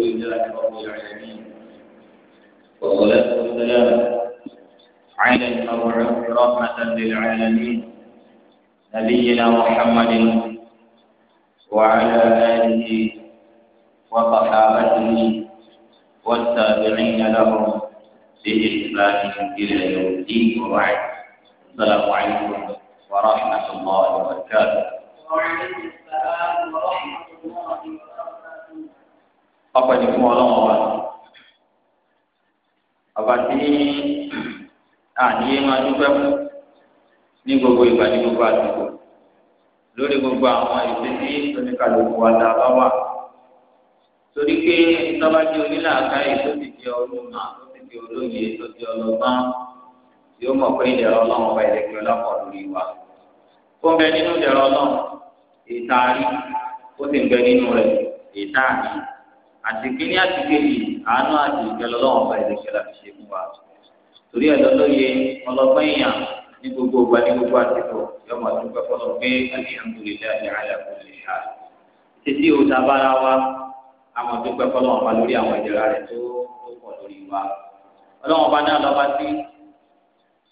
لله رب العالمين والصلاة والسلام على المبعوث رحمة للعالمين نبينا محمد وعلى آله وصحابته والتابعين لهم بإحسان إلى يوم الدين وبعد السلام عليكم ورحمة الله وبركاته وعليكم السلام ورحمة الله وبركاته ọkọ̀ ní fún ọlọ́run ọba ọba tí àníyé máa dúpẹ́ fún ní gbogbo ìgbà ní gbogbo àdúgbò lórí gbogbo àwọn ìṣesí oníkàlùkù àti àbáwá torí pé tọ́bájú onílàáká yìí tó ti di olóma tó ti di olóye tó ti ọlọ́gbọ́n yóò mọ̀ pé ìdẹ̀rọ ọlọ́run ọba ìdẹ̀kẹ́ ọlọ́pọ̀ lórí wa ó ń bẹ nínú ìdẹ̀rọ ọlọ́run ìtaari ó sì ń bẹ nínú rẹ̀ ìtaari àtìkíní àtìkéjì àánú àtìkè lọ́wọ́ ọba ìdíkẹ́ láti ṣe fún wa torí ẹ̀ lọ́lọ́yẹ ọlọ́gbọ́n èèyàn ní gbogbo ọgbà ní gbogbo àtìkò yọmọ àdúgbò fọlọ pé alihamudulilayi ala kulli hal títí o dábàrà wa àwọn àdúgbò fọlọ ọba lórí àwọn ìdẹ̀ra rẹ̀ tó tó pọ̀ lórí wa ọlọ́wọ́n ọba náà lọ́ba sí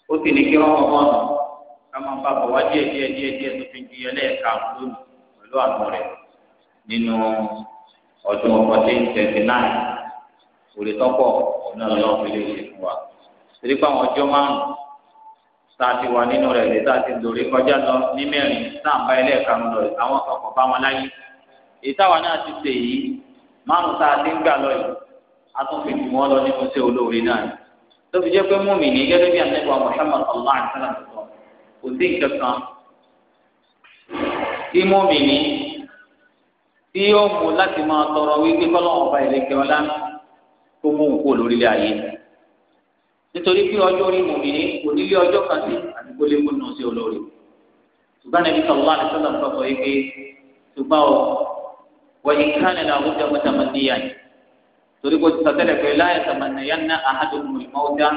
ó sì ní kí wọ́n kọ́ mọ́nà ká máa bá bọ̀ wá díẹ̀ díẹ̀ ọdún fourteen twenty nine òrè tọ́pọ̀ ọ̀nà ọlọ́run fi lè ṣe fún wa torí pé àwọn ọjọ́ márùn-ún tá a ti wà nínú rẹ̀ lè tá a ti dòrí kọjá lọ ní mẹ́rin tá à ń bá ilé ẹ̀ka ń lọ àwọn ọkọ̀ bá wọn láyé èyí táwa náà ti tè yìí márùn tá ń gbà lọ yìí a tún fi jù lọ nínú sí olóore náà tó fi jẹ́ pé mú mi ní gẹ́gẹ́ bí anẹ́gbà Muhammad allah àti sàlámù sọ kò sí nǹkan kan mú mi ní tí yóò mú láti máa tọrọ wípé kọ́lọ́wọ́n ọba ìlẹ́kẹ̀ ọlá kó mú òkú lórílẹ̀ ayé nítorí pé ọjọ́ orí mòmìnir kò nílé ọjọ́ kan sí àti kó lè mú nù sí olórí ṣùgbọ́n ẹbí sọ̀rọ̀ láti sọ̀rọ̀ nǹkan sọ wípé ṣùgbọ́n o wọ̀nyí kánẹ̀ náà ó jẹ́ mọ́tàmọ́tìyà ni torí kò ti sọ̀tẹ́lẹ̀ pé láyé sàmànàyàn náà àhàdùn mọ̀ọ́dá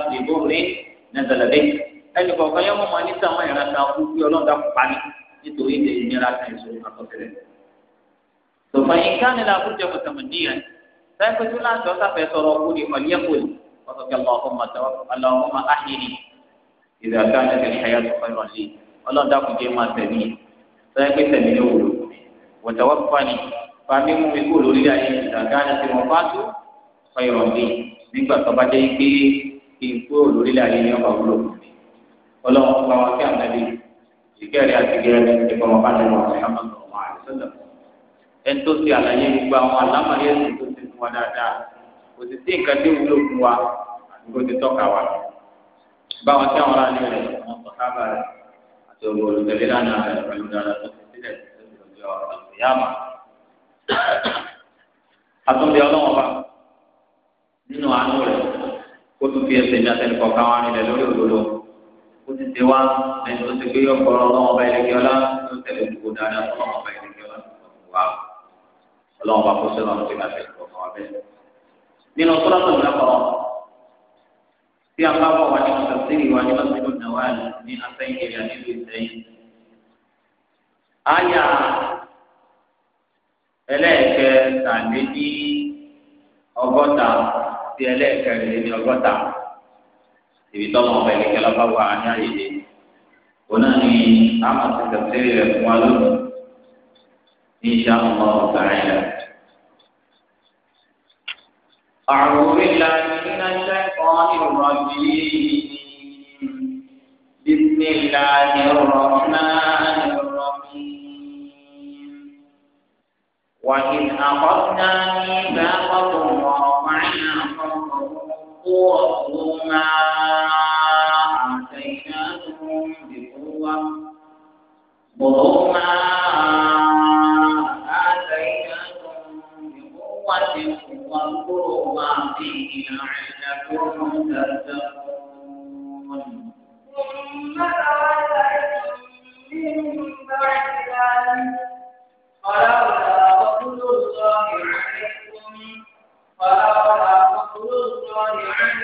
ìbò tòmọ ìkànnì la kúrò jẹun tẹmọ níyà sáyẹpẹ tó láti ọsà fẹ sọ̀rọ̀ kú ni ọlẹ kò ní ọsọ kí Allahumma Allahumma áhìrì ìdè àkànnì kẹlẹ ẹyà tó fẹ rọ lé ọlọdà kò jẹ máa tẹmí sáyẹpẹ tẹmí ní wòlò wọtawọ fani fami mú mi kú lórí ayé ìdè àkànnì tí wọn bá fẹ rọ lé nígbà tó bá jẹ pé kí n kú lórí ayé ni ọba wúlò Ọlọ́run pa ẹni tó ṣe àlàyé gbogbo àwọn alámọ̀lẹ́ ẹ̀sìn tó ṣe fún wa dáadáa kò sì sí nǹkan tí ó wúlò fún wa kó ti tọ́ka wa báwọn tí àwọn aráàlú rẹ̀ wọn sọ sábà rẹ̀ àti òwò olùtẹ̀lé lánàá rẹ̀ pẹ̀lú dáadáa tó ti sílẹ̀ tó ti lọ́jọ́ àlùfẹ́yàmà. àtúndì ọlọ́wọ́n bá nínú àánú rẹ̀ kó tún fi ẹsẹ̀ ní atẹnukọ̀ káwọn arìnrìn lórí òdodo kó ti ti wá ẹni tó ti gbé ọkọ̀ ọlọ́wọ́n bá ẹ̀lẹ́kẹ́ ọlá tó tẹ̀lé gbogbo dáadáa ọlọ́wọ́n bá ẹ̀lẹ́kẹ́ ọlá tó tọ̀ ọlọ́run bá kó sínú ọ̀nà tí ká fẹ́ ọ̀kan wa bẹ́ẹ̀. nínú sọ́dọ̀tò ìdákọ̀rọ̀ tí a bá wà wá ní kọ̀sẹ̀sìrì wá ní lọ́sibú náwá ní asẹ́yìn kiri àdébù ìsẹ́yìn. àyà ẹlẹ́ẹ̀kẹ́ tàbí ní ọgọ́ta sí ẹlẹ́ẹ̀kẹ́rin ní ọgọ́ta ibi tọ́lọ́ ọ̀bẹ kẹlẹ́ bá wà ní àyè òun náà ni a máa ti kọ̀sẹ̀sìrì rẹ̀ fún wa lónìí. إن شاء الله تعالى أعوذ بالله من الشيطان الرجيم بسم الله الرحمن الرحيم وإذ أخذنا ميثاقكم ورفعنا فوقكم الطور ما آتيناكم بقوة خذوا ما الله فيه لعلكم تتقون ثم أوتيتم من بعد ذلك فلولا فضل الله عليكم فلولا فضل الله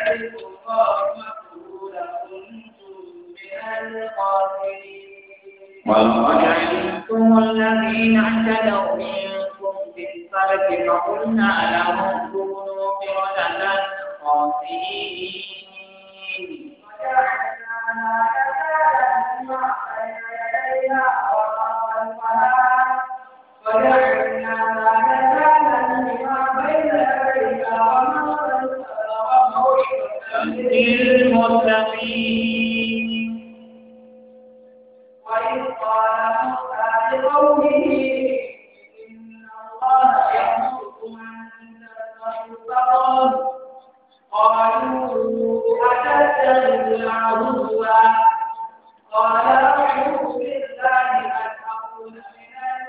عليكم ورحمته لكنتم من الخاسرين السلف فقلنا لهم كونوا قردة خاسئين وجعلنا نكالا إليها وجعلنا نكالا لما بين يديها وموعظة للمتقين وإذ قال موسى لقومه قالوا أتتخذ عدوا قال أعوذ بالله أن أكون من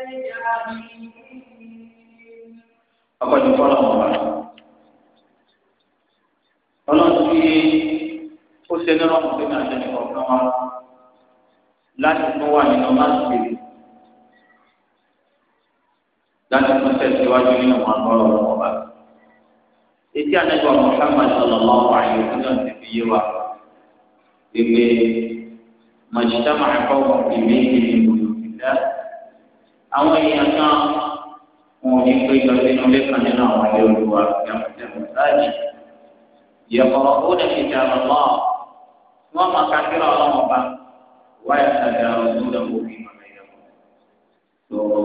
الجاهلين أقول فلا ọlọ́run tí ó ṣe ní ọlọ́run láti tún wà nínú máa ń ṣe láti tún tẹ̀síwájú nínú àwọn ọlọ́run etí anagba muhammad sallallahu alayhi wa sallam ti fi yé wa pépé màjítàmà àkọ́wọ́ ìmí ìdílé ìmọ̀lùmílá àwọn èèyàn kan wọn ò ní pé jọ sínú lẹ́kàn nínú àwọn ilé olùwà ìyàmùtẹ́ mùsáàjì yẹ̀kọ́ ó lè fi jà lọ́wọ́ wọn máa ka kíra ọlọ́wọ́ bá wáyà tàbí àwọn ìdúró òbí màmá ìyàwó.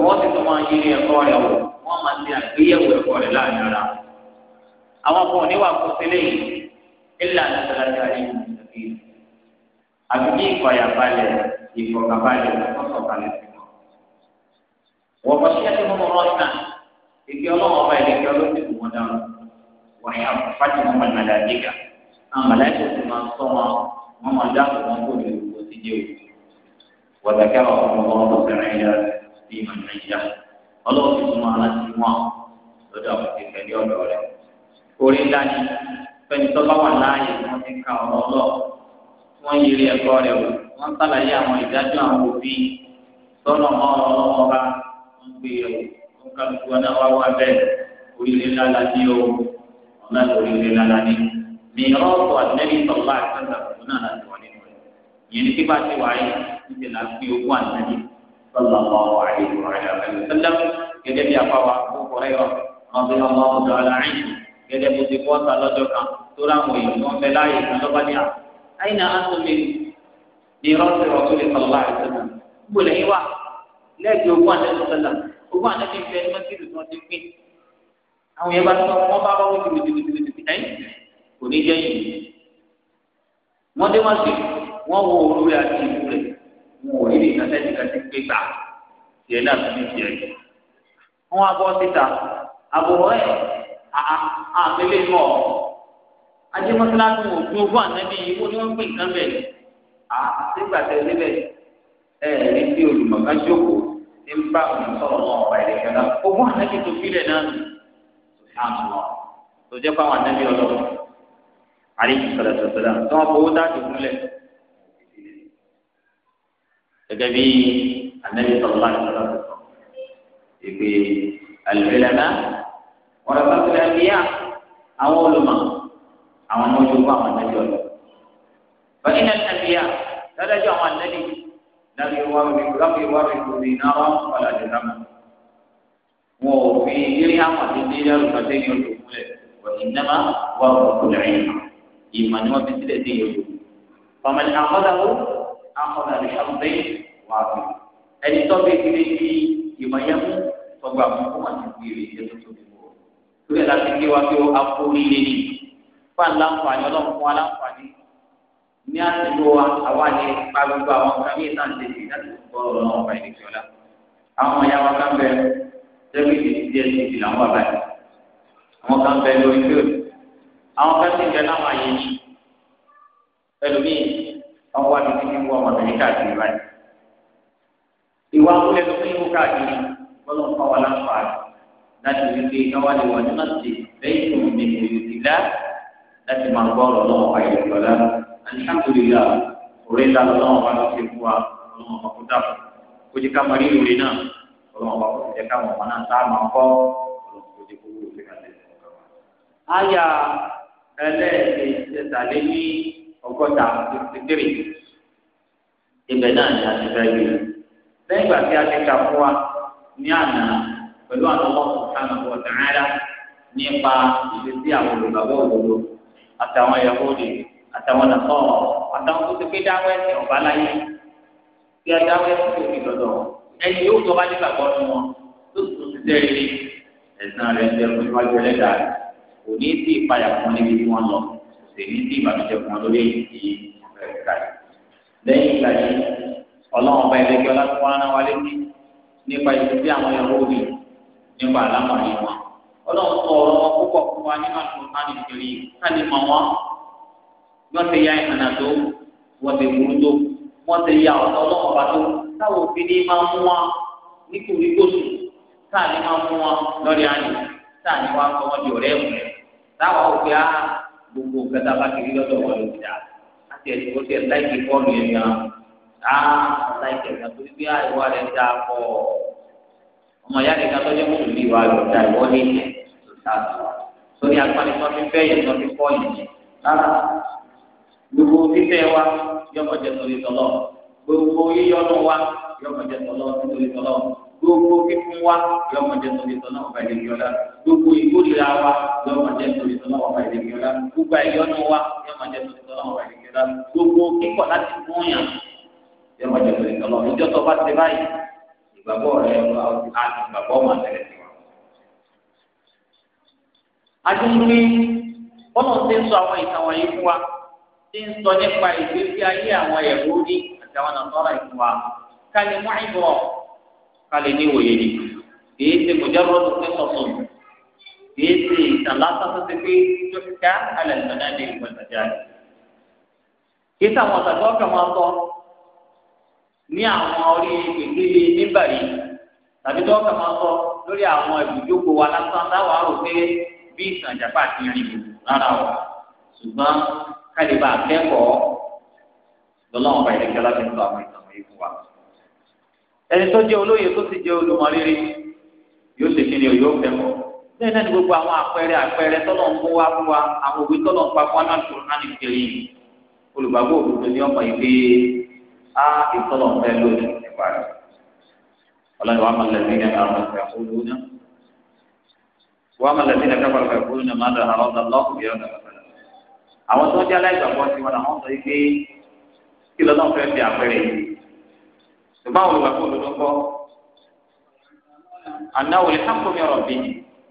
wọ́n ti tún máa yí ẹ̀kọ́ rẹ̀ wò wọ́n máa ti àgbéyẹ̀wò ẹ̀kọ́ rẹ̀ láàárín ara àwọn kan ò ní wà kó sílé yìí ilé àtàlàjà yìí ṣàbí àbí ní ìfọyàbalẹ̀ ìfọkàbalẹ̀ ọsọkalẹ sí wọn. wọ́n bá ṣíṣe tó mọ̀ ọ́n náà ìgbé ọlọ́wọ́ ọba ìlẹ́gbẹ́ olóṣèlú wọn dáhùn wọ́n yà fàtí wọn mọ̀ nàdà dígà àwọn mọ̀lẹ́kọ̀ọ́ ti máa sọ wọn wọn máa dáhùn wọn kó lè wò sí jẹ́ òkú. wọ́n dàkẹ́ ọ̀rọ̀ ọ̀rọ̀ bẹ̀rẹ̀ yẹn bí nàìjíríà ọlọ́wọ́ ti tún wọn aláṣẹ wọn lọ́dọ̀ àwọn ti tẹ̀lé ọ̀dọ̀ rẹ̀ orí ńlá ni fẹ́ni tó bá wà láàyè wọ́n ti ka ọ̀rọ̀ lọ wọ́n yiri ẹ̀kọ́ rẹ̀ wò wọ́n sàlàyé àwọn ìdájọ́ àwọn òbí sọ́nà ọ̀rọ̀ ọba wọ́n gbé e wò wọ́n kálukú ọ̀nà wá wá bẹ́ẹ̀ oríire ńlá la ní o ọ̀nà oríire ńlá la ní. mìíràn ọ̀pọ̀ àtẹ́lẹ̀ sọ̀rọ̀ àtẹ́lẹ̀ ọ̀hún náà láti wọ́n nínú rẹ̀ ní kíkọ́ àti wáyé níṣẹ́ la fi ogún àtẹ́lẹ̀ sọ̀rọ̀ ọ̀hún àyè ìwọ̀n àyè àbẹ̀lẹ̀ sẹ́lẹ̀ gẹ́gẹ́ bí gẹ́gẹ́ bó ti kọ́ ta lọ́jọ́ kan tó ráwọn èèyàn tó ń bẹ láàyè kan lọ́ba ní à. àyìnà asome ní rọ́ọ̀sì rọ́ọ̀sì lè sọ̀rọ̀ láàrin sọ́nà gbogbo lẹ́yìn wa lẹ́ẹ̀kì ogún àtẹ́sọ̀ sọ́nà ogún àtẹ́sọ̀ ìfẹ́ ní mọ́tìrì tí wọ́n ti pín. àwọn yẹn bá tọ́ wọ́n bá rọ́wọ́ tìbìtìbìtìbìtì ẹ̀yìn kò ní jẹ́ yìí. wọ́n dé wọ́n sì wọ́n wo òru rẹ̀ àti ìlú rẹ̀ wọn ò rí ní ìtàtẹ́sì kàti pé gbà tiẹ̀ náà fi ní tiẹ̀. wọ́n wá bọ́ síta àbòrò ẹ̀ àtẹlẹ ah, ah, ah, mọ ajé mọ́sálásí wò fún ogún ànábì yìí wọ́n ní wọ́n ń pè nǹkan bẹ́ẹ̀ àtẹgbà tẹ̀lé bẹ́ẹ̀ ẹ ẹ̀rí tí olùmọ̀ká jókòó ní ń bá òun sọ̀rọ̀ náà ọ̀rọ̀ ẹ̀rẹ́kẹ́ náà ogún ànábì tó fi lẹ̀ náà nù àmọ́ tó jẹ́ fáwọn ànábì ọlọ́run àríyìn sọ̀rọ̀ sọ̀rọ̀ tí wọ́n fowó dáàbò múlẹ̀ gẹ́gẹ́ bí ànábì sọ̀rọ̀ láti sọ̀rọ̀ ìpè àlùfẹ́lẹ́ náà wọn lọ sọsọ ẹnìyà àwọn olùmọ̀ àwọn ọmọ ojú kó àwọn ẹnìyà lọ bẹ́ẹ̀ni ẹnìyà dáadájú àwọn ẹnìyà lábẹ́ ìwà rẹ̀ lábẹ́ ìwà rẹ̀ kò ní iná wọn kọlà dé náà wọn ò fi ìrírí àwọn àti ìrírí àlùkò àti ìrírí òkú múlẹ̀ wọn ìnáma wà òkú lẹ́yìn ìmọ̀ ni wọn fi sílẹ̀ dé yòókù fàmìlì àkọ́dàwó àkọ́dàwó ṣàlùbẹ́ wà á fi ẹni tọ́ bẹ́ẹ̀ kiri ti ìmọ̀ yẹn mú tọgbà fún fún àti ìrírí ẹ̀tọ́ torí ẹ̀ láti gé wa pé ó akóríire ni fún aláǹfààní ọlọ́run fún aláǹfààní ní àtúntò wa àwa ni pa gbogbo àwọn kan ní ìtàn tètè láti gbọ́ ọ̀rọ̀ náà ọ̀pá ìdíje ọ̀la àwọn ọmọ ìyá wa kan bẹ dẹ́bìtì díẹ̀ síbi làwọn wà báyìí àwọn kan bẹ lórí fíòlù àwọn kan sì bẹ láwọn àyè yìí ẹlòmíì àwọn wà lórí fífi wọ ọmọ ìyá káàkiri báyìí ìwà kúlẹ̀ tó fi ń kú káàkiri bọ́lọ̀ ń fọwọ́ láǹfààní láti wípé káwájú wà ní màsí bẹ́ẹ̀ tó ń bẹ ìwé ìlà láti máa gbọ́ ọ̀rọ̀ náà wáyé ìgbọ́lá alihamudulila òrè ńlá lọ́wọ́ wa ló fi fún wa ọlọ́wọ́ ọkọ̀ dà kó jẹ́ ká mọ rí ìwé náà ọlọ́wọ́ ọkọ̀ jẹ́ ká mọ̀ wọn náà tá a máa kọ́ ọlọ́wọ́ kó jẹ́ kó wúlò fi kàlẹ́ àyà ẹlẹ́ẹ̀kẹtàlẹ́ ní ọgọ́ta fifty ibẹ̀ náà ni a ti fẹ́ gbé lẹ́yìn ìgbà tí a ti kà fún wa ní àná pẹ̀lú àwọn ọmọ subhanahu wa ta'ala nípa ìrísí àwọn olùgbàgbọ́ òdodo àtàwọn yahudi àtàwọn nàfọ́ àtàwọn tó ti pé dáwọ́ ẹ̀sìn ọ̀bá láyé kí ẹ dáwọ́ ẹ̀sìn tó fi dọ̀dọ̀ ẹni yóò tó bá nígbàgbọ́ nù wọn tó tún ti dẹ́ rí ẹ̀sán rẹ̀ ń dẹ́kun iwájú ẹlẹ́dà kò ní sí ìpayà fún níbi tí wọ́n lọ kò sì ní sí ìbànújẹ́ fún lórí ìdí ẹ̀ka lẹ́yìn ìgbà yìí ọlọ́run ọba ẹlẹ́gbẹ́ ọlá nípa àlámọ̀rí wọn ọlọ́run kọ ọ̀rọ̀ wọn púpọ̀ fún wa nínú àtúntò ànìkiri káni mọ̀ wọn wọ́n ti ya ìhànà tó wọ́n ti burú tó wọ́n ti ya ọ̀tọ̀ ọlọ́run ọba tó táwọn òfin ní máa mú wọn nítorí gbòòsù táàní máa mú wọn lórí àná táàní wọn sọ wọn di ọ̀rẹ́ ẹ̀mùrẹ́ táwọn òfin á gbogbo kẹta bá kiri lọ́dọ̀ wọn ló ti dà ẹ̀sìn kó tiẹ̀ láìpẹ́ bọ́ọ̀lù yẹn gan-an á láìpẹ́ gan ọmọ ìyá nìkan tó jẹ́ mùsùlùmí wa lọ da ìwọ ní ilẹ̀ tó ta àtọ̀ sórí agbani tó fi fẹ́ yẹn tó fi kọ́ yẹn rárá gbogbo fífẹ́ wa yọmọ jẹ torí tọlọ gbogbo yíyọnu wa yọmọ jẹ tọlọ torí tọlọ gbogbo fífún wa yọmọ jẹ torí tọlọ ọba ìdèmíọlá gbogbo ìkórìíra wa yọmọ jẹ torí tọlọ ọba ìdèmíọlá gbogbo ìyọnu wa yọmọ jẹ torí tọlọ ọba ìdèmíọlá gbogbo kíkọ̀ láti fún yàn yọmọ jẹ torí tọlọ ìjọ tó bá ti báyìí ìgbàgbọ́ rẹ̀ ń lọ àti ìgbàgbọ́ máa tẹ̀lé sí wa. adúlùmí bọ́lá ti ń sọ àwọn ìtàn wọ̀nyí fún wa ti ń sọ nípa ìgbésí ayé àwọn ẹ̀wọ́ ní àti àwọn nàtọ́rà ìfún wa ká lè mú àìbọ̀ ká lè ní ìwòye ni kìí ṣe kò jẹ́ rọ́ọ̀dù pé sọ̀tún kìí ṣe ìtàn lásán tó ti pé tó alẹ́ nìkan ní ìgbọ̀nsẹ̀ ní àwọn orí gbèdéke níbàrí tàbí tó kà máa sọ lórí àwọn ibùjókòó wa lásán táwa rò pé bí ìsàn ìjàpá àti ìrìn ìbò rárá o ṣùgbọ́n kálíbà akẹ́kọ̀ọ́ lọ́lọ́wọ́n ọba ìdẹ́gbẹ́ láti ń lọ àwọn ìtàn yìí fún wa. ẹni tó jẹ́ olóye tó sì jẹ́ olùmọ̀rírì yóò ṣe kí ni yóò fẹ́ mọ́ bẹ́ẹ̀ náà ni gbogbo àwọn àpẹẹrẹ àpẹẹrẹ tọ́lọ̀ ń kó wá fún wa àwọn òwe tọ́lọ̀ ń pa fún wa náà tó rán ní kiri olùgbàgbọ́ òdodo ni ọmọ ìgbé á ah, ìtọ́lọ̀ fẹ́ lónìí nípa rẹ̀ ọlọ́run wàá máa lẹ́bí ní àwọn ọ̀sẹ̀ olú náà wàá máa lẹ́bí ní akẹ́kọ̀ọ́ ọ̀sẹ̀ olú náà máa dà àwọn ọ̀dà lọ́kùnrin ọ̀dà àwọn tó ń jẹ́ aláìgbàgbọ́ sí wọn àwọn sọ pé kí lọ́dọ̀ fẹ́ fi àpẹẹrẹ yìí ṣùgbọ́n àwọn olùgbàgbọ́ olódó kọ́ anáwó lè ọ̀rọ̀ bíi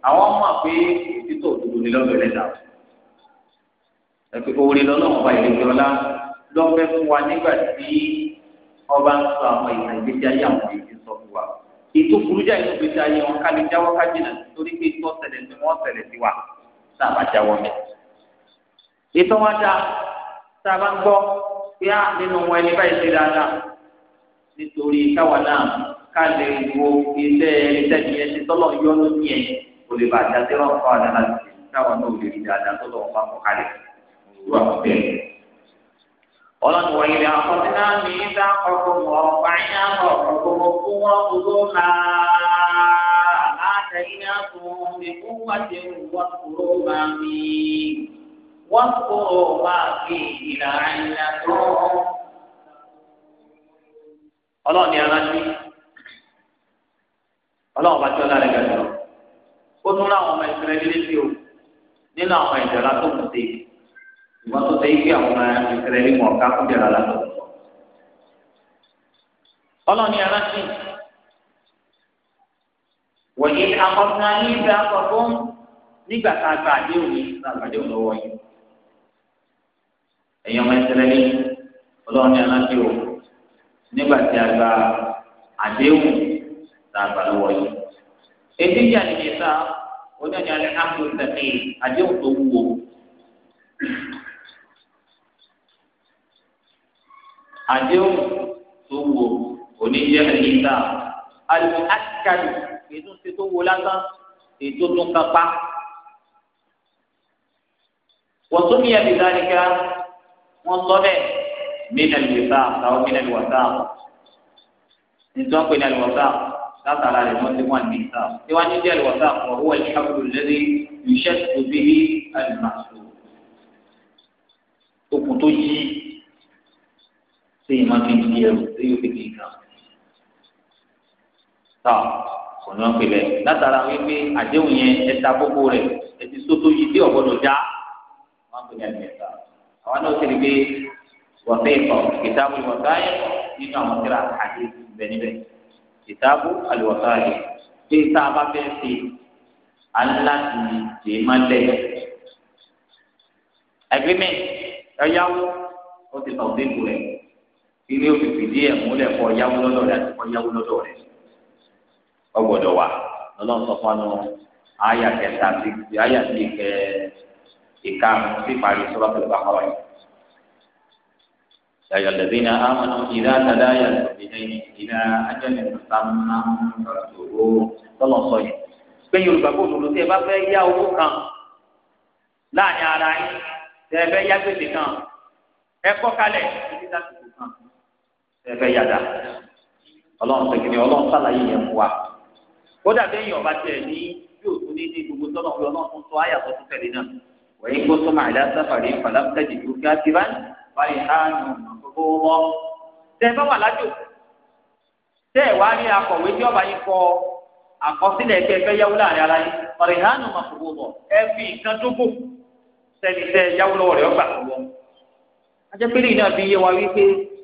àwọn ọmọ pé títọ́ òdodo ni lọ́dọ̀ rẹ̀ dà ẹ̀pẹ́ owó lọ́dọ̀ wọn bá ìlú ọba ń sọ àwọn ìtàn ìgbésí ayé àwọn èyí ti sọ fún wa ètò burújà inú ìgbésí ayé wọn ká lè jáwọ́ ká jìnà torí pé ìtọ́ ṣẹlẹ̀ sí wọn ṣẹlẹ̀ sí wa tá a bá jáwọ́ mẹ ètò wọn dá tá a bá ń gbọ́ pé á ah, nínú wọn ẹni báyìí ṣe dáadáa nítorí káwa náà ká lè wo iṣẹ́ ìtẹ̀jú ẹ̀ ti tọ́lọ̀ yọ lójú yẹn kò lè bàjẹ́ tẹ́lọ̀ fún àdáná káwa náà ò lè rí dáadáa tọ́lọ̀ wọn ọlọ́run wọ̀nyí ni àkọsílẹ̀ mi ń dá ọkọ̀ mọ́ ọ̀páyà mọ́ ọkọ̀ mọ́ fún wọn kúrò máa látẹ̀yìn náà fún mi fún wá ti ń wọ́n kúrò máa mi wọ́n kúrò máa fi ìlànà ìlànà tó. ọlọ́run aláṣẹ ọlọ́run bá tíọ́ lára ẹ̀gbẹ́ ó tún láwọn ọmọ ìṣẹ̀lẹ̀ nílé sí o nínú àwọn ìjọba tó kù sí i ṣùgbọ́n tó ṣe é kí àwọn ọmọ ìsirẹ́lì mọ̀ ká kó jẹ̀rọ aláṣọ. ọlọ́ni aláṣẹ wọ̀nyí akọ́sán ní ìgbà àkọ́kọ́ nígbà tá a gba àdéhùn ní àgbàdéhùn lọ́wọ́ yìí. ẹ̀yin ọmọ ìsirẹ́lì ọlọ́ni aláṣẹ o nígbà tí a gba àdéhùn tá a gba lọ́wọ́ yìí. èdè yà ní ìta oníyanilẹ́ àmúlùtẹ̀kì àdéhùn tó wúwo. àdéhùn tó wò oníjẹ ẹ̀yìnká alùpùpù akíkalù ètò ṣe tó wò lásán ètò tó kápá. wọ́n tún ní ẹ̀mí dáríkà wọ́n sọ bẹ́ẹ̀ mínà lùwẹ̀sà àwọn mínà lùwẹ̀sà nítorí pé ní àlùwẹ̀sà látara rẹ̀ wọ́n ti wọ́n ní ìsà tí wọ́n ní jẹ́ àlùwẹ̀sà wọ́n wọ́n ní àbúrò ìṣẹ́ tó bí àlùmọ̀sọ̀ okùn tó yí téèyàn máa fi di ẹrù tí yóò fi di ìgbà tá kò ní wọn pè bẹ́ẹ̀ látara wípé àdéhùn yẹn ẹta gbogbo rẹ ẹtì sótó yìí dé ọgbọdọ já wọn pè ní àdìmẹta àwọn náà ti rí pé wọtẹ ìkọ kìtàbù ìwọta yẹ nínú àwọn tíra àti ìbẹ níbẹ̀ kìtàbù àlùwọta yẹ pé tá a bá fẹ́ ṣe aláti lè má lẹ agreement ẹyáwó ó ti tọ̀ sí ilé òfìfì díẹ̀ múlẹ̀ kọ́ yáwó lọ́dọ̀ rẹ̀ àti kọ́ yáwó lọ́dọ̀ rẹ̀ ọgbọ̀dọ̀ wa lọ́lọ́run sọ fún ọ àyà kẹta sí àyà sí ìkẹ ìka sí ìparí sọ́lá tó bá kọ́ yìí. يا الذين آمنوا إذا تداينتم بدين إلى أجل مسمى فاكتبوه صلى الله عليه وسلم pé yorùbá kò lòlò tí ẹ bá fẹ́ yá owó kan láàrin ara yín tẹ ẹ fẹ́ yá gbèsè kan ẹ kọ́ kalẹ̀ títí ẹfẹ yàda Ọlọ́run tẹkẹni Ọlọ́run sàlàyé yẹn fún wa kódà bẹ́ẹ̀ yọba tiẹ̀ ní yóò tún ní ní gbogbo tọnà pé tún sọ àyà tún tẹ́lẹ̀ náà wẹ̀yìn kó tó máa sáfàrí akọ̀wé tí ọba yìí kọ àkọsílẹ̀ ẹ fi nǹkan tó bò rẹ̀ ọgbà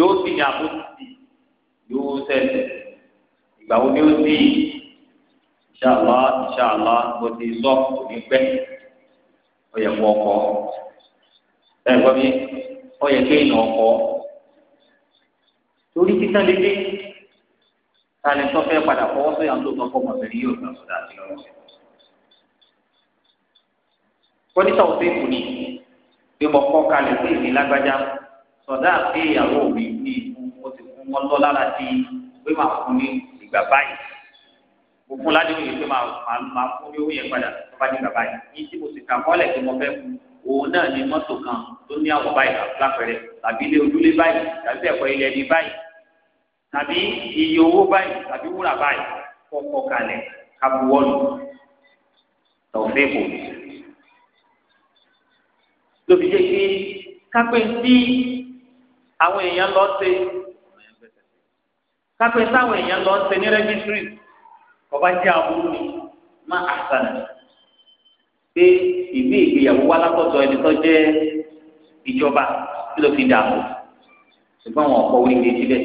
yóò sì yà bó ti yóò sẹsẹ ìgbà wo ni ó sì ìṣàlá ìṣàlá bó ti sọ kò ní pẹ́ ó yẹ kó ọkọ ẹ gbọ́ mi ó yẹ kó ìnà ọkọ torí títà lédè tani tó fẹ́ padà fọwọ́ sọ yàn tó sọ fọmọ bẹ̀rẹ̀ yóò gbà sọdá sí ọ. pọ́lítà òfin kù ní bí mo kọ́ kalẹ̀ sí ìdí sọ̀dá àti ìyàwó mi ní ikú ó ti fún wọn lọ lára di pé màá fún ní ìgbà báyìí mo fún ládéhùn yìí pé màá fún ní owó yẹn padà tó bá ní ìgbà báyìí yìí tí mo sì kà mọ́lẹ̀ tí mo fẹ́ fún òun náà ni mọ́tò kan tó ní àwọ̀ báyìí lápẹ̀rẹ̀ tàbí ilé ojúlé báyìí tàbí ẹ̀kọ́ ilé ẹni báyìí tàbí iye owó báyìí tàbí wúrà báyìí kọ́kọ́ kalẹ̀ kábúwọ́lù tọ̀fẹ́kù àwọn èèyàn lọ ṣe kápẹ́ táwọn èèyàn lọ ṣe ní rẹ́gísírì ọba jẹ́ àbúrò mi má àṣàlẹ̀ pé ìwé ìgbéyàwó wa látọ̀tọ̀ ẹni tó jẹ́ ìjọba kí ló fi dààmú ṣùgbọ́n wọn kọ orí ìwé síbẹ̀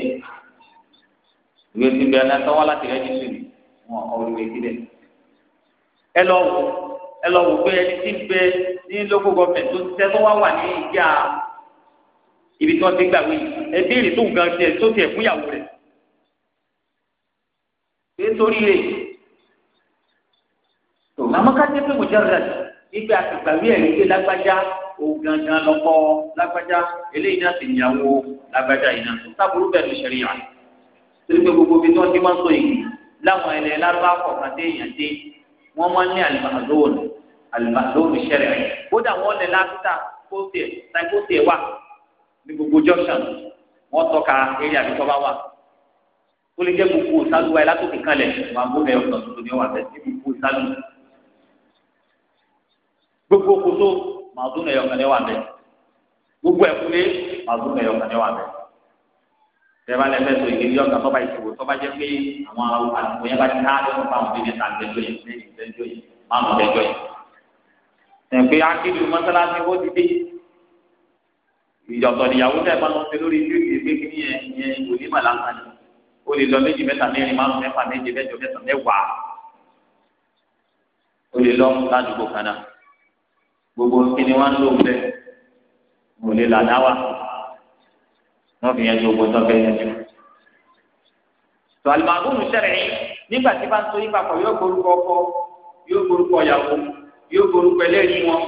ìwé síbẹ̀ ẹni tó wá láti rẹ́gísírì wọn kọ orí ìwé síbẹ̀ ẹ lọ wò ẹ lọ wò pé ẹni tí ń bẹ ní lókò gọọmẹ̀ntì tó ń tẹ́ tó wá wà ní ìjà ibi tí wọ́n ti gbà wí ẹbí rè tó gan tiẹ̀ tó tiẹ̀ fún ìyàwó rẹ̀ nítorí rẹ̀ tó àmọ́ ká jẹ́ pé mo jẹ́ rẹ̀ nígbà àtìgbà wí ẹ̀rí pé lágbájá òun gangan lọ́kọ́ lágbájá eléyìí náà sì níyàwó lágbájá yìí náà sábúrú bẹ́ẹ̀ ló ṣẹlẹ̀ yàrá torí pé gbogbo ibi tí wọ́n ti máa ń sọ yìí láwọn ẹlẹ́ lábá kọ̀ọ̀kan dé èèyàn dé wọ́n máa ń ní àlùmọ̀lóònù àlùmọ̀lóònù ṣẹlẹ̀ yìí kódà wọ́n lẹ̀ láfíà kó tiẹ̀ wà ní gbogbo junction wọ́n tọ́ka eré àbí tọ́ba wà ó lè jẹ́ gbogbo ìsálùwà ẹ̀ látòkè kalẹ̀ wà gbọ́dọ̀ ọ̀sán tuntun ni wà bẹ́ẹ̀ sí gbogbo ìsálùwà gbogbo koto màdúnà ẹ̀yọ̀kan ni wà bẹ́ẹ̀ gbogbo ẹ̀kúlé màdúnà ẹ̀yọ̀kan ni wà bẹ́ẹ̀ tẹ́lá lẹ́fẹ́ tó ìgbé ní ọ̀gá tọ́ba ìṣòwò tọ́ba jẹ́ pé àwọn àlùkò yẹn bá ti dáa lọ́wọ́ fáwọn bíbí ta lẹ́jọ́ yẹn lẹ́yìn lẹ́jọ́ yẹn márùn lẹ́jọ́ yẹn. ẹ̀ pé akéwì mọ́sálásí ó ti dé ìjọ̀tọ̀ níyàwó tẹ̀ bá lọ sí lórí fífi gbégbé ní ẹ̀yìn ìwò ní màláńkà ni ó lè lọ méjì mẹ́ta mẹ́rin márùn mẹ́fà méje mẹ́jọ mẹ́ta mẹ́wàá ó lè lọ ládùúgbò kan náà gbogbo kíni wọn lò ń bẹ mo lè là dá wa wọn fi yẹn ju ogun tó bẹ yẹn jù tó alimagun sẹrẹ yìí nígbà tí bá ń so yí papọ̀ yóò gborúkọ ọkọ yóò gborúkọ ìyàwó yóò gborúkọ ẹlẹ́rìí wọn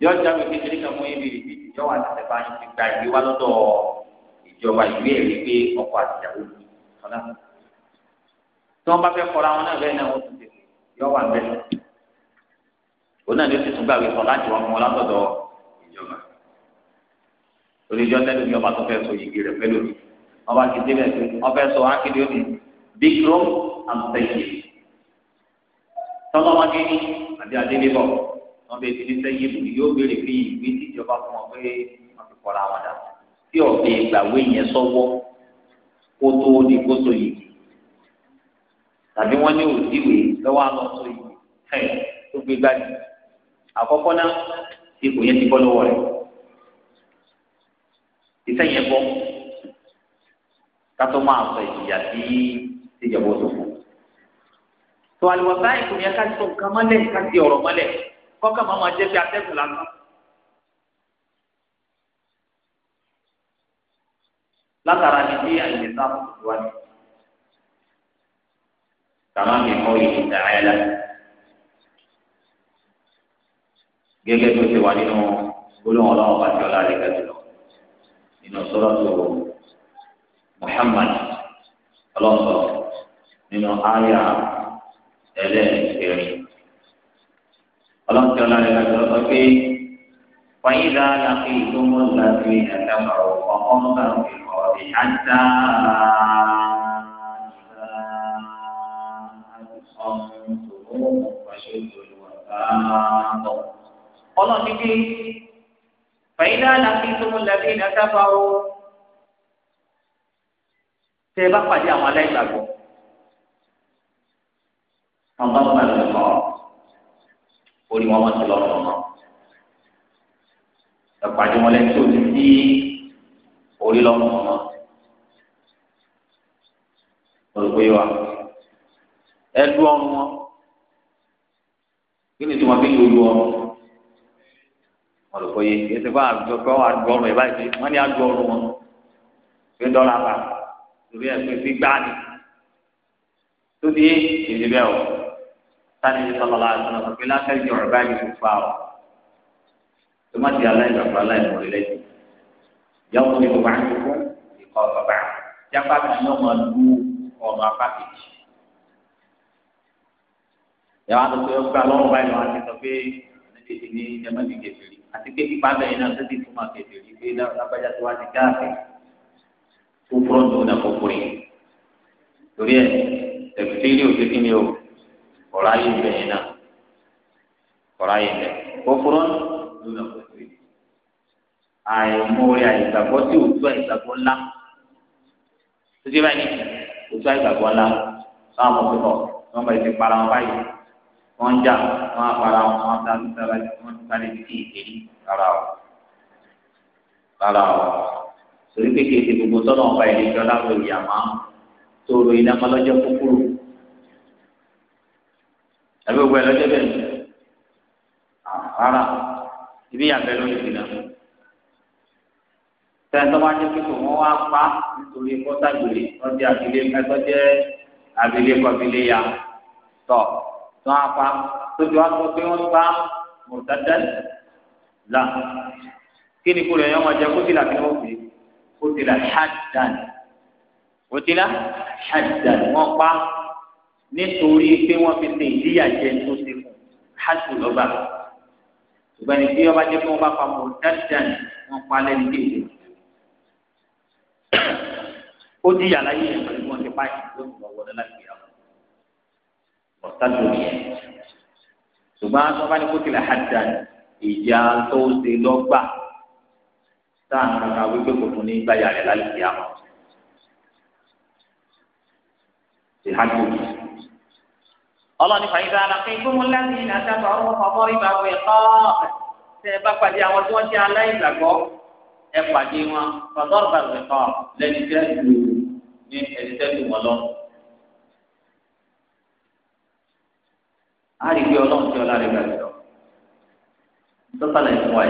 yọọ jáwé kékeré kan mú ibi ìdíje yọọ wà láti bá yín ti gba ìwé wá lọ́dọ̀ ìjọba ìwé ẹ̀rí pé ọkọ àtìyàwó ọlá tí wọn bá fẹ́ kọra wọn náà bẹ́ẹ̀ náà wọn tún tètè yọọ wà bẹ́ẹ̀ òun náà ló ti tún gbàgbé kan láti wọn mú ìjọba oníjọ tẹ́lẹ̀ ní ọba tó fẹ́ sọ yìí rẹ pẹ̀lú mi ọba ti débẹ̀ pé ọfẹ sọ akéde omi big room and thank you tọ́lọ́mọdé ní àbí adélébọ̀ wọn bẹ fi ní sẹ́yìn ìbò yóò béèrè fi ìwé tí ìjọba fún ọ pé wọn ti kọra wọn dà tí ọbẹ ìgbàwé yẹn sọ́wọ́ kó tó di kó so yìí tàbí wọn ní òdiwèé lọ́wọ́ àlọ so yìí ẹ tó gbé gbàdí àkọ́kọ́ náà ipò yẹn ti bọ́ lọ́wọ́ rẹ̀ iṣẹ́ yẹn bọ́ kátó máa sọ ìjìyà tí ìjọba ó tó fún. tó àlùwàsá ìkùnrin ká sọ nǹkan mọ́lẹ̀ ká di ọ̀rọ̀ mọ́lẹ̀ kọ́kàn máa ma jẹ́ bí atẹ́gùn lásán. látara ni bí àyè sáà tó wá ní. kàmá mi kọ́ ìlú ìdáyà lẹ́nu. gẹ́gẹ́ tó ti wà nínú gbólóhùn ọlọ́run bá ti ọlá rẹ̀ gẹ́gẹ́ lọ nínú sọ́rọ́ tó Muhammad ọlọ́run nínú àyà ẹlẹ́ẹ̀kẹrin ọlọ́run tí ọlọ́run yẹn lọ sọ pé wáyé dá lápé ìdómọ̀ láti rí ẹ̀ka ọ̀rọ̀ ọ̀hún bá ń fi kọ́ ọ̀rẹ́ ajá ọlọ́run wáyé dá lápé ìdómọ̀ láti rí ẹ̀ka ọ̀rọ̀ tẹ bá pàdé àwọn aláìgbàgbọ́ ọlọ́run bá lọ sọ orí wọn wọn ti lọ fún wọn ẹ̀pàdé wọn lẹ́nu tó ti sí orí lọ fún wọn olùkọ́ yìí wa ẹ̀dú ọrùn wọn kí ni tí wọn fi ń lulu ọrùn olùkọ́ yìí ètò ìfọ̀ àjọ kọ́ àdú ọrùn ẹ̀ báyìí wọ́n ní àdú ọrùn wọn fi dọ́là pa lórí ẹ̀ fi gbáàdì tó ti yé ìdíbẹ̀ sani ní sọlọlá àtúnà pé látẹjọ ọ̀rọ̀ báyìí kò fa ọ tó má ti aláìgbàgbọ́ aláìmọ̀rẹ́ lẹ́yìn yàwó ni bàbá àti kú ìkọ bàbá jápá kan yóò máa lu ọmọ apá kejì yàwó àti pé ọgbà lọ́wọ́ báyìí wọn ti sọ pé ẹnìkejì ní ẹmẹ́rin kẹfìrí àti pé ipa bẹ́ẹ̀ náà tó ti fún ma kẹfìrí pé lábàjá tó wá ti káàkiri tó fúrọ́ǹtì náà kọkùnrin ọ̀rọ̀ ayé ń bẹ̀ yẹn náà ọ̀rọ̀ ayé ń bẹ̀ kókóró lónà pẹ̀lú àìmọ̀ọ́rí àìgbàgbọ́ tí ò tó àìgbàgbọ́ ńlá tó dé báyìí ò tó àìgbàgbọ́ ńlá sáwọn mọ̀tòkọ̀ wọn bá ti para wọn báyìí wọn ń jà wọn á para wọn wọn á sáré sáré wọn ti sáré títí ìkéyìí rárá o rárá o torí pé kéde gbogbo sọ́nà ọba ìlẹ́jọ́ lábẹ́ ìyàmá tó ro iná mọ́lọ́jọ́ kúkúrú ẹbí gbogbo ẹ lọ́jọ́ bẹ́ẹ̀ rárá ibi yàgbẹ́ lórí ìdìnnà tẹ́tọ́ wá jẹ́ kíkọ́ wọ́n wá pa nítorí kọ́tàgbèrè tọ́jú abilé ẹtọ́jẹ́ abilé kọ́bilé ya tọ̀ tó wá pa tóbi wá sọ pé wọ́n pa mọ̀tàdá là kí ni kúrò yẹn wọ́n jẹ́ kó tìlà kí wọ́n fi kó tìlà hàdàn kó tìlà hàdàn wọ́n pa nítorí pé wọ́n fi ṣe ìdíyà jẹ tó ṣe fún hàtù lọ́ba ṣùgbọ́n ní bí ọba jẹ́ pé wọ́n bá pa mọ́ dáadáa wọ́n pa lẹ́nu kéde ó di yàrá yìí yẹn pẹ̀lú wọn ti pa yìí ló ń bọ̀ wọlé láti yà wọ́n ọ̀tá lórí yẹn ṣùgbọ́n wọ́n bá ní kó tilẹ̀ dáadáa ìyá tó ṣe lọ́gbà táà nínú ká wípé kò tún ní gbàyà rẹ̀ láti yà wọ́n ti hàtù yìí ọlọ́ni fàyídà alákẹ́gbẹ́mú láti ní àtàkọ́ ọ̀rọ̀ ọ̀bọ̀ ìbá wẹ̀ kọ́ọ̀kẹ́ tẹ́ ẹ bá pàdé àwọn tí wọ́n jẹ́ aláìgbàgbọ́ ẹ pàdé wọn fọ̀dọ́rọ̀ bá wẹ̀ kọ́ lẹ́ni tẹ́ ìlú ní ẹni tẹ́ ìlú wọn lọ. a rí pé ọlọ́run tí ọlá rẹ̀ gbà jùlọ sọ́sàlẹ̀ ìfún wa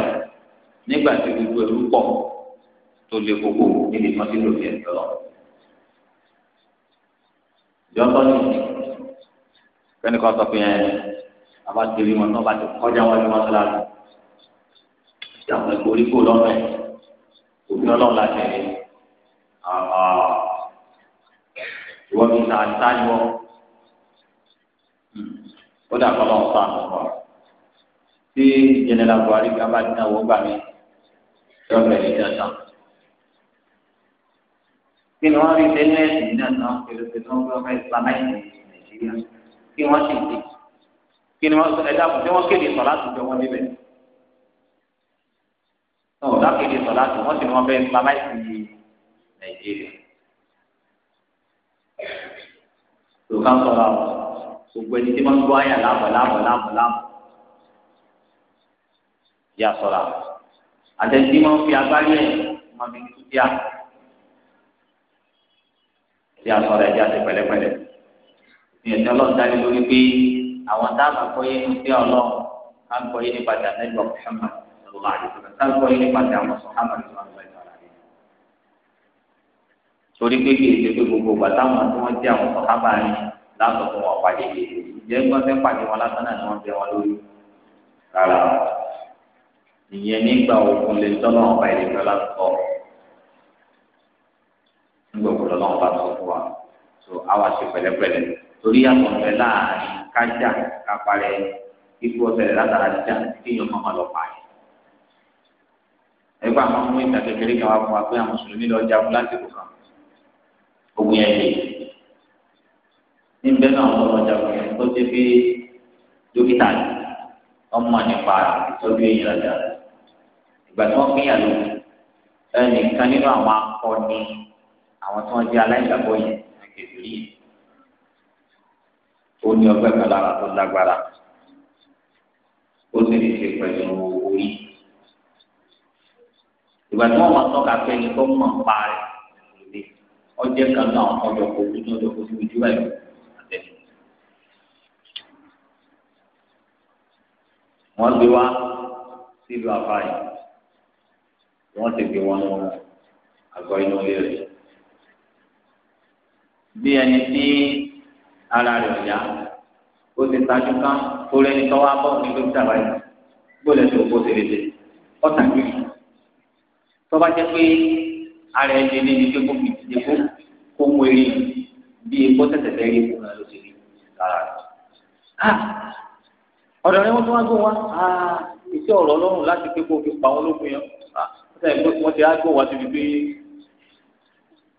nígbà tí gbogbo ẹ̀rú pọ̀ tó lé gbogbo níbi kan tí lòdì ẹ̀ kẹ́ni kan sọ pé ẹ àbá ti rí wọn náà bá ti kọjá wọn ní mọ́sálásí ìjàmbá ẹ̀kọ́ orí kò lọ́nà ẹ̀ òfin ọlọ́run láti ẹ̀ ìwọ́n mi ta ta ni wọ́n hmm. ó dà kọ́ lọ́wọ́ sáà nù wọ́n tí jẹnẹra Buhari bí a bá dín àwọn gbà mí yọ bẹ̀rẹ̀ ní ọ̀sán kí ni wọ́n rí sẹ́yìn ẹ̀sìn ní ọ̀sán pẹ̀lú pẹ̀lú ọgbẹ́ ọgbẹ́ islamáìsì nàìjíríà kí wọ́n sì dé kí ni wọ́n sọ ẹ̀dá kù tí wọ́n kéde sọ láti jọ wọn níbẹ̀ náà ọ̀dà kéde sọ láti wọ́n sì ní wọ́n bẹ́ẹ̀ ń pa láìsí nàìjíríà tó ká sọ̀rọ̀ àwọn gbogbo ẹni tí wọ́n gbọ́ àyà láàbọ̀ láàbọ̀ láàbọ̀ láàbọ̀ yà sọ̀rọ̀ àwọn wọn fi agbárí ẹ̀ wọn fi tú díà yà sọ̀rọ̀ ẹ̀ díà sí ìyẹn ọlọ́run dání lórí pé àwọn tá a máa kọ́ yé nípa ọlọ́run ká ń kọ́ yé nípa dànẹ́lì ọ̀kùnrin sọ̀rọ̀ àdìsọ̀rọ̀ ká ń kọ́ yé nípa dàmọ̀ sọ̀hámà ní wọn lọ́jọ́ àlàyé. torí pé kì í ṣe pé gbogbo ìgbà táwọn tí wọ́n jẹ́ àwọn sọ̀hámà rí látọ̀ fún wọn pàdé ìjẹ́ ń gbọ́n fẹ́ pàdé wọn lásán náà ni wọ́n bẹ wọn lórí rárá ìyẹn nígbà ogun lè tọ́nà ọ̀pá ìdíjọ́ lásán nígbà ogun lọ́nà ọ̀pá tó fún wa so àwa ṣe pẹ̀lẹ́pẹ̀lẹ́ torí àtọ̀fẹ́ láàrin kájà kápárẹ́ ikú ọ̀sẹ̀ látara jà kéèyàn máa lọ pààyàn. ẹgbẹ́ àwọn ọmọ ìgbà kékeré kan wá fún wa pé àwọn mùsùlùmí lọ jagun láti kó kan ogun yẹn lè. níbẹ̀ náà wọ́n lọ jagun yẹn tó ti fi dókítà ọmọ nípa ìtọ́jú èyí lọ́jà. ìgbà tí wọ́n pínyà ló ẹnìkan nínú àwọn akọni àwọn tí wọ́n jẹ́ aláìgbàgbọ́ yẹn kékeré yẹn ó ní ọgbẹ́ kan lára tó lágbára ó sì ní ṣe pẹ̀lú orí ìgbà tí wọ́n máa tọ́ka pé ẹni tó mọ̀ ń pa rẹ̀ lóde ọjẹ́ kan náà ọjọ́ kò tún lọ́jọ́ kò tún ojú báyìí àtẹ̀lé. wọ́n gbé wá sílùú àfáàyè wọ́n ti gbé wọn lọ àgọ́ inú ilé rẹ̀ bí ẹni tí ara rẹ̀ ọ̀yá ó ti tajú kán tó lẹ́ni tọ́wọ́ abọ́ ní dókítà báyìí gbọ́dọ̀ tó kó tẹ̀lé ọ̀tà kiri tọ́ba jẹ́ pé ara ẹni ní ní kéko fi ti dẹ́kọ́ kó mú eré bí epo tẹ̀tẹ̀ fẹ́ rí epo náà ló ti rí ara rẹ̀. Ah! ọ̀dọ̀ rẹ̀ wọ́n tún wá gbọ́ wá iṣẹ́ ah! ọ̀rọ̀ ọlọ́run láti pé kó fi pa wọn lókun yẹn ah! wọ́n ti á gbọ́ wá síbi pé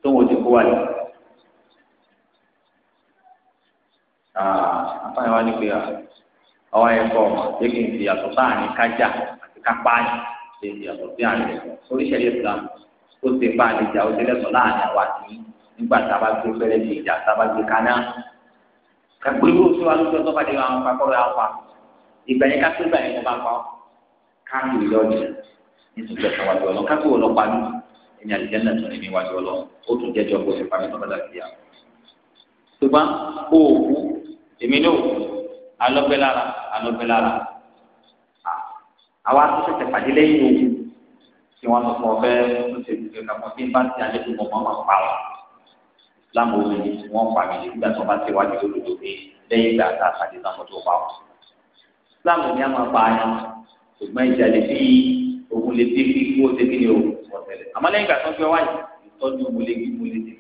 tó wọ́n ti kó wá yẹn. àpáyọ wa ní pé àwọn ah, ẹ̀kọ́ jẹ́ kí n fi àtọ̀ sáàrin kájà àti kápáyà ṣe fi àtọ̀ sí àrẹ oríṣiríṣi Islam ó ti bá àlejà ó ti lẹ́sọ̀ láàrin àwa sí nígbà tá a bá gbé fẹ́rẹ́ di ìjà tá a bá gbé kaná kàgbé irú oṣù alójó tó bá dé àwọn akọ́rọ̀ àwọn pa ìgbà yẹn kátó ìgbà yẹn mo bá pa ọ́ káàkiri ìlọ́ọ̀dì nítorí ẹ̀sán wájú ọlọ́ káàkiri ọlọ́pàá ní ẹ̀mí àlejò ọlọ́ èmi ló alọ́pẹ́ lára alọ́pẹ́ lára àwa tó ṣẹ̀ṣẹ̀ pàdé lẹ́yìn o tí wọ́n sọ fún ọ bẹ́ẹ̀ tó ṣe ìdíje kankan tí bá ti alẹ́ fún ọmọ máa pa wọn islam omi ni wọ́n pa mí nígbà tó bá ti wá di olùdó pé lẹ́yìn ìgbà tá a pàdé náà tó pa wọn islam ni a máa pa ayan ṣùgbọ́n ìjà lè fi ogun lè fi kí kó ṣe kí ni o ọ̀tẹ̀lẹ̀ àmọ́ lẹ́yìn ìgbà tó ń gbé wáyé ìtọ́jú mo lè kí mo lè dì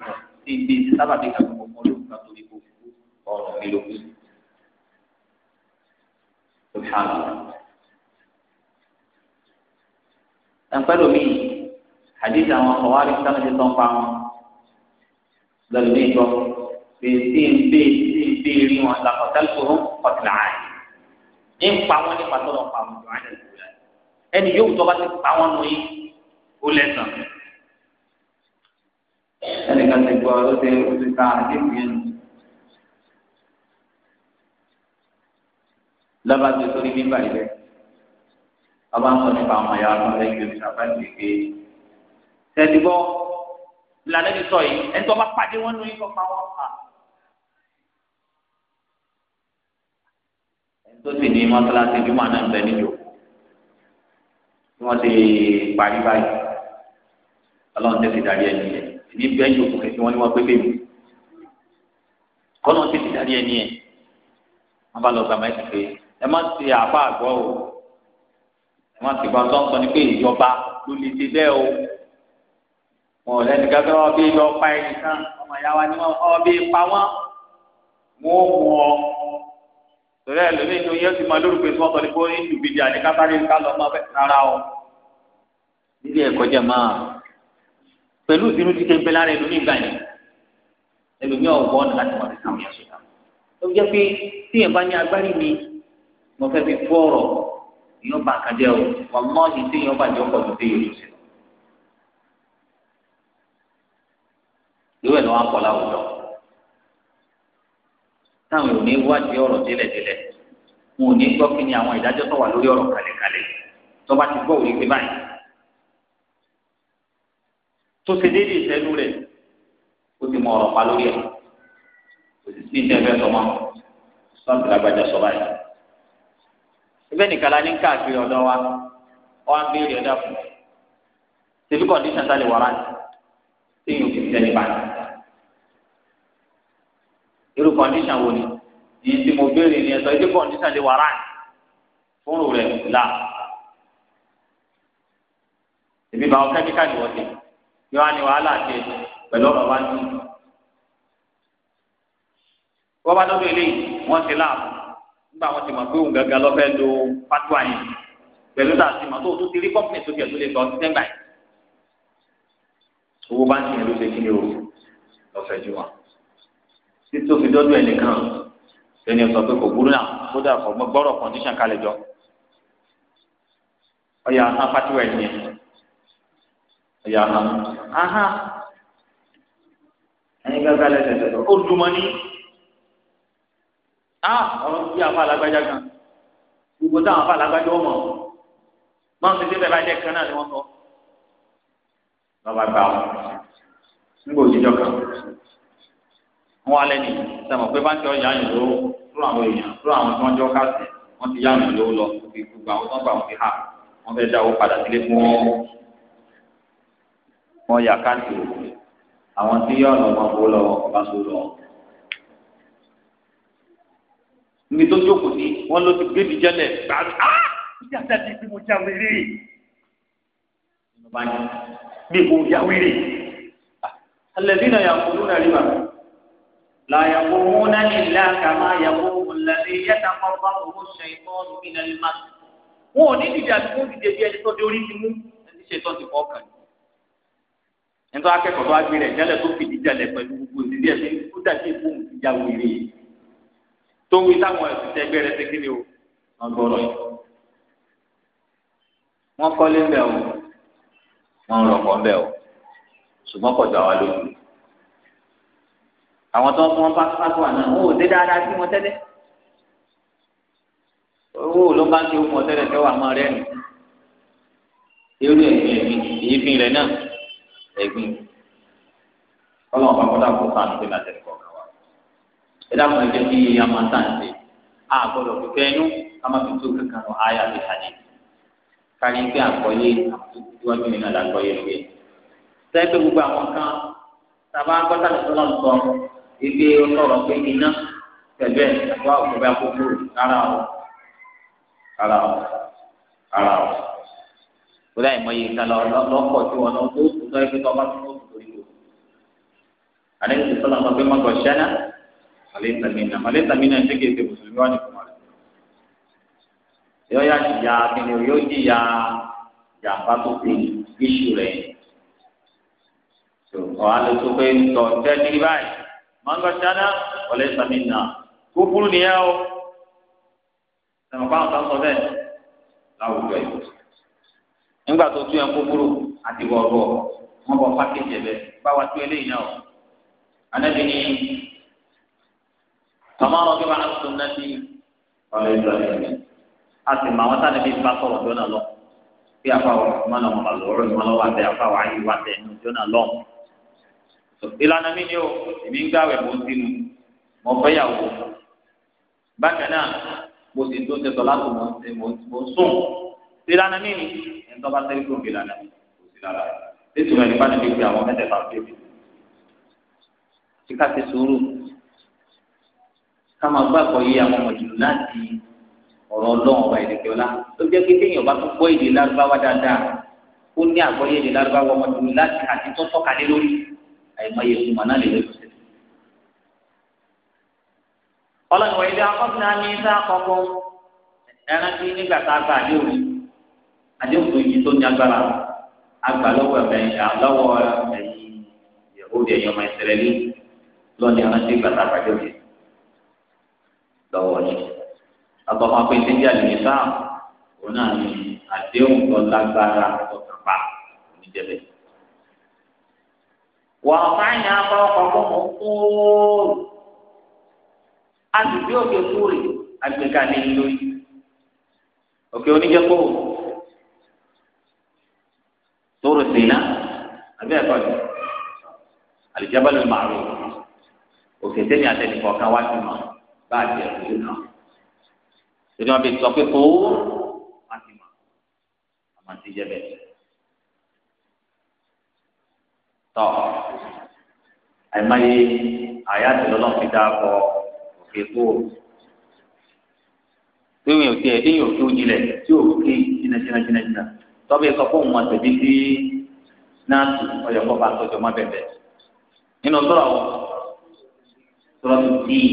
ọrùn mi ló kú subhanallah ẹnpẹlú mi hadith àwọn ọwárí sáwọn ti tán pa wọn lọlọ mi gbọ́ bèèdè bèèdè bèèrè wọn làkọtàlùkọ kọtìlà àyè ní pa wọn ní pàtó wọn pa wọn lọ àyè lọ ẹni yóò tọ́ bá ti pa wọn nù yìí ó lẹ́sàn-án ẹnìkan ti gbọ́ ó ti ó ta àdéhùn yẹn nù. lọ́ba tó torí bíbá ilẹ̀ ọba ń sọ nípa ọmọ ìyá ọlọ́run lẹ́yìn oṣù àbájáde pé tẹ̀síbọ́ ìlànà mi sọ yìí ẹni tó bá pàdé wọn lóyún kọ́ pa wọn pa. ẹni tó sì ní mọ́sálásí bí màá náà ń bẹ níjò tí wọ́n ti parí báyìí ọlọ́run tẹ̀sí darí ẹni yẹn e ní bẹ́ẹ̀ni òkú kẹ̀kẹ́ wọn ni wọ́n pélé mi kọ́nà tẹ̀sí darí ẹni yẹn wọ́n bá lọ gbàmẹ́sì pé ẹ má ti àfa àgbọ̀ o ẹ má ti gbọ́n tó ń sọ ni pé ìjọba ló lè ṣe bẹ́ẹ̀ o wọn ò lẹ́nu gẹ́gẹ́ wọn bí yọ pa ẹni kan ọmọ ìyá wa ni wọn ọ bí pa wọn wọn ò mú ọ torí ẹ lómi inú yẹn ti máa lórúkọ ìsúná sọ ni kó ìlú bíi di àdékátàrí ká lọ máa bẹ rárá o nílé ẹ̀kọ́ jẹ máa pẹ̀lú ìdínú ti ké pẹlá rẹ lómi ìgbà yẹn ẹlòmí ọgbọ́n láti wọn ti sàmúyẹ sọta ó jẹ pé tíyẹn bá ní agbárí mi mo fẹ́ fi kú ọ̀rọ̀ yóò bá kan jẹ́ o wọ́n mọ́ ní tí yóò bàjẹ́ ọkọ̀ tó dé yòókù sí lọ. ìwé ni wọ́n kọ́ láwùjọ. táwọn ò ní wádìí ọ̀rọ̀ délẹ̀délẹ̀ wọn ò ní gbọ́ kí ni àwọn ìdájọ́ tó wà lórí ọ̀rọ̀ kalẹ̀kalẹ̀ tó bá ti gbọ́ òwe pé báyìí. tó ṣe déédéé ìṣẹ́lú rẹ̀ ó ti mọ ọ̀rọ̀ pa lórí ẹ̀ kò sí ìṣẹ́ fẹ́ sọ́ọ̀tì lágbájá sọ báyìí ibẹ̀ nìkan la ní ń káàkiri ọ̀dọ̀ wa wọ́n á ń béèrè ọ̀dọ̀ fún un tèmi kọ̀ǹdíṣàn tá lè wọ́ra tí yóò fi tẹ̀lé bá a. irú kọ̀ǹdíṣàn wo ni yìí tí mo béèrè ni ẹ̀sọ́ ibi kọ̀ǹdíṣàn lè wọ́ra fún rẹ̀ là. tèmi bá wọn kẹ́míkà ni wọ́n ti yọ wá ní wàhálà àti pẹ̀lú ọ̀rọ̀ wa ní. wọ́n bá dọ́dọ̀ eléyìí wọ́n ti láàbù nígbà wọn ti mọ̀ pé òun gàgà lọ fẹ́ lo fatuwa yẹn pẹ̀lú tá a ti mọ̀ tó o tún ti rí kọ́pìnì tó tiẹ̀ tó lè lọ sí sẹ́ńgbà yìí owó báńkì yẹn ló ṣe kí ni o lọ́fẹ̀ẹ́ jù wọn títí ó fi dọ́dọ̀ ẹnìkan ẹni sọ pé kò burú náà kódà kò mọ gbọ́rọ̀ kọ́ndíṣàn kalẹ̀ jọ ọ̀yà ahán fatiwa ẹ̀ nìyẹn ọ̀yà ahán ahán ẹni gàgà lẹ́sẹ̀ tẹ̀lé ó dùn mọ́ ní á ah, ọ̀rọ̀ bí àwọn alágbájá gan gbogbo táwọn afa alágbájá ọmọ máa ń tètè bẹ́ẹ̀ bá jẹ́ kan náà ni wọ́n sọ. lọ́ba gbà ọ́ nígbà òjijọ́ kan wọ́n alẹ́ nì sẹ́mọ̀ pé báńkì ọ̀yà yìí ló rú àwọn èèyàn rú àwọn tí wọ́n jọ káàsì wọ́n ti yá àwọn ìlú lọ fi gbogbo àwọn tó ń gbà wọ́n fi hà wọ́n fẹ́ dá owó padà sílé fún wọn yà káàsì àwọn tí yọ̀ lọ́mọ owó lọ́wọ́ ọba sọ lọ́wọ́. níbi tó jókòó sí wọn ló ti gbébi jẹlẹ gbàgbé ah ìjà dàbí bí mo já bí mo já alẹ́bí náà yàgò lónà rí bàbá. لا يقومون إلا كما يقوم الذي يتقربه الشيطان من المس wọn ò ní dìde àdúgbò dìde bí ẹni tó di orí ti mú ẹni ṣe tó ti fọkàn ní. ẹni tó akẹ́kọ̀ọ́ tó agbé rẹ̀ jálẹ̀ tó fìdí jálẹ̀ pẹ̀lú gbogbo ìdílé ẹ̀sìn tó wí táwọn ẹ̀sìn tẹ ẹgbẹ́ rẹ ti kí ni o wọ́n gbọ́dọ̀ yìí wọ́n kọ́lé ń bẹ̀ o wọ́n rọ̀kọ̀ ń bẹ̀ o ṣùgbọ́n kọjá wa lójú àwọn tó ń fún wọn bá fásitì àná wọn ò dé dáadáa sí wọn tẹ́lẹ̀ owó ló bá ń ṣe wọn tẹ́lẹ̀ tẹ́wọ́ àmọ́ rẹ̀ nù irú ẹ̀gbìn ẹ̀gbìn ìyífin rẹ̀ náà ẹ̀gbìn ọlọ́run bá kọ́dà kó sáà nígbè náà tẹ̀lé kọ́ka ẹ̀dá kan jẹ́ kí yíyan máa tàn sí a gbọ́dọ̀ fífẹ́ inú ká má fi tó kankan lọ ayé àti àdé kárí pé àkọlé àtúntìwájú yìí náà làkọlé lóye. sẹ́ẹ̀kì gbogbo àwọn kan tàbá gbọ́dọ̀ sọ́nà sọ ibi ọlọ́rọ̀ pé iná pẹ̀lú ẹ̀ àbúrò àkókò bá kókó rárá o rárá o rárá o. kódà ìmọ̀ye ìkàlọ̀ lọ́kọ̀ tí wọn lọ́kọ̀ tó sọ ibi tó bá tó tó tó yìí o. àdéhùn sọ́nà sọ mọ́tò ṣẹ́ná màlẹ́sà mina màlẹ́sà mina ṣé kìí ṣe mùsùlùmí wà nìkan rẹ̀ ya jìyà kìnì yóò jìyà jàmbá tó fi iṣu rẹ̀ tó ọ̀ alẹ́ tó pé ń tọ̀ tẹ́ ní báyìí màgbà ṣáná màlẹ́sà mìíràn kó burú nìyẹn o sẹ̀mọ̀ bá ọ̀sán sọ bẹ́ẹ̀ láwùjọ yìí nígbà tó tún yẹn kó burú àti wọ̀ọ̀rọ̀ wọn bọ̀ pákéjì ẹ̀ bẹ́ẹ̀ báwa tún eléyìí náà anábìíní kàmá ọjọ́ bá tó ná sí ọ̀rọ̀ ìjọ ẹ̀mí a sì mọ àwọn sáni bíi bá sọ̀rọ̀ jọ́nà lọ bí afáwọ̀ mọ́nà ọmọ lọ́rọ̀ ìmọ̀ lọ́wọ́ abẹ́ afáwọ̀ ayé wa tẹ̀ ní jọ́nà lọ. ìlànà mi ni o èmi ń gbàwẹ̀ mo ń sinu mo fẹ́yàwó bákan náà mo sì tó ṣe sọlá tó mo ń sùn ìlànà mi ni ẹni tó bá tẹ́lẹ̀ tó ń bí ìlànà kò sí lára rẹ̀ nítorí ẹni bá ní bí àwọn mẹ́tẹ̀ẹ̀ta fi káma gbàgbọ́ yé àwọn ọmọdé láti ọ̀rọ̀ ọlọ́run ọba ìdíkẹ́ ọlá tó jẹ́ pé téèyàn bá tún gbọ́ èdè lárúbáwá dáadáa ó ní àgbọ́yé èdè lárúbáwá ọmọdé láti àti tó tọ́ka lé lórí àìmọye ìfúnmọ́ náà lè lọ́sọ̀ sí. ọlọ́run wọ̀nyí bí akọ́sílẹ̀ àmì ìfẹ́ àkọ́kọ́ ẹran tí nígbà tá a gbà àdéhùn àdéhùn tó yí tó ní agbára àgbà lọ́wọ́ ẹ̀yìn lọ́wọ́ ẹ̀yìn lọ́wọ́ yìí agbọmọ apẹtẹ ń jáde ní sáà òun náà ní àdéhùn tó lágbára tó kápá oníjẹbẹ. wà á máa yàn án bá ọkọ̀ fún un kúrò a sì bí òkè kúrè agbèká lé lórí òkè oníjẹkọ tóòrò sínà àbí ẹ̀kọ́ ni àlìjábálẹ̀ màrú òkè sẹ́ni àtẹnìkọ̀ọ̀kan wá sí màá bá a jẹ ìlú náà torí wọn bí sọ pé kó má ti mọ àmọ́ ti jẹ bẹ́ẹ̀ tọ àìmáyé àyájọ lọlọrun fi dáa kọ òkè kó wíwìn òkè ẹdínyìn òkè òjìlẹ tí òkè jìnnà jìnnà jìnnà jìnnà tọ́bí sọ fún wọn tẹ̀lé sí náà tù ọyọ kọ́ bá tọjọ́ má bẹ̀bẹ̀ nínú sọ̀rọ̀ sọ̀rọ̀ tó tíì.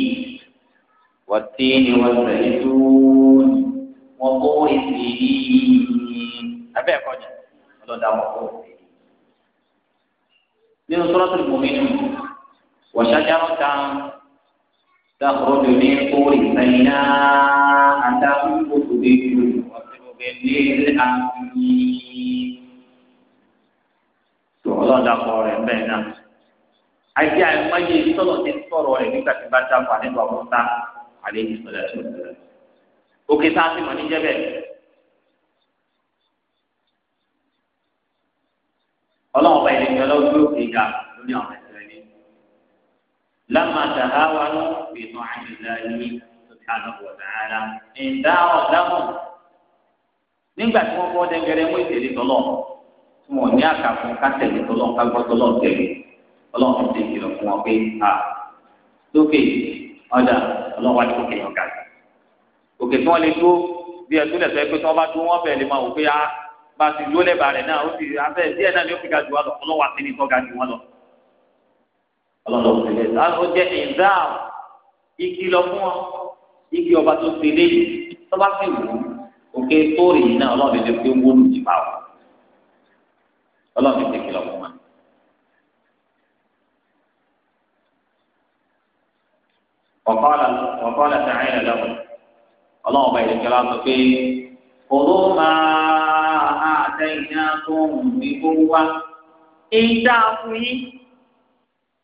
والتين والزيتون وطور سينين أبي أقول الله دعوة وطور من سورة المؤمنون وشجرة تخرج من طور سيناء تنبت بالجنود للأمين الله دعوة ربنا أجعل مجلس الله تنصر ولكن تبقى تنصر àléyìn sọlá tó ń bẹ̀rẹ̀ òkè tá a ti mọ̀ níjẹ́ bẹ́ẹ̀. ọlọ́wọ́ bá ilé ìjọ lọ́wọ́ gbé òkè ga lórí àwọn ẹ̀sẹ̀ rẹ̀ lámà tàháwá ló fi nù àyìnlá yìí sọ̀tàn ọ̀gbọ̀dà ara ìdá ọ̀dáhùn nígbà tí wọ́n fọ́ dẹ́gẹ́rẹ́ mú ìtẹ̀lé tọ́lọ̀ tí wọ́n ní àkàkọ́ ká tọ́lọ̀ ká gbọ́ tọ́lọ̀ tẹ̀lé ti kìlọ̀ fún wọn pé a lókè yìí ọ̀dà ọlọ́wà ní òkè yọ̀ǹga òkè tí wọ́n lè dúró bí ẹ̀ tó lẹ̀ fẹ́ pé tí wọ́n bá dúró wọ́n bẹ̀ lè máa wò pé ah, bá a ti dúró lẹ́bàá rẹ̀ náà ó ti afẹ́ díẹ̀ náà ni ó fi ga jù wọn lọ ọlọ́wà sí ni tọ́ga jù wọn lọ. ọlọ́lọ́ òṣèlè ó jẹ́ ìdáhùn igi lọ fún ọ igi ọba tó ti lé yìí tó bá sì wù òkè tóòrì yìí náà ọlọ́run lè fi wó lù jìbá ọ وقال وقال تعالى لهم اللهم بارك لهم في خذوا ما آتيناكم بقوة إيتاكم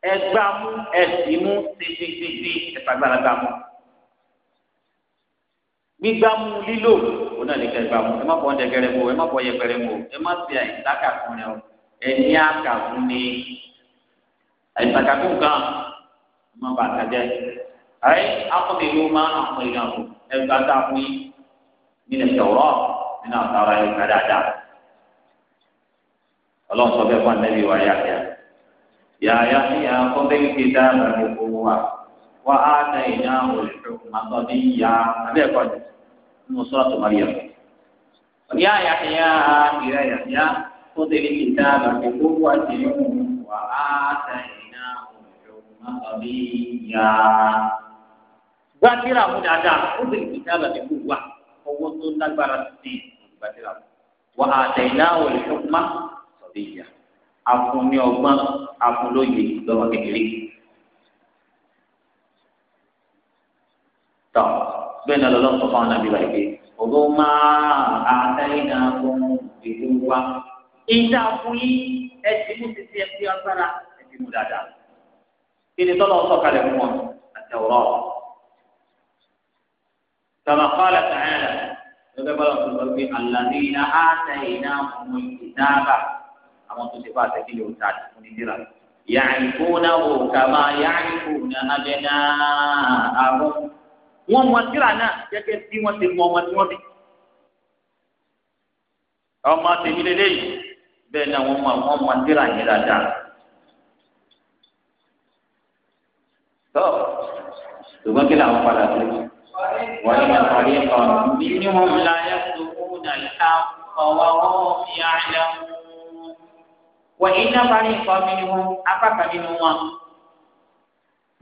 ẹgbàmú ẹsìmú títítítí ẹfàgbàlagbàmú gbígbàmú lílò òun náà lè kẹ gbàmú ẹ má bọ ọjẹ gẹrẹ mọ ẹ má bọ yẹpẹrẹ mọ ẹ má ti àìsáka fún ẹ o ẹni àkà ni àìsáka kan ẹ má bàtà jẹ ayé akọ́bẹ̀lú máa ń pè náà ẹgbẹ́ àtàkùn yìí nínú ìṣòro nínú àtàwọn ayé ká dáadáa ọlọ́run sọ bẹ́ẹ̀ fún àtẹ́bí wa yá kíá yàyà ìyá akọ́bẹ̀lú ti dá àgbàdo owó wa wà á tẹ ìyá olùdó àtọ́bí ìyá abẹ́ ẹ̀kọ́ ni nínú sọ́ọ̀tù Maryam yá yá ìyá ìyá yá kó tẹ̀lé ti dá àgbàdo owó wa ti yọ̀ wà á tẹ ìyá olùdó àtọ́bí ìyá gbàtíra mú dáadáa ó sì lè dá àlàyé kú wa ọwọ́ tó lágbára sí gbàtíra mú. wà á dẹ̀yìnà òòlù fúnpá sọ̀rọ̀ ìyá afunni ọgbọ́n afunlóye lọ́wọ́ kékeré. tọ́ bẹ́ẹ̀ náà lọ́lọ́ sọ fún àwọn àbí báyìí pé ògbó máa àtẹ́yìnà fún ìlú wa. ìjà fún yín ẹ mú títí ẹ fi agbára mú dáadáa. kí ni tọ́lọ́ sọ̀kalẹ̀ كما قال تعالى يقول الله الذين آتيناهم الكتاب أما تصفات كل وتعالى يعرفونه كما يعرفون أبناءهم wọn mọ síra náà gẹ́gẹ́ bí wọn ti mọ ọmọ tí wọn bí ọmọ tèmi lélẹyìí bẹ́ẹ̀ náà wọn mọ wọn mọ síra yẹn dáadáa tó ṣùgbọ́n kí làwọn padà sí وإن فريقا منهم لا يكتبون الحق وهم يعلمون وإن فريقا منهم أفك منهم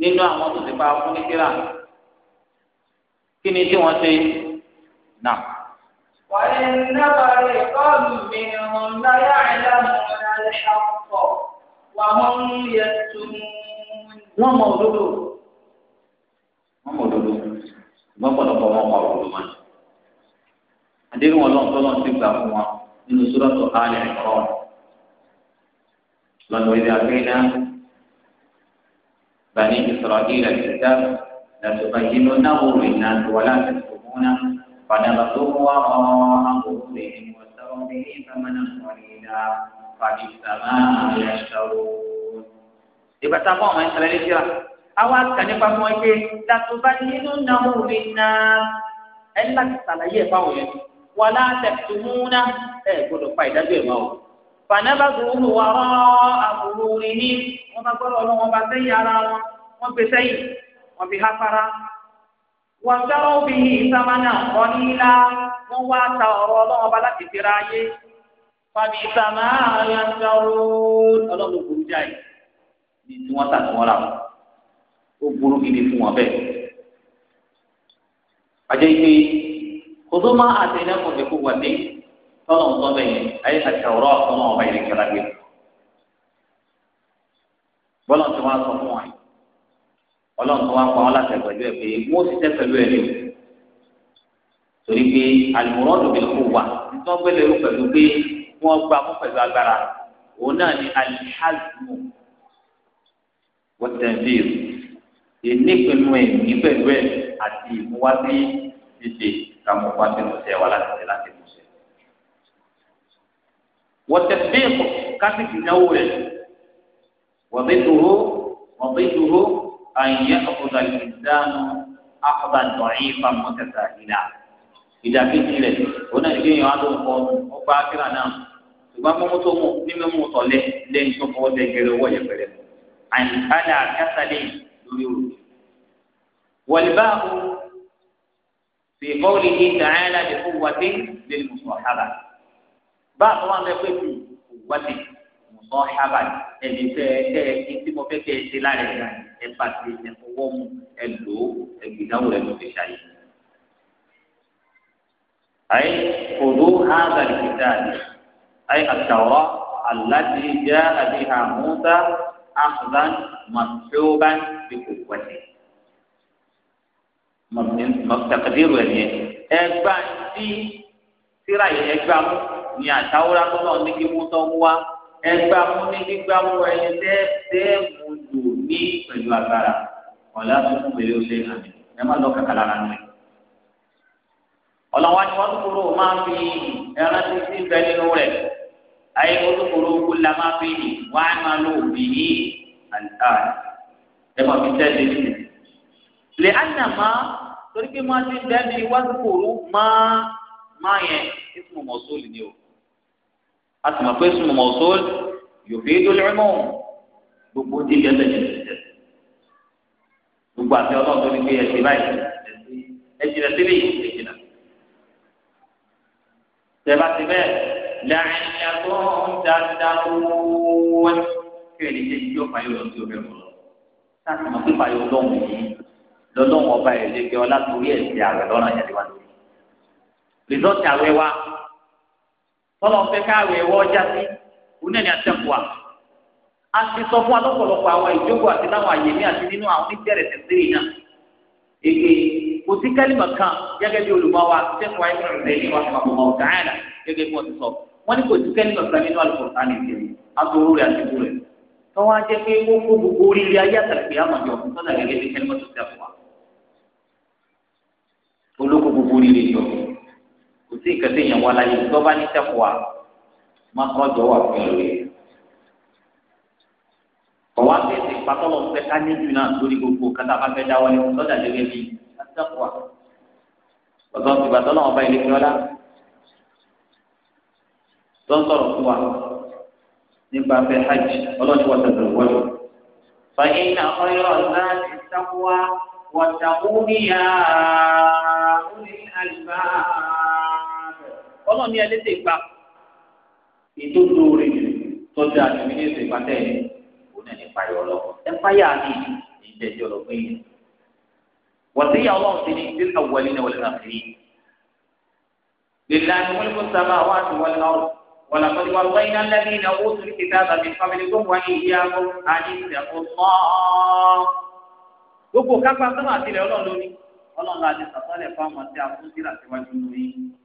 nínú àwọn tó ti pa fún ní síra kí ni tí wọ́n ṣe nà. wàyí nàbàrí kọ́ọ̀lù mi hàn láyà àìlámùn aláṣàkọ́ wà wọ́n ń yẹ tuntun. wọ́n mọ òdodo. wọ́n mọ òdodo ṣùgbọ́n pọ̀lọpọ̀ wọn pa òdodo wọn. àdéhùn ọlọ́run tọ́lọ́ ti gbà fún wa nínú sórọ́tò ààrẹ ẹ̀kọ́ lọ́nà ìdí àgbẹ̀yìnà bani israẹli àtijọ́ làtúbà yìí lọ náà wò rìn náà tó wà láti fòmù náà fàdàbà tó mú wa ọ̀ àkókò rẹ̀ ni wọ́n sọ̀rọ̀ bí ní ìfamánà kọ̀ọ̀lẹ́dà fàdìsàmá àyàṣàwò. ìbátan fún àwọn ìsirẹ́lì àwa kà nípa fún wọn pé làtúbà nínú náà rí náà ẹni láti sàlàyé ẹ̀ fáwọn yẹn wà látẹ̀tù múná ẹ̀ gbọ́dọ̀ pa ìdájọ́ ẹ̀ máa wò. fànàbà gbòòrò wà rọ́ àbúrò rí ní wọn bá gbọ́dọ̀ lọ wọn bá sẹ́yìn ara wọn wọn gbé sẹ́yìn wọn fi há fara. wọ́n sọ́rọ́ bí ìsámánà kọ́ nílá wọ́n wá ta ọ̀rọ̀ ọlọ́wọ́n bá láti fi ra ayé. fàbí ìsámá ayọ̀ ń sọ̀rọ̀ ọlọ́run kò jáì ní tí wọ́n tà tí wọ́n rà wọ́n ó burú gidi fún wọn bẹ́ẹ̀. àjẹ́ ìpè kòtò máa àtẹ̀lẹ́ kò fi kó wọlé tọ́nà ọ̀tọ́ bẹ́ẹ̀ ayé àtẹ̀wọ́rọ́ ọ̀tọ́nà ọ̀bá ilé kẹlá gbé. bọ́lá tí wọ́n á sọ fún wọn ọlọ́run tó wá pa wọn láti pẹ̀lú ẹ̀ pé wọ́n ti tẹ́ pẹ̀lú ẹ̀ ní o torí pé alùmọ́rọ́dù bí kò wà nítorí wọ́n gbélé irú pẹ̀lú pé wọ́n gbá mú pẹ̀lú agbára òun náà ni alihazmu wọ́n tẹ̀ ń bí irú èmi pẹ̀lú ẹ̀mí pẹ̀lú ẹ̀ àti ìmúwájú dídè káwọn wá sínú sẹ́ wa láti tẹ̀ láti mú sẹ́. wọ́tẹ̀ bẹ́ẹ̀kọ kásìkì náwó rẹ̀ wọ́bẹ̀dùhó wọ́bẹ̀dùhó àyìnyẹ́ ọ̀kọ̀dà ìdánù àkọ́dà dọ̀yìn fàmọ́tẹ̀tà ìlà. ìdàkejì rẹ̀ ó náà ṣe yàn án ló ń kọ́ ọgbà akíra náà ṣùgbọ́n mímú mú mímú tọ̀lẹ́ lẹ́yìn tó fọwọ́ ميوت والباء في قوله تعالى بقوة للمصاحبة باء وان بقوة قوة مصاحبة اللي يعني في انتي مفيك اتلال اتباتي نقوم اللو اللي دولة بشيء أي خذوا هذا الكتاب أي التوراة التي جاء بها موسى أخذا مصحوبا بقوته tẹkidiru ẹni ẹgba ti sira yìí ẹgba mu ní àtàwọn akọlọ ní kí mú tọ wá ẹgba mu ní gbígbà mu ẹni tẹ tẹ mu lò ní pẹ̀lú agbára ọlá tó kú pẹ̀lú ilé àmì ẹ má lọ kàkàlà rà nù. ọlọ́wọ́ ni wọ́n tún kúrò máa fi ẹran tí bẹ nínú rẹ̀ ayé olùkóró kúlá máa fi ní wá máa lò bí ní àlùfáà ẹ máa fi tẹ́lẹ̀ nílẹ̀. lè ànàmá torí pé máa ti bẹ́ẹ̀ ní wá lùkóró máa máa yẹn ismu mawsul ni o a sì mọ̀ pé ismu mawsul yufidu al-umum gbogbo ti yẹ lẹ́yìn lẹ́yìn gbogbo àti ọlọ́run tó ní pé ẹsẹ̀ báyìí ẹ̀jìnà sílẹ̀ ẹ̀jìnà tẹ̀ bá ti bẹ́ẹ̀. لعلكم تتقون kéèyàn jẹ́ ìjọ fàyọ̀ lọ sí ọbẹ̀ mọ̀ láti mọ̀ pé fàyọ̀ lọ́hùn yìí lọ́lọ́hùn ọba ẹ̀ lè jẹ́ ọlá torí ẹ̀sìn àwẹ̀ lọ́nà yẹn wá sí. rìsọ́ọ̀tì àwẹ̀ wa tọ́lọ̀ fẹ́ káwẹ̀ wọ́ ọjà sí onílẹ̀ àtẹ̀kù wa. a ti sọ fún alọ́pọ̀lọpọ̀ àwọn ìjókòó àti láwọn àyèmí àti nínú àwọn oníbẹ̀rẹ̀ tẹ̀síì náà. èké kò sí kẹ́límà kan gẹ́gẹ́ bí olùmọ̀ wa tẹ́kọ̀ọ́ wọ́n ní kò dúkẹ́ nínú ọ̀sán nínú Al-Qur'ani nìyẹn àtòrò rẹ̀ àti ìlú rẹ̀ tọ́wọ́ á jẹ́ pé ó kó gbogbo oríire ayé àtàlẹ́gbẹ̀ àmọ̀jọ sọ́dà gẹ́gẹ́ bí kẹ́lí mọ́tò ti àpò wa olóko gbogbo oríire yọ kò sí ìkẹtẹ yẹn wá láyé tó bá ní sẹ́kù wa má kọ́jọ wà fún ẹ̀rọ yẹn ọ̀wá bẹ́ẹ̀ ti patọ́lọ̀ fẹ́ ká níjú náà lórí gbogbo kátà bá fẹ́ dáwọ́ ní sọ́dà gẹ́gẹ́ bí sẹ́kù wa ọ̀sán ìbàdàn náà ọba tó ń sọ̀rọ̀ fún wa nípa fẹ́ hajj ọlọ́run wọ́n tẹ̀sán wọ́lọ́. fàyínà ọyọ́ náà ti sáwá wọ̀tàkùnrin yá ní àlùbá. ọlọ́run ní ẹlẹ́ tẹ̀ gbà ètò lóore tó ti ní ètò ìpàtẹ́ yìí kò náà nípa yọ lọ. ẹ ní ìdẹ́jọ́ lọ yìí. wọ́n ti ọlọ́run sí ní ìdílé àwọ̀lẹ́ náà wọlé náà fi rí. lè lánàá wọ́n kó sábà wá àti wọlé náà. ولقد وصينا الذين أوتوا الكتاب من قبلكم وإياكم أن اتقوا الله gbogbo kápá sọ́nà àtìlẹ̀ ọlọ́run lóní ọlọ́run láti sàtọ́lẹ̀ fún àwọn tí a fún sílẹ̀ àtiwájú lórí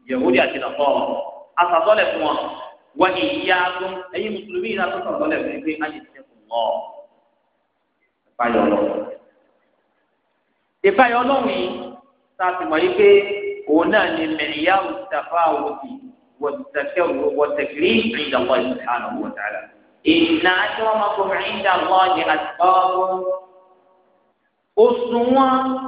yẹ̀wòdì àti lọ́pọ̀ àsàtọ́lẹ̀ fún wọn wọ́n ní ìyá tó ẹ̀yin mùsùlùmí yìí láti sàtọ́lẹ̀ fún ẹgbẹ́ ayélujáfẹ́ lọ. ìfàyọ̀ ọlọ́run ìfàyọ̀ ọlọ́run yìí tá a ti mọ̀ yí pé òun náà ni mẹ̀ríyá òṣìṣàfà òkè والتكرم والتكريم عند الله سبحانه وتعالى إن أكرمكم عند الله أتقاكم أصنوا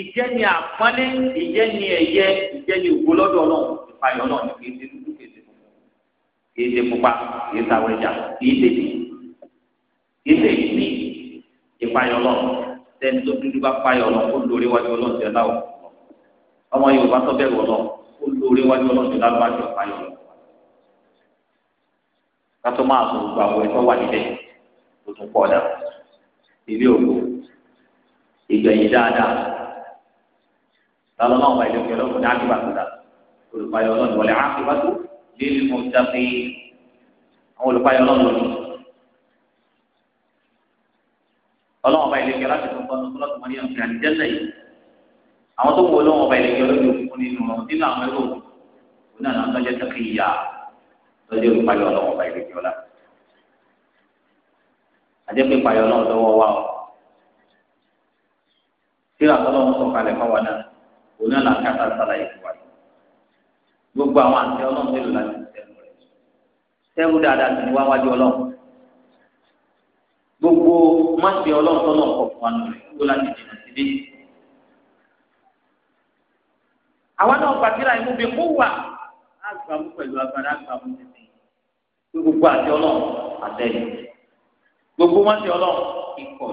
ìjẹni àpọnlé ìjẹni ẹyẹ ìjẹni ògbólọdọ Ọlọ́run ìpayọ náà ni kìí ṣe dúdú kìí ṣe pupa kìí ṣe pupa kìí ṣe àwọn ẹja kìí ṣe èyí kìí ṣe èyí ní ìpayọ náà tẹni tó dúdú bá payọ náà kó lórí wájú Ọlọ́run tẹ láwọn ọmọ Yorùbá tó bẹ̀rù Ọlọ́run ó lóore wájú ọlọ́run lágbájọ ayọ̀ kátó máa sọ gbogbo àwọn ẹ̀tọ́ wà níbẹ̀ tó tún pọ̀ dà ilé òkú ìgbẹ̀yìn dáadáa lọ́lọ́mọ́ ọba ìlẹ́kùn ọlọ́run ní àkíbà tó dà olùpayọ̀ ọlọ́run wọlé àkíbà tó lílì mọ́ jáde àwọn olùpayọ̀ ọlọ́run lónìí ọlọ́run ọba ìlẹ́kùn ọlọ́run tó ń bọ́ ní ọlọ́run mọ́ ní ọ̀sẹ̀ àdìjẹ́sẹ̀ yìí àwọn tó wọ lọ́wọ́ ọba ìlẹ́jọ́ lójú òkú nínú nínú àwọn ẹ̀rọ òkú náà náà tọ́jú tó kì í yá lójú ìpayọ̀ lọ́wọ́ ọba ìlẹ́jọ́ la. àjẹpẹ́ ìpayọ̀ náà lọ́wọ́ wa o síra tọ́lọ́ ń sọ kalẹ̀ fáwọn náà òun náà là ń kàtà sàlàyé fún wa gbogbo àwọn àti ọlọ́run mélòó láti sẹ́nu rẹ̀ sẹ́nu dáadáa sì ni wá ọlọ́run gbogbo má ti ọlọ́run tọ́lọ̀ àwọn náà pàtìlà ìmú bí kó wà àgbàmú pẹ̀lú agbára àgbàmú tètè gbogbo àti ọlọ́run àtẹ̀yìn gbogbo wọn ti ọlọ́run ikọ̀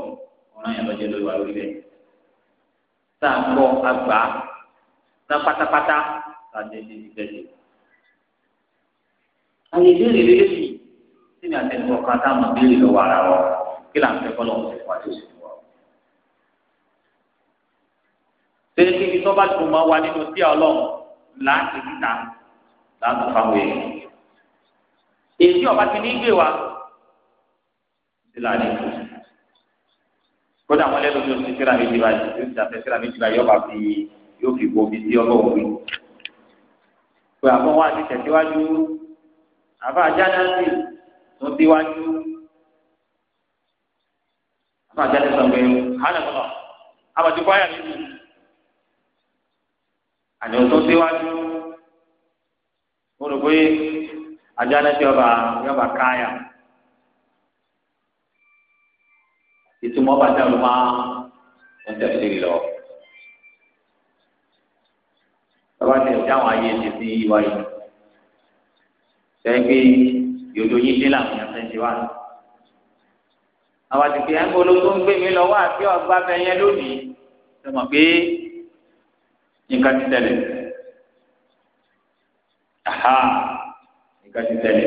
ọ̀ràn yẹn lọ́jọ́ lórí wa lórí bẹ́ẹ̀ tá a gbọ́ àgbà ná pátápátá tá a jẹ́ ní ìgbẹ́jẹ́ àyè ìbéèrè lélẹ́yìn tí mi àtẹnudọ́ kan tá a mọ̀ béèrè lọ́wọ́ ara wa kí là ń fẹ́ kọ́ lọ́wọ́ tẹ́lẹ̀ kí tó bá dùn máa wà nínú sí ọlọ́run láti níta láti fáwọn èèyàn èyí ọba ti ní gbé wa sílá ní ìlú kódà wọn lẹ́nu tó ti síra méjì báyìí tó ti dàtẹ síra méjì báyìí ọba fi yóò fi bo omi sí ọlọ́run rí pé àbọ̀ wa ti tẹ̀síwájú àbá ajáde sí tó síwájú àbá ajáde sọ pé hánà tó lọ àbàtí kwaya mi àní o tó síwájú mo rò pé àjálẹ tí ọba yọba káyà ìtumọ̀ ọba dàrú máa ń tẹ̀sí lọ. ọba tẹ̀ sí àwọn ayé ti fi wáyé sẹ́yìn pé yòdò yìí dé làwọn èèyàn fẹ́ ti wá àwọn àti pé ẹgbẹ́ olóko ń gbé mi lọ wá àti ọgbà bẹ́ẹ̀ yẹn lónìí ṣe mọ̀ pé nǹkan ti tẹ̀lé aha nǹkan ti tẹ̀lé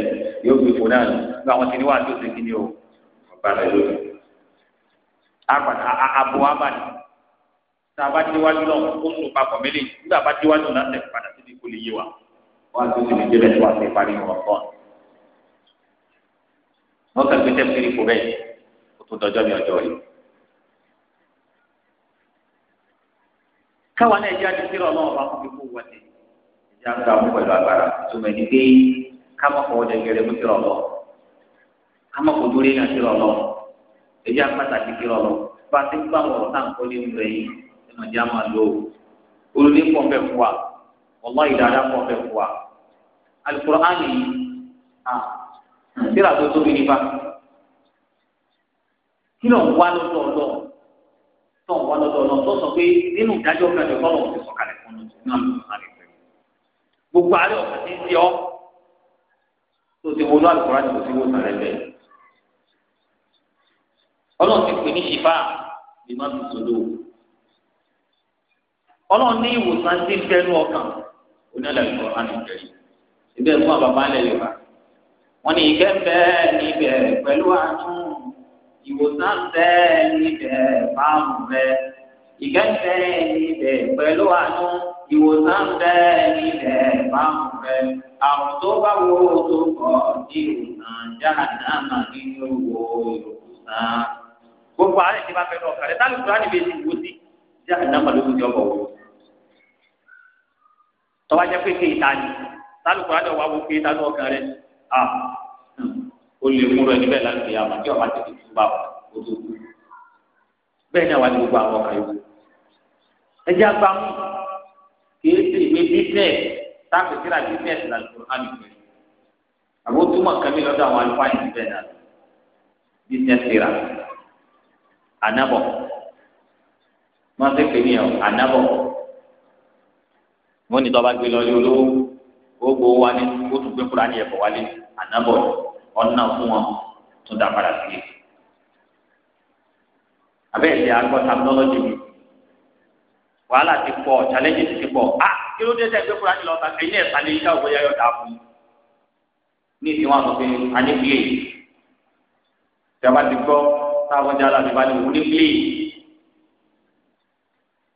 yóò gbé fún náà nígbà wọn ti ní wà tó ṣe kíni o ọba rẹ lórí àpàtà àbò abàdì tá a bá déwájú náà ó ń lò papọ̀ mẹ́lẹ̀ nígbà bá déwájú náà tẹ̀ padà síbi ìkọlẹ̀ yé wa wọ́n tó ṣe lè débẹ̀ tó wà sí ìparí ìwọ̀n kan wọ́n kàn gbé tẹ́fìrì kò bẹ́ẹ̀ kó tó dọjọ́ mi ọjọ́ yìí. káwa náà ẹjẹ àti sírọ náà ọba fún ikú wọlé ẹjẹ àti àwọn pẹ̀lú agbára tó mẹ ní pé káma fọwọ́ dẹ gẹrẹ mú sírọ lọ káma kò dúró yẹn sírọ lọ ẹjẹ àti pàtàkì sírọ lọ bá a ti gbà wọ̀rọ̀ náà kọ́ ní ìlú ẹ̀yìn ẹ̀nà ìjà máa lò olùdí pọ̀ fẹ́ fún wa ọlọ́ ìdára pọ̀ fẹ́ fún wa Al-Qur'an yìí síra tó tóbi nípa kí ló wá lọ́dọ̀ tó ń wá lọ́dọ̀ ọ̀nà tó sọ pé nínú ìdájọ́ kẹjọ kọ́ lọ́wọ́ ti sọ kalẹ̀ fún un náà ló sọ kalẹ̀ fún un. gbogbo àárẹ̀ ọ̀sán ti ń ti ọ́ tó ti wọnú àlùkòrá ti kò sí wọ́n sàrẹ̀ bẹ́ẹ̀. ọlọ́run ti pè ní ṣìfà lè má fi sòdò. ọlọ́run ní ìwòsàn ti ń fẹ́nu ọkàn onílẹ̀ ìkọ̀rọ̀ á ní ìbẹ̀rù fún àbàbá alẹ́ yorùbá wọ́n ní ìkẹ́ bẹ́ẹ̀ níbẹ̀ pẹ̀lú àánú ìwòsàn bẹ́ẹ̀ níbẹ̀ márùn bẹ́ẹ̀ ìkẹ́kẹ́ níbẹ̀ pẹ̀lú àánú ìwòsàn bẹ́ẹ̀ níbẹ̀ márùn bẹ́ẹ̀ àrùn tó bá wo tó kọ̀ ní ìwòsàn jáàdámà nínú wo ìwòsàn. gbogbo àárẹ̀ ti bá fẹ́ lọ kàrẹ́ tá lùkúrá níbi èsì wò sí jáàdámà ló ti ọkọ̀ wò. tọ́wájẹ́ pé kéèta ni tá lùkúrá ni ọ̀wá wo kéèta ní ọkàn rẹ̀ ah, ó lè mú rẹ níbẹ̀ láti fi àmọ́ kí ọba ti fi túbà ó tó kú bẹ́ẹ̀ ni àwa ni gbogbo àwọn ọkàn yòókù ẹjẹ́ agbámú kìí ṣe ìwé bísẹ̀ẹ̀sì táàpì síra bísẹ̀ẹ̀sì là lóko hàn mí àwọn túmọ̀ kan mi lọ́dọ̀ àwọn alùpàá yìí bẹ́ẹ̀ náà bísẹ̀ẹ̀sì síra ànábọ̀ wọ́n ti pè ní ànábọ̀ wọ́n ní tọ́ba gbé lọ lé olówó gbogbo wa ni ó tún gbé kúrò á ní ẹ̀fọ́ wálé ànábọ̀ yìí ọ̀nà fún wọn tó dá padà sílé. àbẹ́ẹ̀dì agbọ́ terminology mi wàhálà ti pọ̀ challenge ti pọ̀ a kí ló dé tẹ̀ pé kúránì lọ́ta ẹ̀yin ẹ̀ka lè yíká òwe yáyọ̀ dá fún ní ìsìn wọn sọ pé a ní plé tí a bá ti gbọ́ táwọn jẹ́ aláàbí bá ní wọ́n ní plé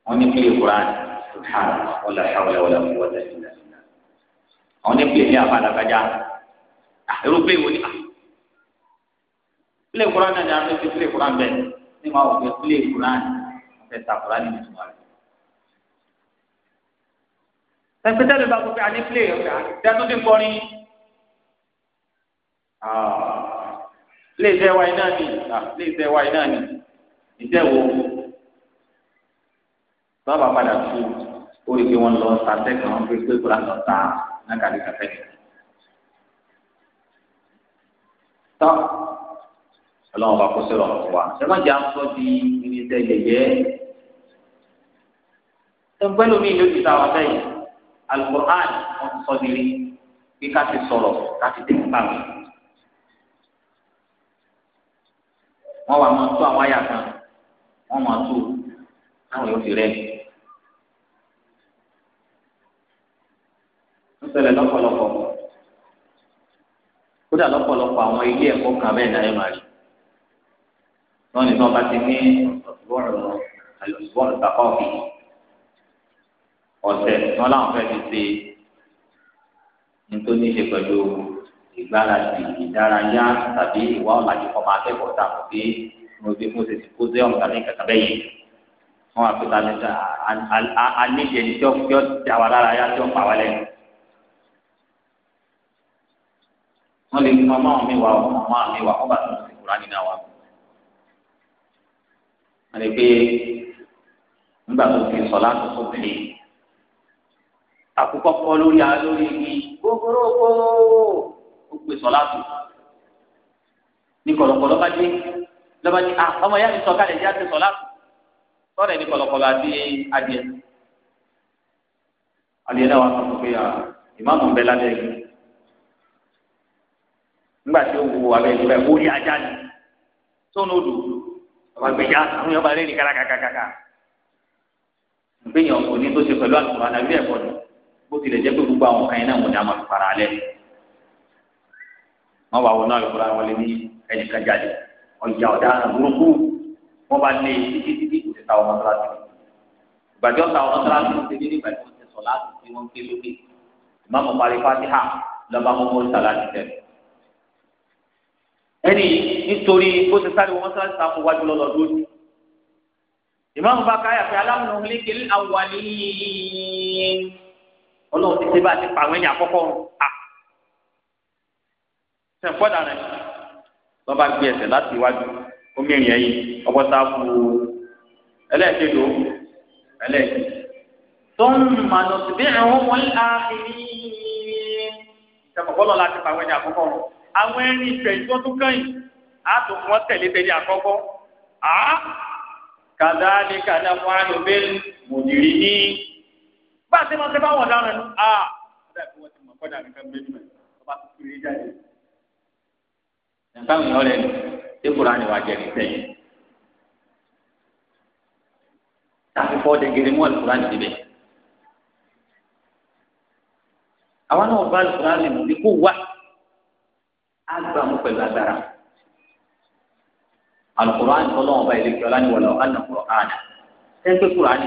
wọ́n ní plé kúránì subhanahu wa ta'ala wala hawla wala quwwata illa billah àwọn ní plé ní abalagbájá aeroplane ah, wo ni a ah. plane kura náà ni a fẹ́ fi plane kura bẹ́ẹ̀ ní ma wò pé plane kura ni a fẹ́ ta kura ni ìtumọ̀ rẹ̀. sẹ́pẹ́tẹ́ ló bá gbogbo àní plane ọ̀gá dẹ́tún ti kọrin ah, plane tẹ́ wáyé náà ni plane tẹ́ wáyé náà ni ìjẹ́ wo sábà padà tu ó rí i pé wọ́n lọ sa tẹ́kàn wọ́n fi pé kura lọ ta náà kàdé kàfẹ́ nìkan. tán ọlọ́run bá kó sí ọ̀rọ̀ fún wa ṣẹ́mọ́jà ń sọ di irinṣẹ́ yẹ̀yẹ́ ẹgbẹ́ lómi ìlú ti táwọn bẹ́ẹ̀ alukur'an wọn ti sọ nílé bí ká ti sọ̀rọ̀ ká ti tẹ̀sí bá mi. wọ́n wà máa tó àwọn àyà kan wọ́n máa tó àwọn yóò fi rẹ́. ń ṣẹlẹ̀ lọ́pọ̀lọpọ̀ kódà lọ́pọ̀lọpọ̀ àwọn ilé ẹ̀kọ́ kan bẹ́ẹ̀ náà ẹ̀ máa rí wọn ní sọ́ba ti ní ọ̀sùbọ̀rọ̀ àlùsùbọ̀rọ̀ sàkọ́ọ̀kì ọ̀sẹ̀ wọn láwọn fẹ́ fi ṣe nítorí ní ṣe pẹ̀lú ìgbáradì ìdárayá tàbí ìwà ọ̀làjú kọ́ máa kẹ́kọ̀ọ́ tàbí pé mo ti mo ti ti kó sí ọ̀nà tàbí kàkà bẹ́ẹ̀ yìí wọn àpèkà níta alẹ́ yẹn tí ó tí ó tí ó wọn lè fún ọmọ mi wá ọmọ ọmọ mi wá ọba tó ti kúrò nínú wa wọn lè pé nígbà tó fi sọ láti tó tẹ̀lé àkókò kọ lórí a igi gbogbooro ó pè sọ láti ní kọlọkọlọ bá dé lọba ní ah ọmọ yá mi sọ kálẹ̀ yá ti sọ láti sọ̀rọ̀ ẹni kọlọkọlọ àti adìẹ adìẹ náà wà sọ fún pé ah, ìmáàmù ń bẹ lábẹ́ ẹgbẹ́ nígbà tí ó wo abẹ́ ìlú rẹ̀ wórí ajá ni sóun lù ọba gbèjà àwọn yọba rẹ̀ ní kárakárakára gbẹ̀yìn ọ̀pọ̀ ní tó ṣe pẹ̀lú àtùkù àdàbí ẹ̀kọ́ ni bó tilẹ̀ jẹ́ pé gbogbo àwọn kan yẹn náà wọ́n dá máa fi para alẹ́ wọ́n bá wọnú àlùkò ra wọlé ní ẹnìkan jáde ọjà ọ̀daràn burúkú wọ́n bá lé e títí títí kò sí ta ọmọ tọ́lásì ìgbàjọ́ ta ọmọ tọ́lásì ń tẹ́lẹ̀ nígbà tí wọ́n ti sọ láti fi wọ́n ké lókè ìmáàmù parí fatiha lọ́ba mọ́mọ́ sàlájì tẹ̀lé ẹni nítorí bó ti sáré wọn sáré sáfù wájú lọ́lọ́ lórí. ìmáàmù bá káyà pé aláwòrán lékè awàlí ọlọ́run ti ṣe bá ti pàwọn ẹ̀yìn àkọ́kọ́ à ṣe fọ́dà rẹ̀ lọ́ba gbé ẹsẹ̀ láti iwájú omi ìrìn ẹ̀yìn ọkọ̀ sáfù ẹlẹ́ẹ̀kejì ẹlẹ́ẹ̀kejì tó ń mànà síbí ẹ̀hún wọn láàrin. ṣe mọ̀ bọ́lọ̀ láti pàwọn ẹ̀yìn àkọ́kọ́ àwọn ẹni ìfẹ́ ìtọ́tún kẹ́yìn á tó wọ́n tẹ̀lé tẹ̀lé àkọ́kọ́ á kàdá ni kàdá mọ́ àlọ́ bẹ́ẹ̀ mòdìrí ní. bá a ti máa ń sẹ́fà wọ̀n dáhùn ẹnu á kọ́dà kí wọ́n ti mọ̀ kọ́dà kankan bẹ́ẹ̀ mọ̀ ọba tó kiri jáde. nǹkan mìíràn rẹ̀ ṣé kúrò àná wàá jẹ̀rì sẹ́yìn. tàbí fọ́ dẹ̀gẹ̀rẹ̀ mú àlùkò láti débẹ̀. àwọn náà bá àlùkò láti àgbà mú pẹ̀lú agbára alukur'an tó lọ́wọ́ báyìí lẹ́kẹ́ ọlá ni wọ́n lọ ọ̀nà kur'an sẹ́ńpẹ́ kur'an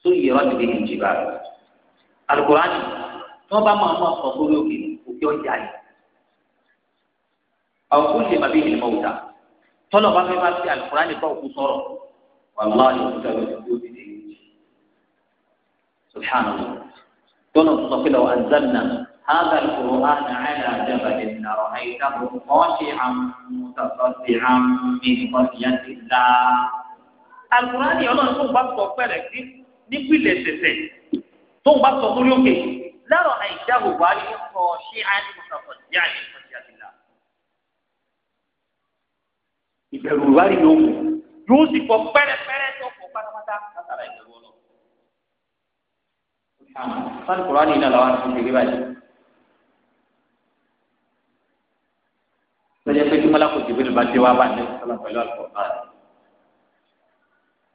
tó yẹ ọ́n ti di ìjì bá alukur'an tó bá máa máa sọ sórí òkè òkè ọjà yìí àwọn kò lè má bí ìlú mọ̀wúta tọ́lọ̀ bá fẹ́ bá fi alukur'an bá òkú sọ̀rọ̀ wàlúwà ni òkúta ló ti kú títí subhanahu tọ́lọ̀ tó sọ pé lọ́wọ́ anzalna. هذا القرآن على جبل لرأيته خاشعا متصدعا من خشية الله القرآن يقول لك بس وفرك نقول لسه ثم بس وقول يوكي لرأيته بالي خاشعا متصدعا من خشية الله ìbẹ̀rù ìwádìí ló mú yóò sì fọ pẹ́rẹ́pẹ́rẹ́ tó fọ pátápátá látara ìbẹ̀rù ọlọ́run. sáà kúrò á ní ìlànà àwọn àti ìṣèlú báyìí. sọjá pé tí mọlákò jìbìrì bá dé wá bá ní sọlá pẹ̀lú àlùkòkà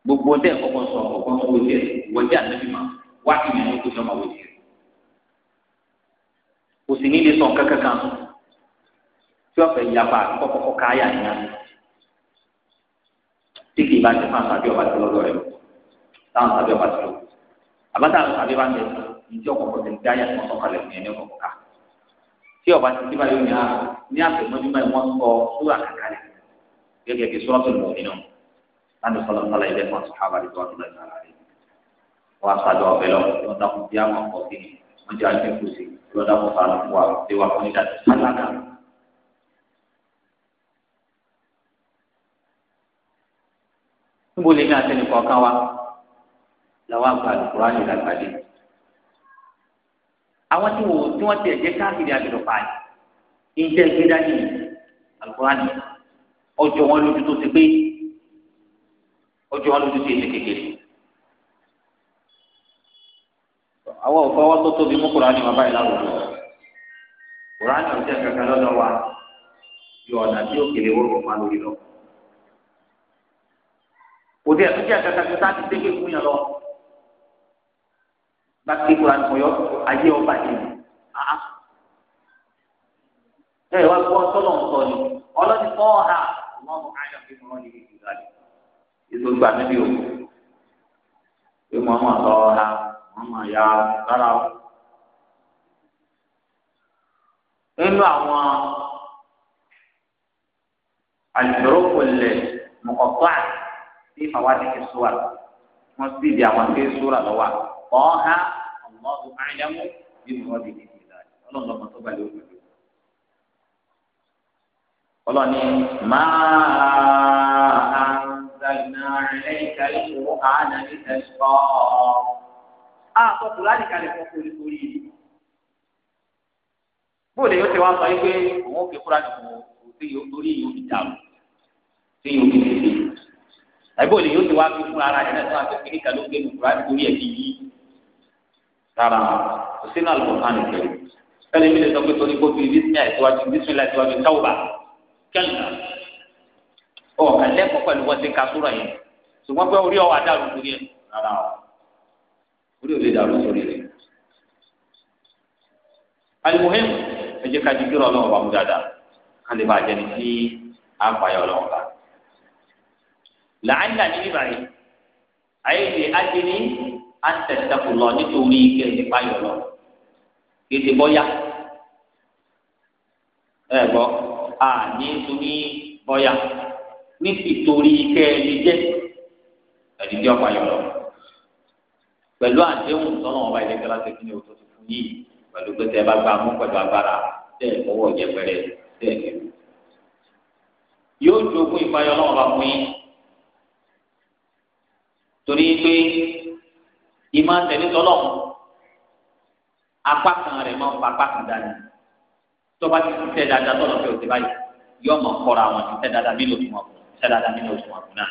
gbogbo dẹ kọ́kọ́ sọ ọkọ tó wọlé wọlé ànábì má wá ìyẹn ní kó sọmọ wọlé kò sì ní lè sọ kankan kan tí wọn fẹ́ yapa kọkọkọ káyà yẹn tí kì í bá ti fún àtàbí ọba tó lọ́dọ̀ rẹ̀ táwọn àtàbí ọba tó lọ àbátà tí ọba ti bá yóò ní a ní àfẹmọ́jú báyìí wọ́n sọ sórí àkàkálẹ̀ gẹ́gẹ́ bí sọ́ọ́tù lọ nínú láti sọ̀rọ̀ sọ̀rọ̀ ilé kan sọ̀rọ̀ àbárí tó ọdún lẹ́yìn ara rẹ̀ wọ́n aṣáájú ọ̀bẹ lọ wọ́n dákun bí àwọn ọkọ̀ sí wọ́n jẹ́ àti ẹ̀kú sí wọ́n dákun fa àwọn wa ṣé wà fún ìdájọ́ sálága. níbo lèmi àtẹnìkọ̀ọ̀kan wa làwọn àgbà àwọn tí wò tí wọn tẹ ẹjẹ káàkiri àgbẹdọ pa yìí ìjẹ ìgbéra ní alukurani ọjọ́ wọn lójú tó ti pé ọjọ́ wọn lójú tó ti kékeré àwọn òfò wọn tó tóbi mú kurani wọn báyìí láwùjọ kurani ọjọ́ kankan lọ́dọ̀ wa yọ ọ̀nà tí ó kéré wọ́n kọ́ máa lọ. òde ẹ̀ tó jẹ́ kankan tó sáà ti dé fún yàn lọ. bá ké kuran kọyọ ayé ọba yẹn ah aha wá gbọ́ sọ́nà ọ̀tọ̀ ni ọlọ́ni fọ́ ha ọlọ́run ayọ̀ fi mọ́ ní ìlú rẹ̀ èso gbà níbi o pé mo ha mo ya rárá o nínú àwọn sùwà wọ́n di àwọn طه الله أعلم بمراده في ذلك الله ما طبع قال ما أنزلنا عليك القرآن لتشقى آه فقرآن كان يقول قولي bóòlù yóò ti wá sọ yìí pé òun ò fi kúrò àti òun tí yóò torí yóò fi dàrú tí yóò fi tètè àbí bóòlù yóò ti wá fi kúrò ara rẹ̀ náà sọ àti òkè níkà ló gbé nù kúrò àti ẹ̀ fi yí rárá kò sínú àlùkòkàn nìkẹ́ ẹni mi lè sọ pé torí kóbi bísímìlá ìtìwájú bísímìlá ìtìwájú táwùbà kẹ́lìnà ọ̀ ẹ̀lẹ́kọ̀ọ́ pẹ̀lú wọ́n ti ka sóra yẹn ṣùgbọ́n pé orí ọwọ́ adarú torí ẹ̀ rárá o orí ò lè dàrú sórí rẹ̀. alimuhim ẹ ká jíjọ́ ọlọ́run bá mú dáadáa ká lè bá a jẹni tí a ń payọ́ bá. làálàá ní bíbáyìí ayé ti á ní àtẹ̀sẹ̀kù lọ nítorí ike nípa yọ̀ lọ kéde bọ́yá ẹ gbọ́ a ní torí bọ́yá ní tìtorí ike ẹni jẹ́ ẹ̀dídí ọ̀pá yọ̀ lọ pẹ̀lú àdéhùn sọ́nà ọba ìdẹ́gbẹ́lá ṣe kí ni o tó ti fún yìí pẹ̀lú pé tẹ́ ẹ bá gbà mú pẹ̀lú agbára tẹ́ ẹ fọwọ́ jẹ pẹ̀lẹ́ tẹ́ ẹ yóò jogún ìfayọ̀ náà bá fún yín torí pé ìmọ̀ tẹ̀lé tọ́lọ́mù apá kan rẹ̀ máa ń fa apá kan dání tọ́ba ti ti tẹ́ dáadáa tọ́lọ̀ fẹ́ òsè báyìí yọ ọmọ kọ́ra àwọn ti tẹ́ dáadáa nínú òṣùwọ̀n kù tẹ́ dáadáa nínú òṣùwọ̀n kù náà.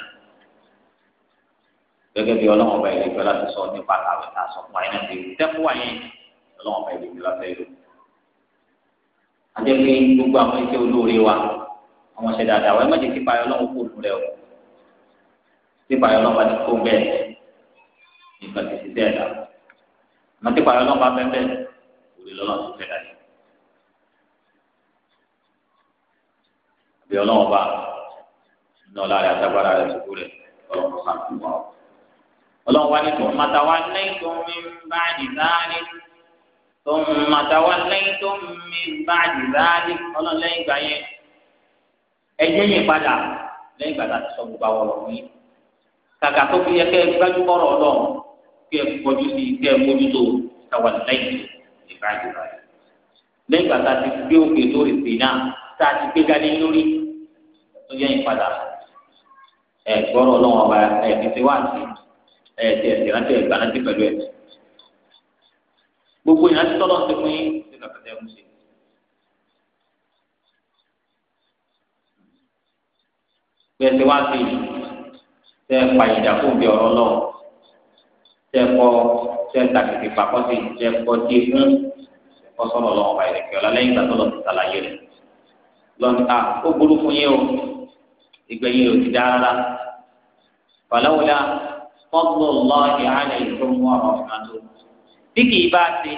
gẹ́gẹ́ bí ọlọ́run ọba ìlú ìfẹ́ láti sọ nípa àwẹ̀ tá a sọ fún àyìn náà ti tẹ́kù wáyé ọlọ́run ọba ìlú ìfẹ́ láti lò. àjẹpé gbogbo àwọn iṣẹ́ olóore wa àwọn ṣẹ̀ dáadáa wa ẹ má jẹ́ kípa ọlọ́run kó lù rẹ o kípa ọlọ́run bá ti kó bẹ́ẹ̀ nípa ti ṣiṣẹ́ ẹ̀dá mọtí pàrọ̀ ọlọ́pàá pẹpẹ òrì lọlọ ti fẹ dàdí àbí ọlọ́run bá iná lára àtàgbára rẹ sùkú rẹ ọlọ́run kan fún wa ọlọ́run wá ní tó mọta wá ní tó mi bá nìdáni tó mọta wá ní tó mi bá nìdáni ọlọ́run lẹ́yìn ìgbà yẹn ẹjẹ yẹn padà lẹ́yìn ìgbà ti sọ gbogbo àwọn ọ̀rọ̀ yìí kàkà tó fi yẹ kẹ gbájú bọrọ ọlọ́run kí ẹ kọjú sí i kí ẹ mójútó táwa lẹ́yìn ìbáyìí báyìí. lẹ́yìn ìgbà tá a ti gbé òkè tó èsì náà tá a ti gbé gani lórí tó yẹ ìpadà ẹ gbọ́rọ̀ ọlọ́wọ́n ọba ẹ ti ti wá sí ẹ ti ẹ ti rántí ẹgbàá rántí pẹ̀lú ẹ. gbogbo ìrántí tọ́lọ́ ti fún yín sí kàkàtà ẹ̀mú sí. bẹ́ẹ̀ ti wá sí ẹ fún bí ọ̀rọ̀ náà tẹkọ tẹta tètè pàkọ́ sí tẹkọ tí fún tẹkọ sọ̀rọ̀ lọ́wọ́ báyìí rẹ̀ kíọ́lá lẹ́yìn ìgbà tó lọ sí sàlàyé rẹ̀ lọ́nà à ó burú fún yín o ìgbẹ̀yìn rẹ̀ ti dára fàlọ́wọ́lá fọ́tò lọ́ọ̀dì àlẹ́ ìfowópamọ́ àwọn ọ̀fìn àti kì í bá ti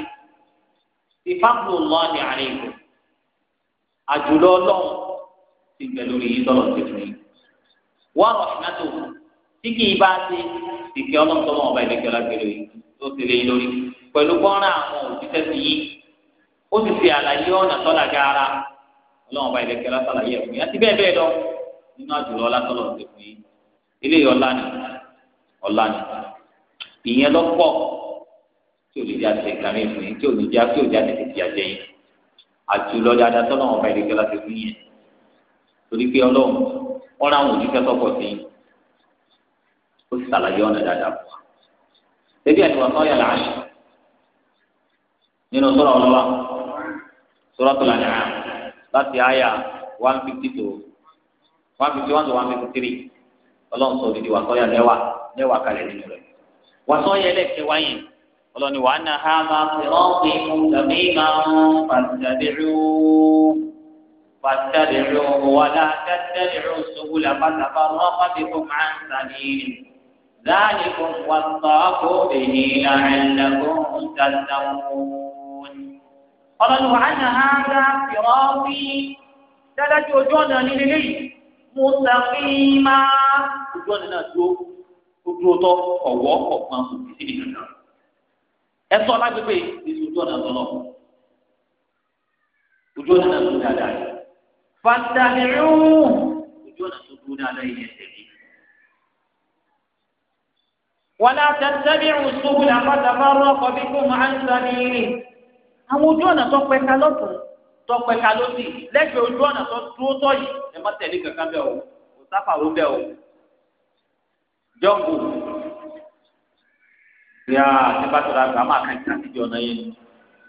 ti fọ́tò lọ́ọ̀dì àlẹ́ ìfowópamọ́ àjùlọ ọlọ́run ti gbẹ lórí yín tọ́lọ̀ ti fún yín wọ́n ọ̀fìn àti kì í bá ti ìkẹ́ ọlọ́mọdọ́mọ ọba ìlẹ́kẹ́ lágbèrè yìí tó ti lé lórí pẹ̀lú gbọ́nrán àwọn òjíṣẹ́ ti yí ó ti fi àlàyé ọ̀nà tọ́lá gaara ọlọ́mọba ìlẹ́kẹ́ lásàlàyé ẹ̀fún yìí àti bẹ́ẹ̀ bẹ́ẹ̀ lọ nínú àjùlọ ọlátọ́lọ̀ ti fún yìí ilé ọ̀la ni ọ̀la ni ìyẹn lọ pọ̀ tí ò lè di àti ìkàmì ìfún yìí tí ò lè di àti òjá ti ti àjẹ yìí àjùlọ dáadáa tọ́lọ́mọba ìlẹ́kẹ́ láti fún torí pé ọlọ́run ọ̀rọ̀ òjíṣẹ́ tọ́pọ̀ sí yìí ó ti sàlàyé ọ̀nà dáadáa fún wa. Ebi àti wàtọ́ yà láàyè nínú sọ̀rọ̀ ọlọ́wà sọ̀rọ̀ tó lànà láti àyà one fifty to one fifty one to one fifty three ọlọ́run sọ òdìdí wàtọ́ yà lẹ́wà lẹ́wà kalẹ̀ nínú rẹ̀. Wàtọ́ yà ẹlẹ́kẹ̀ wáyé ọlọ́ni wàá nà ha máa fi rọ́ọ̀kì tàbí máa ń fàtàbíru fàtàbíru wàlá tàbíru sọ̀wúlà fàtàbà rọ́ọ̀kì fún màá ذلكم وصاكم به لعلكم تتقون ọlọ́ni wà á nà á dá fìrọ́ọ̀fì dájú ojú ọ̀nà nílé lẹ́yìn mùsàfíìmá ojú ọ̀nà náà dúró ojú ọ̀tọ̀ ọ̀wọ́ ọ̀kan òbí sí nìkan náà ẹ sọ lágbègbè èsì ojú ọ̀nà tó lọ ojú ọ̀nà náà tó dáadáa fàtàlẹ́rù ojú ọ̀nà tó dúró dáadáa yìí ẹsẹ̀ mi wala tattabi'u subula fatafarraqa bikum an sabilihi. àwọn ojú ọ̀nà tó pẹ̀ka lọ́tún tó pẹ̀ka lọ́sì lẹ́gbẹ̀ẹ́ ojú ọ̀nà tó dúró tọ́ yìí ẹ má tẹ̀lé kankan bẹ́ẹ̀ o kò sáfàró bẹ́ẹ̀ o. jọ́ǹgù ìyá nípasẹ̀ àgbà máa kàn kíkà síbi ọ̀nà yẹn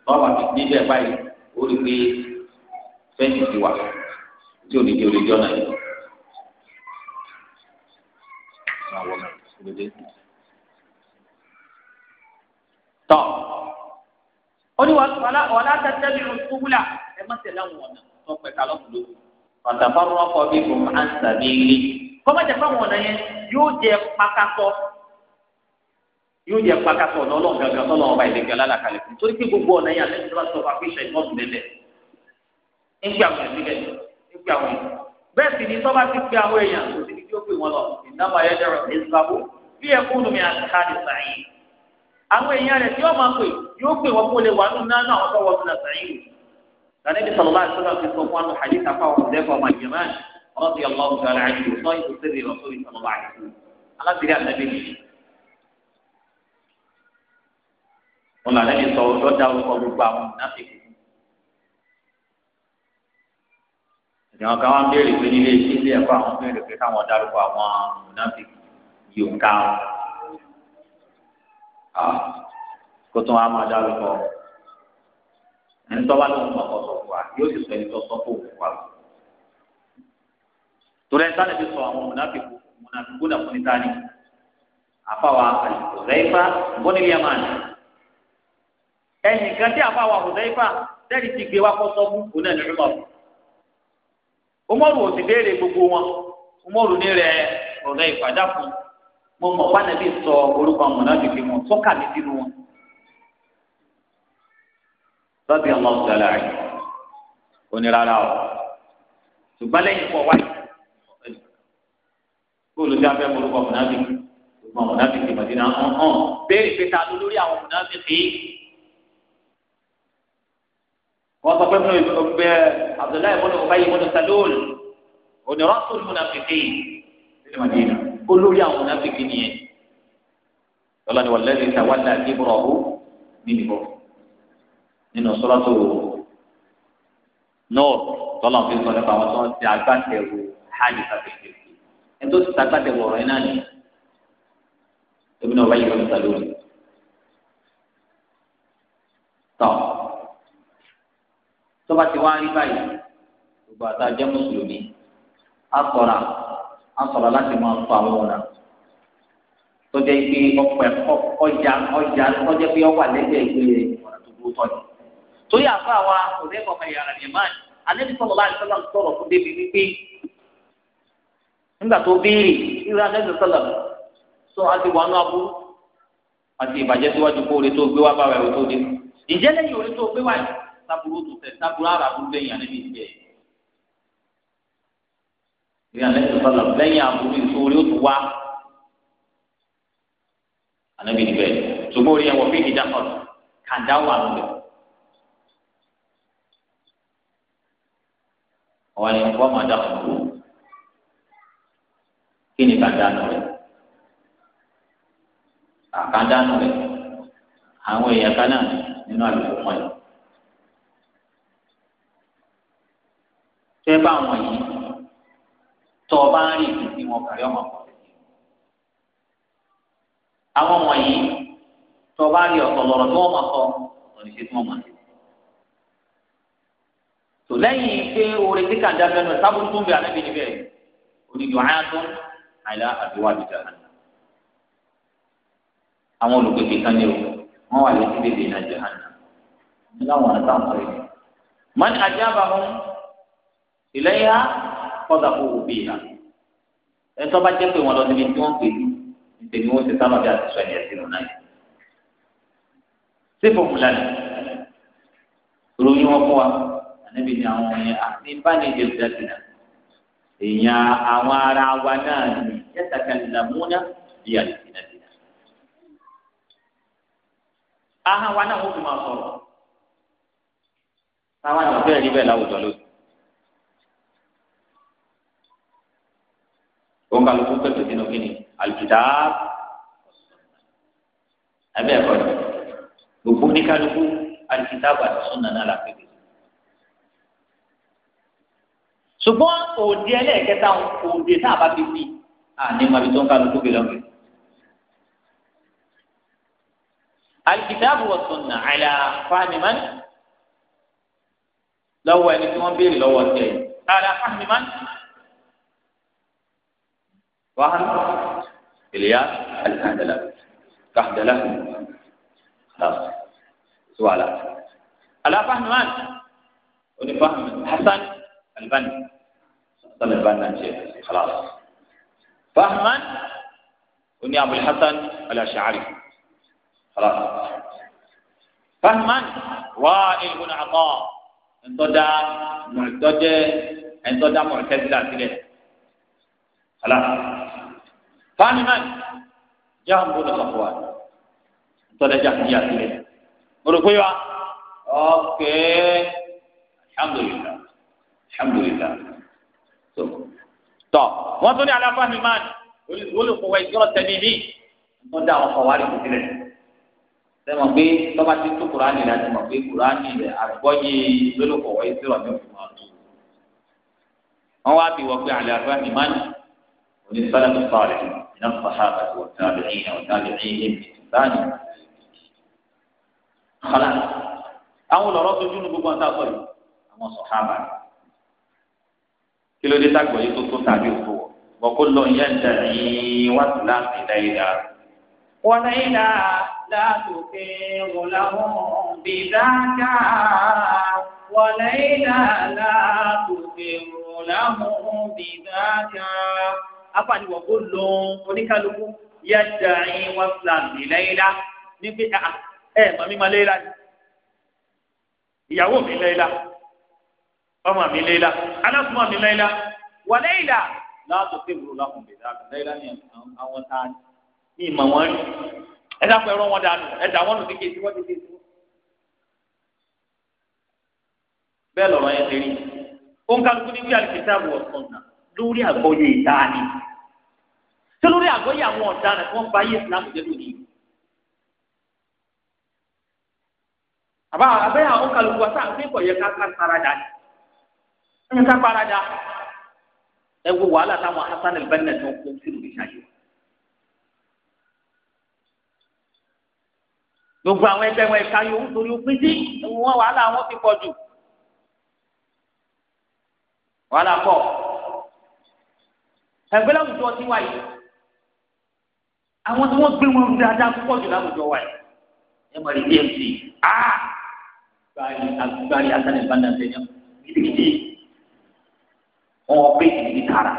lọ́wọ́ àti níbẹ̀ báyìí ó rí pé fẹ́ǹsì ti wà tí ò ní di orí jọ́nà yìí tọ́ ó ní wàlá tẹ́tẹ́bí ìrùkúbúlà ẹ má tẹ̀lé àwọn ọ̀nà tó pẹ̀ ká lọ́kùnrin pàtàkì wọn kọ bí kò máa ń sàbí ilé kọ́mọ̀jẹ̀ fáwọn ọ̀nà yẹn yóò jẹ pakatọ yóò jẹ pakatọ ọ̀nà ọlọ́run gangan tó lọ́wọ́ báyìí lẹ́gbẹ̀ẹ́ alákàlẹ̀ fún torí pé gbogbo ọ̀nà yẹn àtẹ́tí lọ́wọ́ sọ̀rọ̀ àfihàn ìmọ̀tún lẹ́lẹ̀ nígbà àwọn èèyàn sílẹ̀ nígbà àwọn èèyàn bẹ́ẹ̀ sì ni tọ́ba ti pe àwọn èèyàn kò ní kí ó pè wọ́n lọ ìdáwọ̀ ayẹ́dẹ́rọ̀ ní ìsàbò bí ẹkún mi àti àwọn èèyàn rẹ̀ tí wọ́n máa pè yóò pè wọ́n kó lè wà nínú náà àwọn tó wọ́n fi làtà yìí. sànẹ́bí sọ̀rọ̀ bá aṣọ àti sọ fún àwọn hadith afáwọn ọ̀dẹ́fọ̀ ọmọ ìjẹ̀mán ọ̀rọ̀ ti ọlọ́run tó ara àti sọ ìlú sẹ́bi ìrọ̀sọ́ ìsọ̀rọ̀ bá àti alábìrì àtẹ́bí mi. wọn làlẹ́ mi sọ ọjọ́ dá orúkọ gbogbo àwọn ìnáfíkì. ìyàwó kan wọn béèrè pé nílé ilé ẹ̀kọ́ àwọn béèrè pé káwọn dárúkọ àwọn ìnáfíkì Ah, kó tó wá máa dárúkọ ẹni tó bá lóun mọ ọsọ fún wa yóò sì sọ ẹni tó sọ fún òun wa torí ẹni tánà fi sọ àwọn mùnàfíkù mùnàfíkù náà fún àfàwà bọ́nìlì tí àfàwà tẹ́lẹ̀ ti gbé kọ́ sọ fún náà béèrè gbogbo wọn ní rẹ mo mọ̀ pánẹ́bí sọ orúkọ mọ̀nàbìkì mọ̀ sọ́kà mi sínú wọn. lọ́bì ọmọ ọ̀sọ̀lá rẹ̀ onírara ọ̀ ṣùgbọ́n lẹ́yìn pọ̀ wáyé bóòlù tí a fẹ́ orúkọ mọ̀nàbìkì orúkọ mọ̀nàbìkì mọ̀dínà hàn hàn béèrè pé ta ló lórí àwọn mọ̀nàbìkì wọ́n sọ pé mo bẹ Abdullahi mọ́nà ọ̀báyé mọ́nà Salul onírọ́sùn mọ̀nàbìkì ní Madina olórí àwọn onáfíkì nìyẹn lọ́la ni wọ́n lẹ́sìn ìtawádà ìbúra ọ̀hún nínú ìbọ̀ nínú sọ́lọ́tò náà tọ́lá fi sọ nípa àwọn tó ń ṣe agbátẹ̀wò hajj kàfẹ́kẹ́ ẹ̀ tó ti sàgbátẹ̀wò ọ̀rọ̀ yẹn náà nìyẹn ebi náà wáyé wọn sàlọ́ tọ́ tọ́ba ti wá rí báyìí gbogbo àtàjẹ́ mùsùlùmí á kọ́ra á sọ̀rọ̀ láti máa fọ àwọn ọ̀nà tó jẹ́ pé ọ̀pẹ̀ ọjà ọjà tó jẹ́ pé ọwà lẹ́gbẹ̀ẹ́ ìgbé rẹ̀ ọ̀nà tó dúró tọ̀ yìí. torí àfa wa kò ní ẹ̀kọ́ kẹyà rẹ̀ máa ní alẹ́bí sọ̀rọ̀ láti sọ̀rọ̀ sọ̀rọ̀ fún débi wípé nígbà tó béèrè irú alẹ́bí sọ̀rọ̀ sọ àti wàánu aburú àti ìbàjẹ́ síwájú kó orí tó gbé wá báwa ẹ̀rọ tó dé. ìjẹ́lẹ̀ yìí orí tó gbé wá yìí ìrìn àlẹ́ tó lẹ́yìn àbúrò ìṣòro yóò tún wá anabi níbẹ̀ ṣùgbọ́n orí ẹ̀wọ̀ fíìkì jákọ̀ kàdá wà lóde. ọ̀wọ́n ni wọ́n máa dáhùn kú kí ni kàdá nù rẹ̀ àkàdá nù rẹ̀ àwọn èèyàn kan náà nínú àlùkò wọn. tẹ́ bá wọn yìí tó o bá ń rìn títí wọn kàrí ọmọ pọ̀ sí. àwọn wọ̀nyí tó o bá rí ọ̀tọ̀ lọ́rọ̀ tí wọ́n máa sọ ọ̀tọ̀ níṣẹ́ tí wọ́n máa ṣe. tò lẹ́yìn pé orin tí kàńdá mẹ́nu sábúrú tó ń bẹ àlẹ́ mi níbẹ̀ onídìí ọ̀hán àìlá àdúrà àdìjà àwọn olùgbègbè kan ní o wọn wà létí bèbè náà jẹ hàn ní láwọn àtàwọn sọ yìí. mọ́ni àjábà hún ìlẹ́yà kọ́dà fowó bí ìhà ẹtọ́ bá jẹ́ pé wọ́n lọ síbi tí wọ́n pè ní ìtẹ̀mí wọn ti sábà bí àtúnṣe ẹ̀yẹ sínú náà sípò fúlàní ròyìn wọn fún wa ànábì ni àwọn yẹn àti ìbánijẹ ìdásílẹ̀ èèyàn àwọn ará wa náà ni yẹ́sà kan ìlàmúná bí àlùfínà dìnnà. ahọ́n wa náà wọ́n fi máa sọ̀rọ̀ táwọn àgbẹ̀ rí bẹ́ẹ̀ láwùjọ lóṣù. òun kà ló kó pẹ̀lú sínú kí ni àlùkìtà ẹbẹ̀ ẹ̀kọ́ ni gbogbo ní kálukú àlùkìtà àti súnà náà là pépè. ṣùgbọ́n òde ẹlẹ́ẹ̀kẹta òde tá a bá fi fi àní mọ̀ ibi tó ń kálukú bí lọ́gẹ̀. àlùkìtà àbúwọ̀ súnà àìlà fáàmì lọ́wọ́ ẹni tí wọ́n béèrè lọ́wọ́ tẹ̀ àìlà fáàmì mọ́ni. فهم الياء الكهدلة كهدلة خلاص سؤالات على فهم من فهم حسن البن حسن البني خلاص فهما وني أبو الحسن الأشعري خلاص فهما وائل بن عطاء انتدى معتدى انتدى معتزلة كده خلاص fani man jahan bó lọ sọfọ wa tọ́lẹ̀ jahan yà sílẹ̀ mọ̀rọ̀kọ́ yọ Alhamdulillah. alhamdulilah alhamdulilah so tọ wọn tún ní aláfáàmì man olùkọ́wé ìjọ́ tẹ̀lé mi wọn dá àwọn kọ̀wárí kò sílẹ̀ sẹ́mọ̀ pé tọ́ba ti tú kuraani Quran mọ̀ pé kuraani rẹ̀ àgbọ́yé olùkọ́wé ìjọ́ mi fún wa tó wọn wá bí wọ́n pé aláfáàmì man. وللسلف الصالح من الصحابة والتابعين وتابعيهم بإحسان خلاص أول رأس جنوب بقى àwọn sọ̀hábà rẹ̀. kí ló dé sàgbọ̀ yìí tó tó tàbí òfò wọ̀ kó lọ yẹ ń dà ní wá sí láti dáìdá. wọ́n dáìdá látòkè wò láwọn bí dáadáa wọ́n dáìdá látòkè wò láwọn bí dáadáa afaniwọ̀ kó lọ oníkálukú yàtà yín wọ́n sàmì lẹ́yìnlá ní pé ah, ah, ẹ màmí ma lẹ́yìnlá ni ìyàwó mi lẹ́yìnlá ọmọ mi lẹ́yìnlá alásùmọ̀ mi lẹ́yìnlá wà lẹ́yìnlá láàtò tébùrù lákùn bèèrè àgbà lẹ́yìnlá ni àwọn tá a ní ìmọ̀ wọn rí ẹ dákun ẹ̀rọ wọn dànù ẹ dà wọn nù ní kéjì wọ́n ti kéjì bẹ́ẹ̀ lọ̀rọ̀ yẹn ti rí òǹkàlùkù ní bí alìkìtàbù ọ̀sán náà lórí àgbọ́yé ìta ni tí lórí àgbọ́yé àwọn ọ̀daràn tí wọ́n bá yé islam jẹ́ lónìí. àbá abẹ́ àwọn kálukú wa sáà ń kọ̀ yẹ ká ká parada ní ká parada ẹ wo wàhálà táwọn hasan al-banna tó ń kó sínú ìṣàyè. gbogbo àwọn ẹgbẹ́ wọn ẹ̀ka yòówù torí òpin sí wọn wàhálà wọn fi pọ̀ jù wàhálà pọ̀ ẹgbẹ́ láwùjọ ti wáyé àwọn tí wọ́n gbé wọn dáadáa púpọ̀ jù láwùjọ wáyé ẹ mọ̀ ní dmc aa gbari agbari asanẹ bá dantẹ yẹn gidigidi wọn wọ pé gidigidi tara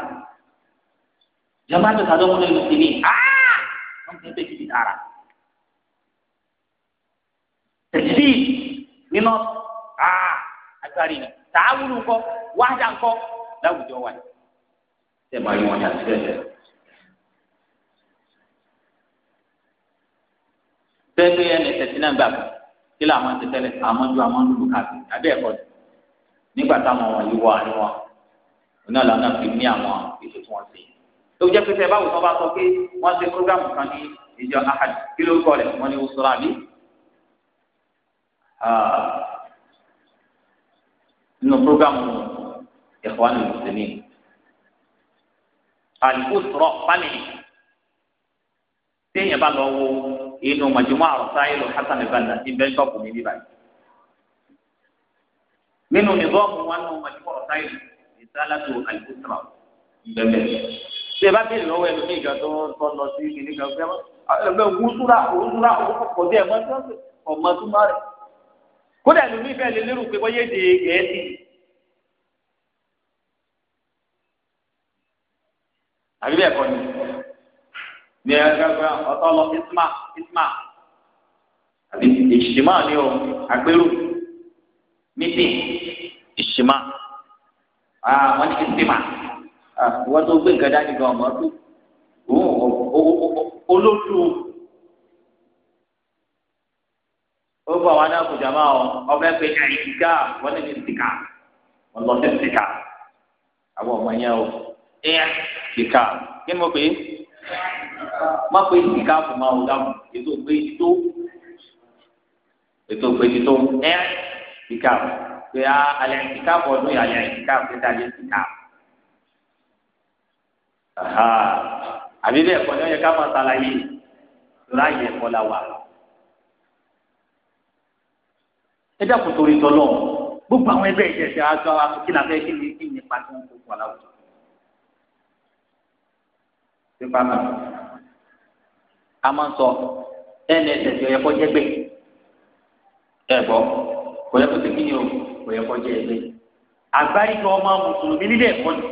jamaatu sadọ mọlẹ lọsini aa wọn tẹ pé gidigidi tara tẹsí nínú aa agbari tààwùrù ńkọ́ wájà ńkọ́ láwùjọ wáyé tẹ máa yọ wọn ní àtìlẹyìn. sẹ́ẹ̀kì ẹni tẹ̀sí náà gbà kí làwọn ti tẹ́lẹ̀ àmọ́jú àmọ́jú bùkátì àbí ẹ̀kọ́ nígbà táwọn wọn yìí wọ àárín wọn oní ọ̀la náà fi ní àwọn ètò tí wọ́n ṣe. tó jẹ́ pé sẹ́ báwo tó bá sọ pé wọ́n ṣe prógámù kan ní ìjọ ahadi kí ló kọ rẹ̀ wọ́n ní wọ́n sọ̀rọ̀ àbí nínú programu ẹ̀kọ́ àwọn mùsùlùmí àlùkòsòrò fámìlì téèyàn bá lọ wo inú màjúmọ́ àròsá ìlú hasan ìbàdàn ti bẹ́ẹ̀ ṣọ́ọ̀bù mi níbàyí nínú nìbọ́ọ̀mù wọn nínú màjúmọ́ àròsá ìlú ìsálàtò àlùkòsòrò bẹ́ẹ̀ ṣe bá bẹ̀rẹ̀ lọ́wọ́ ẹni ní ìjọ tó tó lọ sí ìlú nígbà ọgbẹ́ ọgbẹ́ wúsúrà wúsúrà kò dé ẹ̀mọ́ ọmọ tó má rẹ̀ kódà ẹ̀lú mi fẹ́ lè lérò pé wọ́n yé de gẹ̀ẹ́sì àbí bẹ́ẹ̀ kọ́ ni ní ẹgbẹ́ ọ̀tọ̀ lọ isma isma àbí ìṣìmá ni o àgbérò mítì ìṣìmá wọ́n ní ìṣìmá wọ́n tó gbé nǹkan dání gan ọmọ tó olóṣù ó bọ̀ wọn náà kò jà máa ọ ọbẹ̀ pé àyíká wọ́n ní ìṣìká wọ́n lọ sí ìṣìká àwọn ọmọ yẹn o ẹ̀yà kíkà kí ni mo pè é má pé kíkà kò máa wò dáhùn ètò pé tító ètò pé tító ẹ̀yà kíkà pé alẹ́ kíkà bọ̀ ọdún yà alẹ́ kíkà pé tá a lè kíkà àbí bẹ́ẹ̀ kọ́ ni ó yẹ ká máa ṣàlàyé ìrora yẹ kọ́ la wà. ẹ dákun torí tọ́lọ́ gbogbo àwọn ẹgbẹ́ ìjẹsẹ̀ àjọ àwọn akéwìlà fẹ́ kí ni kí ni pàṣẹ wọn kó wà láwùjọ pípa mọ a máa ń sọ nss yọ yẹ kó jẹ gbé ẹ bọ kò yẹ kó ti kíni o kò yẹ kó jẹ gbé àgbáríjọ ọmọ mùsùlùmí nílé ẹ̀kọ́ ni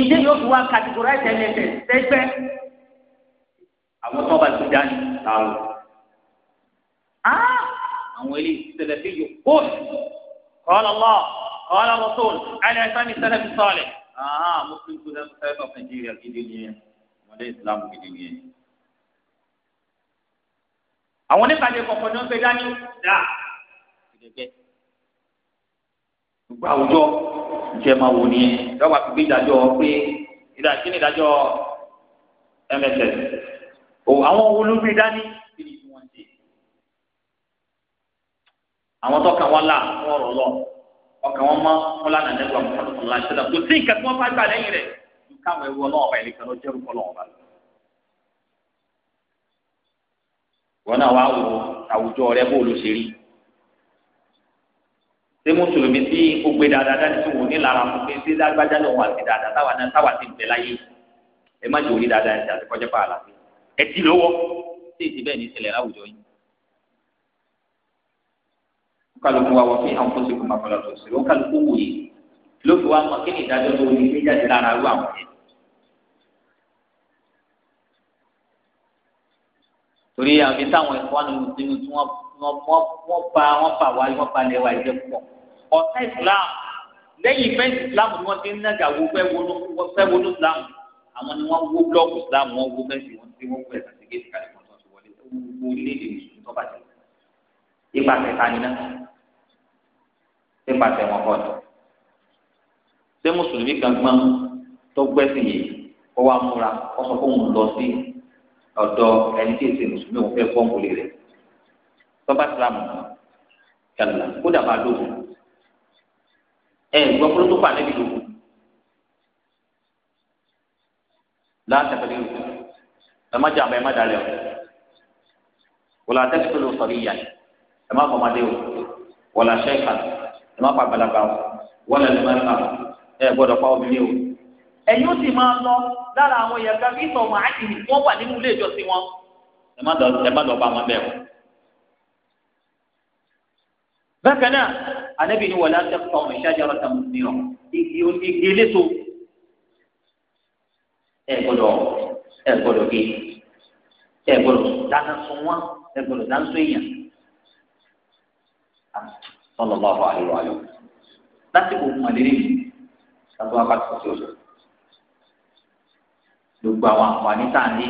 ìdí yóò fi wá categorize nss sẹgbẹ àwọn tó bá ti dání làwọn àwọn eléyìí sẹlẹ fi yòókù kọ́ ọ́ lọ́wọ́ tó ẹ̀ ẹ́ sẹ́mi sẹlẹ fi sọ̀lẹ̀ ah muslim student society of nigeria gidi nìyẹn ọmọdé islam gidi nìyẹn. àwọn oníkàdé kọ̀ọ̀kan ni wọ́n gbé dání dáa gẹ́gẹ́ gbogbo àwùjọ ìjẹ́ máa wò nìyẹn lọ́wọ́ àti gbé ìdájọ́ pé ìdájọ́ da ìdájọ́ mss àwọn olùgbé dání kí ni wọ́n ti àwọn tó kàn wọ́n là wọ́n rọ̀ lọ́wọ́ ọkàn wọn mọ́ wọn lánà nẹ́gbà mọ́tò ńlá ṣẹlẹ̀ kò sí nǹkan tí wọ́n bá gbà lẹ́yìn rẹ̀ káwọn ewu ọlọ́wọ́ ọba ìlẹ̀kẹ́ lọ jẹ́rú kọ́lọ́ ọba lọ. wọn náà wàá wo àwùjọ rẹ bó ló ṣe rí ṣé mùsùlùmí tí ó gbé dáadáa dání tó wò ní lára fún pé ṣé dágbájá lòun àti dáadáa táwa náà táwa ti bẹ̀ láyé ẹ má jòrí dáadáa ẹ̀ ti àti kọjá pààlà ẹ ti lówó sí ìdíbẹ̀ ní ìṣẹ̀lẹ̀ láwùjọ yìí kálukú wa wọ́n fi hàn fún sèkú máa fọlọ́ lọ́sẹ̀ ó kálukú wò yìí ló fi wá mọ kí ni ìdájọ́ tó ní gbé jáde lára irú àwọn yẹn. torí àwọn ibi táwọn ẹ̀kọ́ àwọn mùsùlùmí tí wọ́n wọ́n bá wọ́n bá wa wọ́n bá lẹ́wà ẹ̀jẹ̀ púpọ̀ ọ̀tá ìsìláàmù lẹ́yìn ìfẹ́ ìsìláàmù ni wọ́n ti ń nàgà wo fẹ́ wọnú ìsìláàmù àwọn ni wọ́n wó blọọkù ìsìláàmù wọ́n wó mẹ́sì wọ́n ti wọ́n pẹ̀lú àti gé ìsìkàlẹ̀ kan ti wọlé tó wọlé lè mùsùlùmí tó bàjẹ́ ipa kẹta ni náà ṣé pàṣẹ wọn kọ́ ni ṣé mùsùlùmí kan gbọ́n tó gbẹ́sìn yìí kó wá múra kó sọ fún òun lọ sí ọ̀dọ̀ ẹni tí èsì mùsùlùmí òun fẹ́ fọ́n kúlẹ̀ rẹ̀ tọ́ba sílámù kẹlẹ̀ kó dàbà lóògùn ẹ gbọ́ kúrò tó fà níbi lóògùn láti ẹ̀fẹ̀ ẹ má jàmbá ẹ má dalẹ̀ o wọ́n la tẹ́sí pẹ̀lú sọ̀rí ìyá ẹ má fọmọdé o wọ́n la ẹ má pa àgbàlagbà o wọlé ẹ má pa ẹ gbọ́dọ̀ pa obìnrin o. ẹ̀yin ó sì máa lọ lára àwọn èèyàn kan bí sọ̀rọ̀ àti wọ́n wà nínú ilé ìjọsìn wọn. ẹ má lọ bá wọn bẹ́ẹ̀ o. bákan náà ànábì ni wọlé àti ẹ̀kọ́ ọ̀rọ̀ ìṣáájú ọ̀rọ̀ tàbí ní ọ̀ igi eléso ẹ gbọ́dọ̀ ẹ gbọ́dọ̀ gé ẹ gbọ́dọ̀ dáná sun wọn ẹ gbọ́dọ̀ dáná sun èèyàn sallallahu alaihi wa sallam lásìkò mọ̀lẹ́rì yìí sábà wà pàtó sí ọ̀dọ̀ gbogbo àwọn àǹfààní tá à ń ní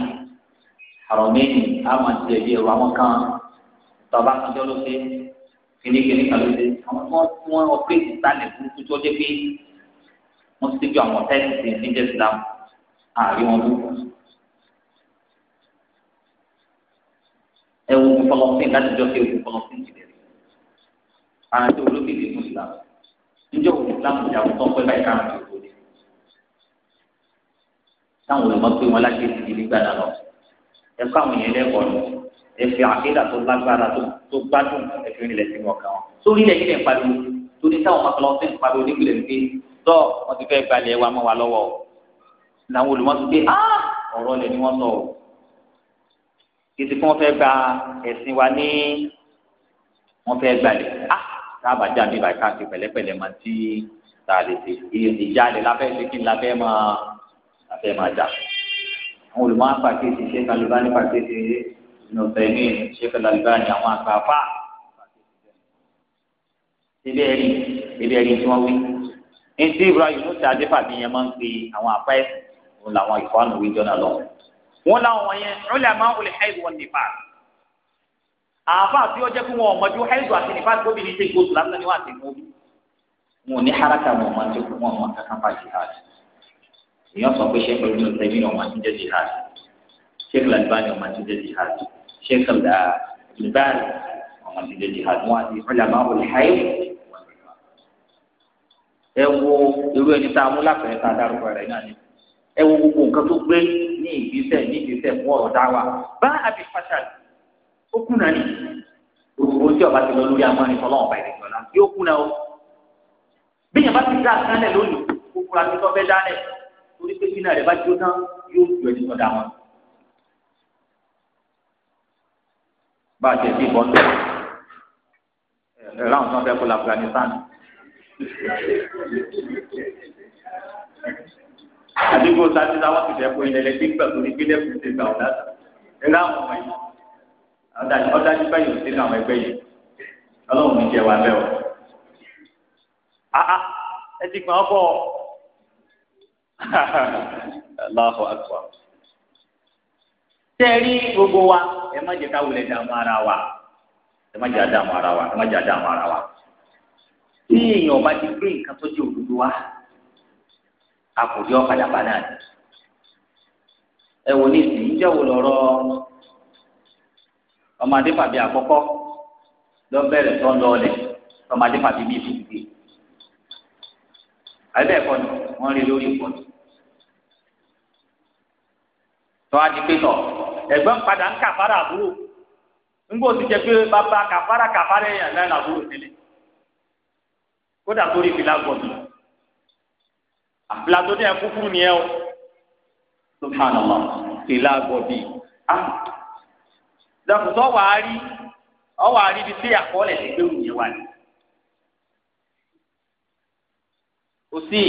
àròmẹ́yìn àwọn àti ẹ̀bí ẹ̀rọ àwọn kan tọ́ba kanjọ́ ló ṣe kínníkínní kan ló ṣe àwọn tí wọ́n ọ̀pẹ́ ìsàlẹ̀ burúkú tó dé pé wọ́n ti bí àwọn ọ̀tá ẹ̀sìn ní níjẹ́ àárín wọn lóko. ẹ wo fọlọ́fín láti jọ kí ewu fọlọ́fín ti bẹ̀rẹ̀ ara tí olókèlè fún islam níjọ́ òun islam ìjà tó pẹ́ báyìí káwọn tó tó dé táwọn olùmọ̀ pé wọn láti ti di nígbà náà lọ ẹ kọ́ àwọn yẹn lẹ́kọ̀ọ́ lọ ẹ fi àkéèdà tó lágbára tó gbádùn ẹ fi rìnlẹ̀ sínú ọkàn wọn sórí ilẹ̀ yìí lẹ̀ ń pariwo torí táwọn ọmọkànlá ọ̀sẹ̀ ń pariwo nípìnlẹ̀ pé tọ́ wọn ti fẹ́ gbalẹ̀ wa mọ́ wa lọ́wọ́ làwọn olùmọ̀ ti pé ọ̀rọ̀ lẹ̀ ni wọ́n sọ kìsì fún wọn fẹ́ gba ẹ̀sìn wa ní wọn fẹ́ gbalẹ̀ ah táàbà já mi báyìí káàkiri pẹ̀lẹ́pẹ̀lẹ́ máa tí tá a lè ṣe ìjálè lábẹ́ ṣe kí n lábẹ́ máa lábẹ́ máa jà. àwọn olùmọ̀ apàkéṣe ṣe kàlùbá ní pàkéṣe nùfẹ̀ ní ṣe kàlùbá ní àwọn àgbàfà. ilé ẹ̀rí ilé ẹ̀rí tí wọ́n wí. ní tí Ibrahim musa adéfàbí yẹn máa ń pe àwọn apá ẹ̀sìn òun làwọn ìfọ̀hánù wíjọ lọ. wọ́n láwọn yẹn rúlẹ̀ máa ń wọlé àfa àti ọjọ́ kí wọn ọmọdé haidu àti nípa tó bí ní ṣe gbóòtù lásán ni wọn àti mú wọn ní haraka wọn ọmọ àti wọn ọmọ kankan bá jihad èèyàn sọ pé sheikh olùdó tẹ̀lé ọmọ àti jẹ́ jihad sheikh lalibani ọmọ àti jẹ́ jihad sheikh lalibani ọmọ àti jẹ́ jihad wọn àti ọlọ́mọ olùhàyè ẹ wo irú ẹni tá a mú lápẹ̀rẹ̀ tá a dárúkọ rẹ̀ náà ni ẹ wo gbogbo nǹkan tó gbé ní ìgbésẹ̀ ní ìgbésẹ̀ fún ọ̀rọ̀ ó kùnà ní gbogbo tí ọba ti lọ lórí amọ́ni fọlọ́wọ́n bá ìrìn ọ̀la yóò kùnà o bí yẹn bá ti dá sánlẹ̀ lónìí gbogbo àti tọ́ bẹ́ dálẹ̀ torí pé bínú rẹ̀ bá jó tán yóò ju ẹni sọ́dà wọn. bá a jẹ sí ìbọn tó ẹ ráhùn tán fẹ́ kó la Afghanistan. àdúgbò sáà ti sáwọn ti fẹ́ kó ilẹ̀ lẹ́gbẹ̀ẹ́ pẹ̀lú ìgbélé fún ti gbà ọ̀dà ẹ ráhùn ọmọ ọdájú ọdájú báyìí ò sínú àwọn ẹgbẹ́ yìí ọlọ́run ní jẹ wà bẹ́ẹ̀ o. ẹ ti gbọ́n bọ̀ aláhùn àgbà. tẹ́ ẹ rí gbogbo wa ẹ má jẹ́ ká wulẹ̀ dààmú ara wa ẹ má jẹ́ àdààmú ara wa ẹ má jẹ́ àdààmú ara wa. tí èèyàn bá ti gbé nǹkan tó jẹ́ òdodo wa àkùrẹ́ ọ̀padà bá náà ẹ wò ní ìsìn ìjẹ́wò lọ́rọ́ ọmọ adépàbí àkọ́kọ́ lọ́bẹ̀rẹ̀ tó ń lọọlẹ̀ ọmọ adépàbí bíi fìdí àbẹ̀ ẹ̀kọ́ ni wọ́n rí lórí ìkọ́ ni tó a di pé tọ̀ ẹ̀gbọ́n padà ń kàfàrà àbúrò ńgbò ti jẹ́ pé bàbá kàfàrà kàfàrà ẹ̀yàn náà làbúrò tẹ́lẹ̀ kódà torí ìfìlà gbọ̀dọ̀ àfìlà tó ní ẹ̀kú kúrú nìyẹn o subhanallah ìfìlà gbọ̀dọ̀ ah dàpọ̀tọ̀ wà á rí ọ wà á rí ibi tí àkọọ́lẹ̀ lè gbé òun yẹn wà ní. kò sí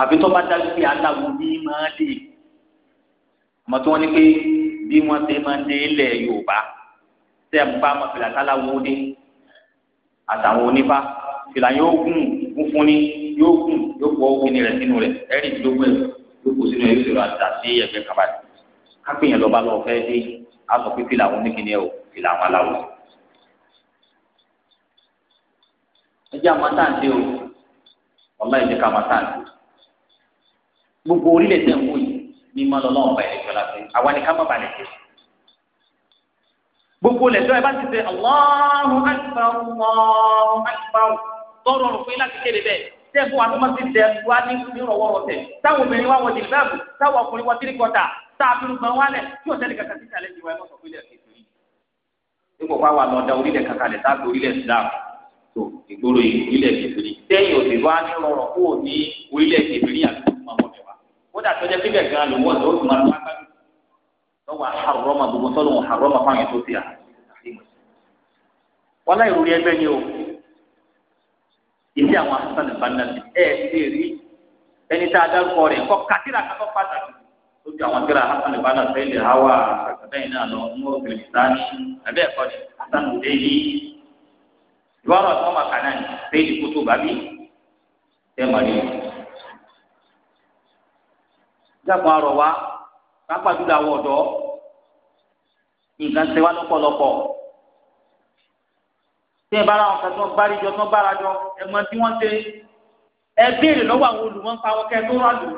àfi tó bá dájú pé aláwo ní máa dé àmọ́ tí wọ́n ní pé bí wọ́n ṣe máa ń dé ilẹ̀ Yorùbá tẹ́ ẹ̀ ń bá ọmọ fìlà káláwo dé àtàwọn onífá fìlà yóò gùn gùn fún ni yóò gùn yóò pọ̀ ògùn rẹ̀ sínú rẹ̀ ẹ̀rì ìdógún ẹ̀ yóò kó sínú ẹ̀ yóò ṣèrò àtàtì ẹ̀gbẹ́ kábàdì kápẹ́yìn lọ́ba lọ́wọ́ fẹ́ dé á sọ pé fìlà àwọn oníkìní ẹ̀ ò fìlà àwọn aláwọ̀. ẹ jẹ́ àwọn o ọ̀la ẹ̀ jẹ́ ká gbogbo orílẹ̀ tẹ̀ ń wò yìí ní má lọ́wọ́ ọ̀bà ẹ̀ jọ láti àwa ni ká má balẹ̀ jẹ́. gbogbo lẹ́tọ́ ẹ bá ti ṣe Allahu akbar Allahu akbar tọrọ ọ̀rùn fún yín láti kéde bẹ́ẹ̀ tẹ́ẹ̀fù àtúmọ̀sí tẹ̀ wá ní ìrọ̀wọ́rọ̀ tẹ̀ táwọn obìnrin wá wọ jìlbáàbù táwọn ọkùnrin wọ tíríkọ́tà tá a fún gbọ̀n wálẹ̀ tí ò sẹ́ni kankan títí alẹ́ ti wá ẹ lọ́sọ̀ orílẹ̀ kẹsìrì nígbà wà wà lọ́dà orílẹ̀ kankan lẹ̀ tá a gbé orílẹ̀ Islam tó ìgboro yìí orílẹ̀ kẹsìrì sẹ́yìn òsè wá ní rọrọ̀ kó o ní orílẹ̀ kẹsìrì àti ọmọ ọmọ mẹ́wàá kódà tó jẹ́ pípẹ́ gan ló wọ́n tó máa lọ́wọ́ agbájú lọ́wọ́ àhàrọ́mà gbogbo sọ́dọ̀ wọn àhàrọ́mà fáwọn láì rúri ẹgbẹ́ ni o ìdí àwọn asọ́nà ìbánilá ẹ̀ ẹ̀ ti rí ẹni tá a dárúkọ rẹ̀ kọ́ kátìrà kátó pàtàkì ó fi àwọn tíra hasan ha sẹ́lẹ̀ hawa àkàtẹ́yìn náà lọ mú kìrìsìtánì ẹ̀bẹ́ ẹ̀kọ́ ni hasan òde ní ìwárọ̀ tí wọ́n máa kà náà ní sẹ́lẹ̀ kótó bàbí tẹ́ mọ̀lẹ́. jákun arọ̀ wa pápá dúdú àwọ̀ ọ̀dọ́ nǹkan wá lọ́pọ̀lọpọ̀ tí ẹ bá ra tó ń bá tó ń tí wọ́n ẹ béèrè lọ́wọ́ àwọn tó rà lù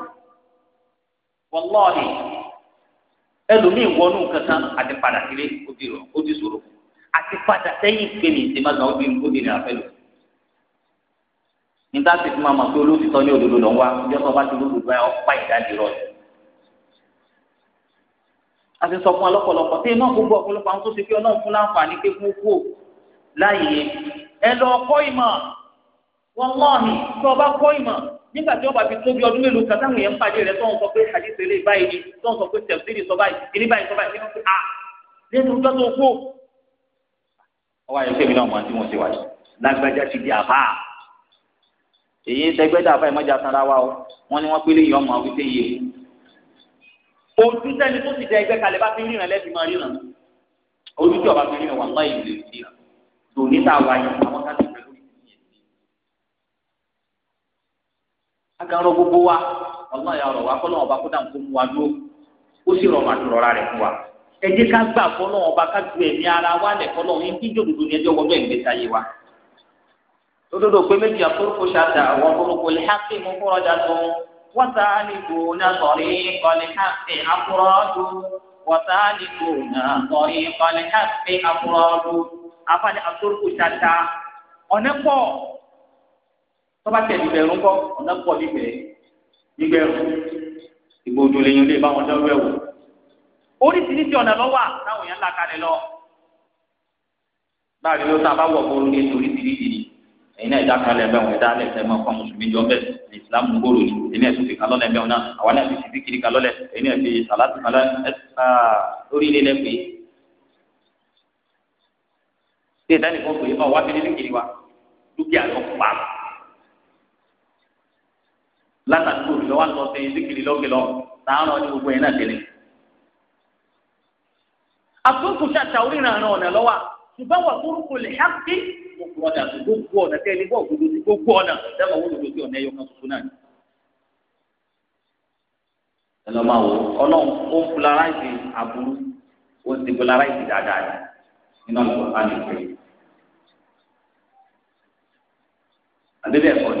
wọlọ́ọ̀lì ẹlòmíì wọnú kankan àti padà odi rọ odi sòrò àti sẹ́yìn pèmí ìsèmágbà odi odi rẹ àfẹ́lò nígbà tí mo máa mọ̀ pé olóòtítọ́ ní òdodo lọ́n wá ọjọ́ ti ìdájì rọ a ti sọ fún ọlọ́pọ̀lọpọ̀ tí iná gbogbo ọ̀pọ̀lọpọ̀ àwọn tó ṣe pé ọlọ́run fún láǹfààní pé kún kú láàyè ẹ lọ kọ́ ìmọ̀ wọ́n nígbà tí ó bá fi tóbi ọdún mélòó kan táwọn èèyàn ń pàdé rẹ tó ń sọ pé hadith ilé báyìí ni tó ń sọ pé tẹ̀síìrì sọ báyìí ilé báyìí sọ báyìí ni a lẹ́nu tó tó kó. ọwọ́ àyè kébì náà mọ̀ tí mo ṣe wáyé lágbájá ti di àbá èyí sẹgbẹ́dà àbá ìmọ̀jà sanra wa o wọ́n ní wọ́n pélé yìí ọmọ àwọn ìṣe yìí o ojú sẹ́ni tó ti dẹ ẹgbẹ́ kalẹ̀ bá fi ríran lẹ́sìn máa ríran ojú tí ọba fi ríran wà láì lè ríran tòun ní tá a agarọ gbogbo wa ọlọ́run yà rọ̀ wá kọ́lọ́run ọba kódà nǹkó mu wa dúró ó sì rọrùn àti rọra rẹ̀ fún wa ẹ jẹ́ ká gbà kọ́lọ́run ọba ká ju ẹ̀mí ara wa lẹ̀ kọ́lọ́run yín kí jòdòdò ní ẹjọ́ wọnú ẹ̀mí sáyé wa lódodo pé méjì àkórókò ṣàtà àwọn kórókò lè há sí ìmúkúrọ̀ dàtún wọ́n ta ni náà sọ̀rí kọ́lé há sí àkúrọ̀ dùn ni kò náà sọ̀rí kọ́lé há sí tọ́ba tẹ̀ ìgbẹ̀rún kọ́ ọ̀nà pọ̀ níbẹ̀ ìgbẹ̀rún ìgbòdo lèyìn lè bá wọn dánwó ẹ̀wò oríṣiríṣi ọ̀nà lọ́wọ́ àtàwọn èèyàn làkàlẹ̀ lọ. báyìí ló sábà wọ̀ bóró ní oríṣiríṣi ni ẹ̀yin náà ìdá kalẹ̀ bẹ́ẹ̀ wọ́n ẹ̀dá alẹ́ fẹ́ mọ́ fún mùsùlùmí jọ bẹ́ẹ̀ ní islam gbòòrò ni ẹ̀yin náà tún fi kalọ́ lẹ́ bẹ́ẹ̀ náà àwọn náà fi fi kiri kalọ́ lẹ̀ ẹ̀yin náà fi sàlátì kalọ́ lórí ilé lẹ́ pé ṣé ìdánìkan kò yẹ fún wa wá fi ní kiri wa dúkìá lọ pa látàkó lọ́wọ́ àti ọ̀sẹ̀ ìdíkìlì lọ́kìlọ́ sàárọ̀ ní gbogbo yẹn náà tẹ̀lé. àtúntò ṣàtàwí ìrànà ọ̀nà lọ́wọ́ ṣùgbọ́n wà kúrúkú lè ṣá pé gbogbo ọ̀nà tó gbogbo ọ̀nà tẹ́lẹ̀ bọ́ òdodo sí gbogbo ọ̀nà dábàá wọ́n lòdò sí ọ̀nà ẹ̀yọ kan tuntun náà ni. ẹ lọ máa wò ọlọ́run ó ń fúlaráìsì aburú ó ń ti fúlaráìsì dáadáa nínú àlùkò àlùkò yìí. àbẹ́bẹ́ ẹ̀kọ́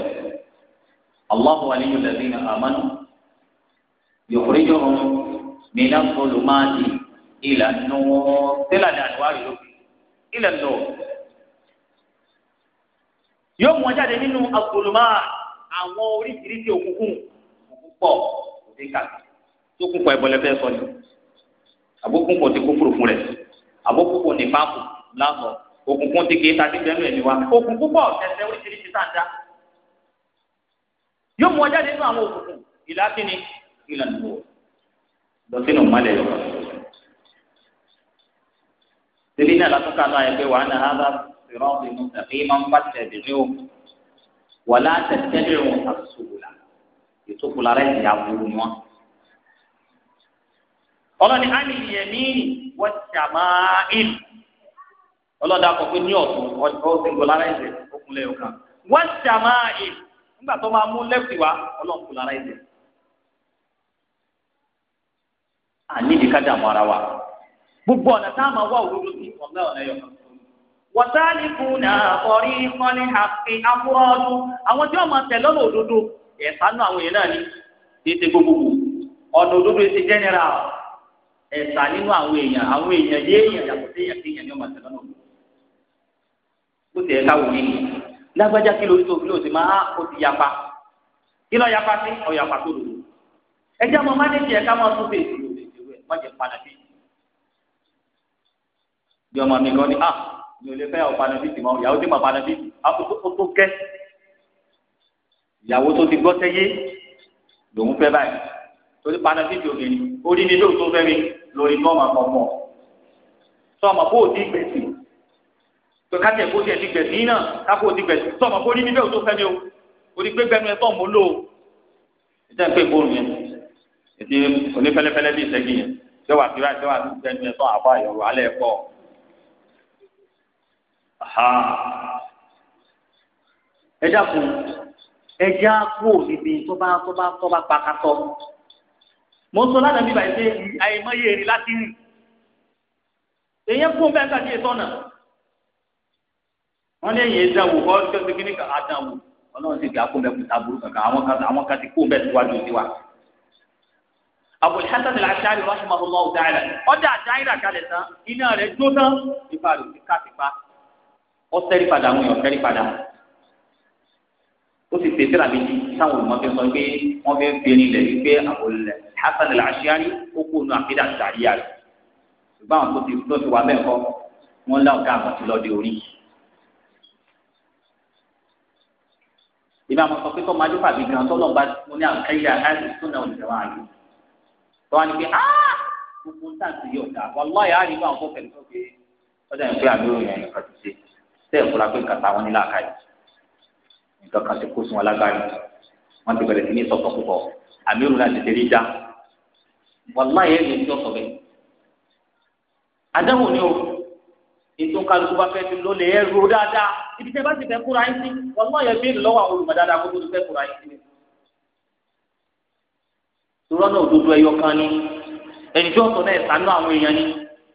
الله waliyul ladhina amanu yukhrijuhum minaz zulumati ila nur إلى النور àdúrà rẹ̀ lókè ila nur yóò mú wọn jáde nínú asolomá àwọn oríṣiríṣi òkùnkùn òkùnkùn pọ̀ òde kàkà tó kún pọ̀ ẹ̀bọ̀lẹ̀ fẹ́ sọ ni àbókùn pọ̀ ti kún fúrufú rẹ̀ àbókùn pọ̀ ní fáàpù lásán òkùnkùn ti kéé ta nígbẹ́nu ẹ̀mí wa òkùnkùn pọ̀ tẹ̀sẹ̀ oríṣiríṣi tá yóò mú ọjà nínú àwọn òkùnkùn ìlà kíni ìlà nìbò lọ sínú mọ́lẹ̀ yọ. Sèbí náà látún kánú ayẹ pé wàá náà bá sèrọ́ ìmú tàbí máa ń bá tẹ̀lé ní o. Wà láti tẹ́lẹ̀ wọn àsùwòlà. Ìtòkùlà rẹ̀ ti àbúrò wọn. Ọlọ́ni á ní ìyẹ̀mí wọ́n ti àmà ìlú. Ọlọ́dà kọ̀ ní ọ̀tún ọ̀sìn gbọ́lára ẹ̀sẹ̀ ó kúnlẹ̀ ọ̀kan. Wọ́n ti àmà ìlú. nígbà tó máa mú lẹ́fì wá ọlọ́run lára ẹ̀jẹ̀ àníbi wa gbogbo ọ̀nà tá a máa wá òwúrọ̀ sí ọ̀gá ọ̀nà ẹ̀yọ̀ kan wọ́tálífùnà ọ̀rí kọ́lé àfi afúrọ́dún àwọn tí wọ́n máa tẹ̀ lọ́nà òdodo ẹ̀sánú àwọn èèyàn náà ni ètè gbogbo ọ̀nà òdodo ètè general ẹ̀sà nínú àwọn èèyàn àwọn èèyàn lágbájá kí lórí tó ló ti máa ah, ó ti yapa kí lọ yapa sí ọ yapa tó lòlò ẹjẹ mọ má déjì ẹka mọ tó fèsì lòlò ìwé má jẹ padà bí bí ọmọ mi kan ní à ah, mi ò lè fẹ́ ọ padà bí tìmọ̀ ìyàwó tí mo padà bí àkókò tó kẹ́ ìyàwó tó ti gbọ́ sẹ́yé lòún fẹ́ báyìí torí padà bí obìnrin orí ni lóòótọ́ fẹ́ mi lórí tó ọmọ kan tó ọmọ kó o ti gbèsè pé ká tẹ̀ kó tiẹ̀ ti gbẹ̀sìn yín náà ká kó ti gbẹ̀sìn tọ́mọ kó ní níbẹ̀ ò tó fẹ́ mi o kò ní pé gbẹnu ẹ tọ́ mọ́ lò ó ìjà pé bóun yẹn ètí onífẹ́lẹ́fẹ́lẹ́ bí ìṣẹ́gi yẹn ṣé wàá tiwa ṣé wàá ti gbẹnu ẹ tọ́ àfọ àyọ̀rọ̀ alẹ́ ẹ̀kọ́ ẹja kun ẹja kú òdìdí tó bá tó bá tó bá pakatọ mo sọ lánàá bíbá yìí pé àìmọye èrè láti rìn èyí ń fún bẹ́ẹ̀ ká di ètò ọ̀nà wọ́n lé yẹn dànwó kọ́ ọ́ ṣe kíní kan àdànwó ọlọ́run ti di akóbẹ̀kù taburú kankan àwọn kan àwọn kan ti kó bẹ́ẹ̀ síwájú tiwa. Abul Hasan al-Ash'ari rahimahullahu ta'ala ọjà àdáyìnrà kalẹ̀ tán iná rẹ̀ jó tán ipa rẹ̀ ti ká tipa ọ sẹ́rí padà àwọn èèyàn sẹ́rí padà ó sì ṣe síra méjì táwọn olùmọ̀fẹ́ sọ pé wọ́n fẹ́ fi ẹni lẹ̀ wípé Abul Hasan al ó kó nu àfidà ìbá mo sọ pé tó máa jó fàbí gan tó lọ́ba mo ní àkẹ́yà láti tó náà lè wá àlè tó wá ní pé áá gbogbo ń tàǹtì yóò dà wọ́n lọ́ọ̀yà á rí bá àwọn tó fẹ̀lẹ́ tó fi ọjà yẹn pé àbúrò yẹn nìkan ti ṣe tẹ́ ẹ̀ fúra pé kàtà wọn nílà káyì nǹkan kan ti kó sun alágbárí wọn ti bẹ̀rẹ̀ sí ní sọ̀tọ̀ púpọ̀ àbúrò náà ti ṣe rí já wọ́n lọ́ọ̀yà yẹn ti sọ̀tọ̀ bẹ́ẹ̀ adáwò ni o ètò kálukú bá fẹ́ fi lólè ẹrú dáadáa ibi tẹ́ bá ti fẹ́ kúra yín sí wọn náà yẹ béèrè lọ́wọ́ àwọn olùmọ̀dáadáa kó tó ti fẹ́ kúra yín sí. ìrọ́ náà òdodo ẹyọ kan ni ẹni tí wọ́n sọ náà ẹ̀sánú àwọn èèyàn ni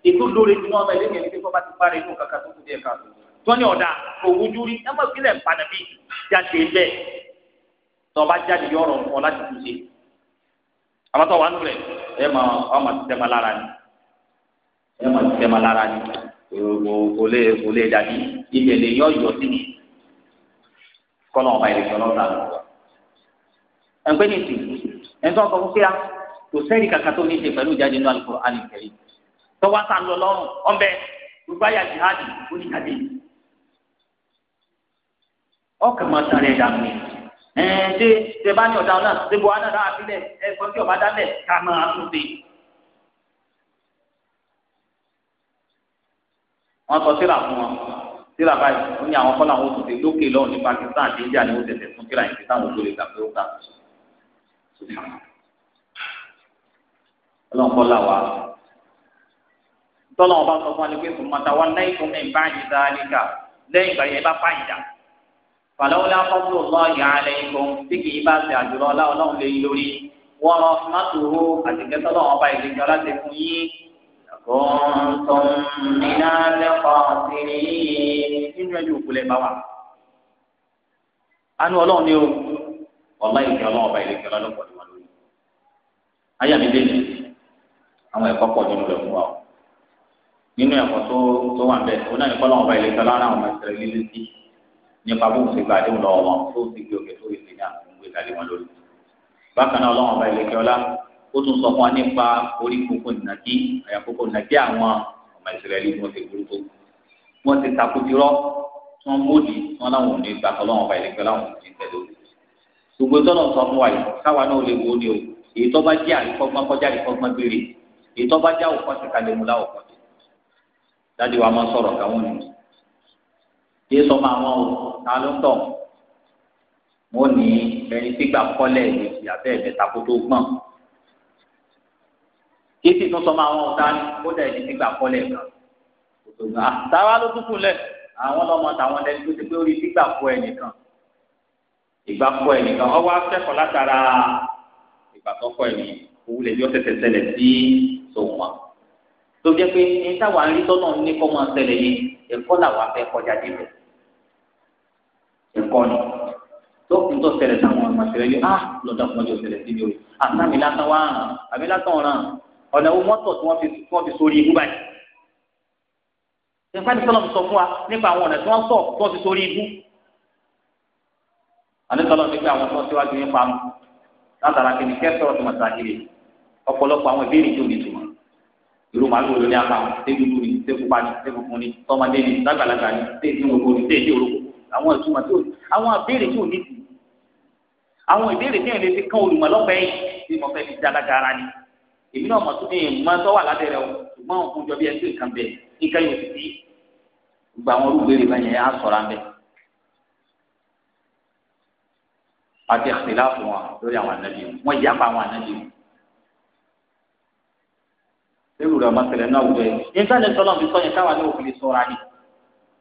ètò lóore ju náà ọmọ ẹlẹ́yìn ẹni tí wọ́n bá ti parí inú kankan tó kù díẹ̀ kan tó ní ọ̀dà òwújú rí ẹ má ìpínlẹ̀ ìpàdé bíi jáde bẹ́ẹ̀ tó bá jáde yọ ọ̀rọ̀ nǹkan láti tún ṣe àwọn tó wà nù rẹ̀ ẹ máa ọmọ ti tẹ́ ma lára ni ẹ máa ti tẹ́ ma lára ni kò lè kò lè dàbí ibẹ̀ lè yọ ọ̀yọ́ sí mi kọ́nà ọba ìlẹ̀ sọ̀rọ̀ ọ̀dà lọ. ẹgbẹ́ ní ti ẹni tó ń sọ fún kíá kò sẹ́ẹ̀rì kankan tó ní ṣe pẹ̀lú ìjáde nínú Al-Qur'an Al-Karim tọ́wọ́ sá lọ lọ́rùn ọ̀bẹ gbogbo àyà jihadi ó ní jáde. ọkàn máa sáré ẹ̀dá mi ẹ̀ẹ́dẹ́ tẹ bá ní ọ̀dà náà ṣe bu anára àbílẹ̀ ẹ̀kọ́ tí ọba dálẹ̀ ká máa tún ṣe. wọ́n sọ síra fún wọn síra báyìí ó ní àwọn kọ́lá wọn tètè lókè lọ́wọ́ ní Pakistan àti India ni wọ́n tètè fún síra yìí táwọn olórí gbà pé ó gbà ọlọ́run kọ́lá wa tọ́lọ́ ọba sọ fún wa ni pé sùnmọ́ta wa náà ìfún mi bá yìí dáríkà lẹ́yìn ìgbà yẹn bá fàyìjà fàlọ́wọ́lá fọ́tò lọ́ọ̀yà alẹ́ ìfún tí kì í bá ṣe àjùlọ ọlá ọlọ́run lé lórí wọ́n rọ kuntum minal khasirin nínú ẹjọ́ òkúlẹ̀ bá wà. anú ọlọ́run ni o ọ̀la ìjọ ọlọ́run ọba ìlẹ̀kẹ́ ọlọ́run pọ̀ ní wọn lórí. ayé mi dé ní àwọn ẹ̀kọ́ pọ̀ nínú rẹ̀ fún wa o nínú ẹ̀kọ́ tó tó wà bẹ́ẹ̀ òun náà ní kọ́lọ́run ọba ìlẹ̀kẹ́ ọlọ́run àwọn ọmọ ìsirẹ̀ lílé sí nípa bó ń ṣe gba àdéhùn lọ́wọ́ wọn tó ti gbé òkè tó ìsìn ó tún sọ fún wa nípa orí kókó nàdí àyàkókó nàdí àwọn ọmọ ìsirẹ́lì wọn ti burú tó wọn ti takojúrọ́ tí wọn mọ̀ọ́dì wọn láwọn ò ní gbà tó lọ́wọ́ báyìí láwọn ò ní tẹ̀lé òkú gbogbo tọ́nà sọ fún wa yìí káwa náà lè wo ni o èyí tó bá jẹ́ àríkọ́gbọ́n kọjá àríkọ́gbọ́n gbére èyí tó bá jẹ́ àwòkọ́ ti kalẹ̀ mu láwòkọ́ ti dájú wa máa sọ̀rọ̀ káwọn ni yé sọ fún àwọn o ta ló ń tọ̀ wọn ní ẹni tí gbà kọ́lẹ̀ ìyàbẹ́ ẹ̀mẹ́ta kó gbọ́n kéésì tó sọmọ àwọn ọ̀tá ni ó dẹ̀ ní gbígbà kọ́lẹ̀ kan òtòmọ́ àtàwọn ah, ló tún kúnlẹ̀ àwọn lọ́mọ tàwọn ẹni tó ti pé orí gbígbà kọ́ ẹnìkan ìgbà kọ́ ẹnìkan ọwọ́ akẹ́kọ̀ọ́ látara ìgbà tó kọ́ ẹ̀mí owó lè yọ tẹ̀tẹ̀ ṣẹlẹ̀ sí tòun wọn tó jẹ́ pé ní táwa ń rí tọ́nà ní kọ́ máa ṣẹlẹ̀ yìí ẹ̀kọ́ làwọn afẹ́ kọjá débẹ̀ ẹ̀kọ́ ni tókùn tó ṣẹlẹ̀ táwọn ọmọ ah, ṣẹlẹ̀ yìí á lọ́dọ̀ fún ọjọ́ ṣẹlẹ̀ síbi o àtàmì látàn wá àmì látàn ọ̀ràn ọ̀nà owó mọ́tò tí wọ́n fi tí wọ́n fi sórí ibú báyìí ìfẹ́ nísọ́nà sọ fún wa nípa àwọn ọ̀nà tí wọ́n sọ tí wọ́n fi sórí ibú àníṣọ́nà fi pé àwọn tí wọ́n síwájú yín pa mọ́ látara kìíní kẹ́sọ̀rọ̀ tó máa ṣàkiri ọ̀pọ̀lọpọ̀ àwọn ìbéèrè tó nìtumọ̀ irú màálù olórí apá tẹ́bi lù ní tẹ́bi pa ní tẹ́bi fún ní tọ́mọdé ní lágbàlagbà ní tẹ́bi òkò ní tẹ́bi òkò àwọn ìtumọ̀ tó àwọn ìbéèrè tó nìtumọ̀ àwọn ìbéèrè tó yẹn lè fi kán olùmọ̀lọ́pẹ́ yìí bí mo fẹ́ fi dáadáa ni èmi náà mọ̀ tó ní ìmọ̀ tó wà lábẹ́ rẹ o ṣùgbọ́n òkun jọ bí ẹ sí nǹkan bẹ̀ nǹkan yóò ti gba àwọn olùgbèrè báyẹn á sọ̀rọ̀ àmì. àti ìṣẹ̀lá fún wa lórí àwọn ànábì wọn yà pa àwọn ànábì. lérò rẹ̀ ọmọ tẹ̀lé náà wúlò ẹ̀ nígbà tí sọ́nà fi sọ yẹn káwọn ní òkèlè sọ̀rọ̀ àní.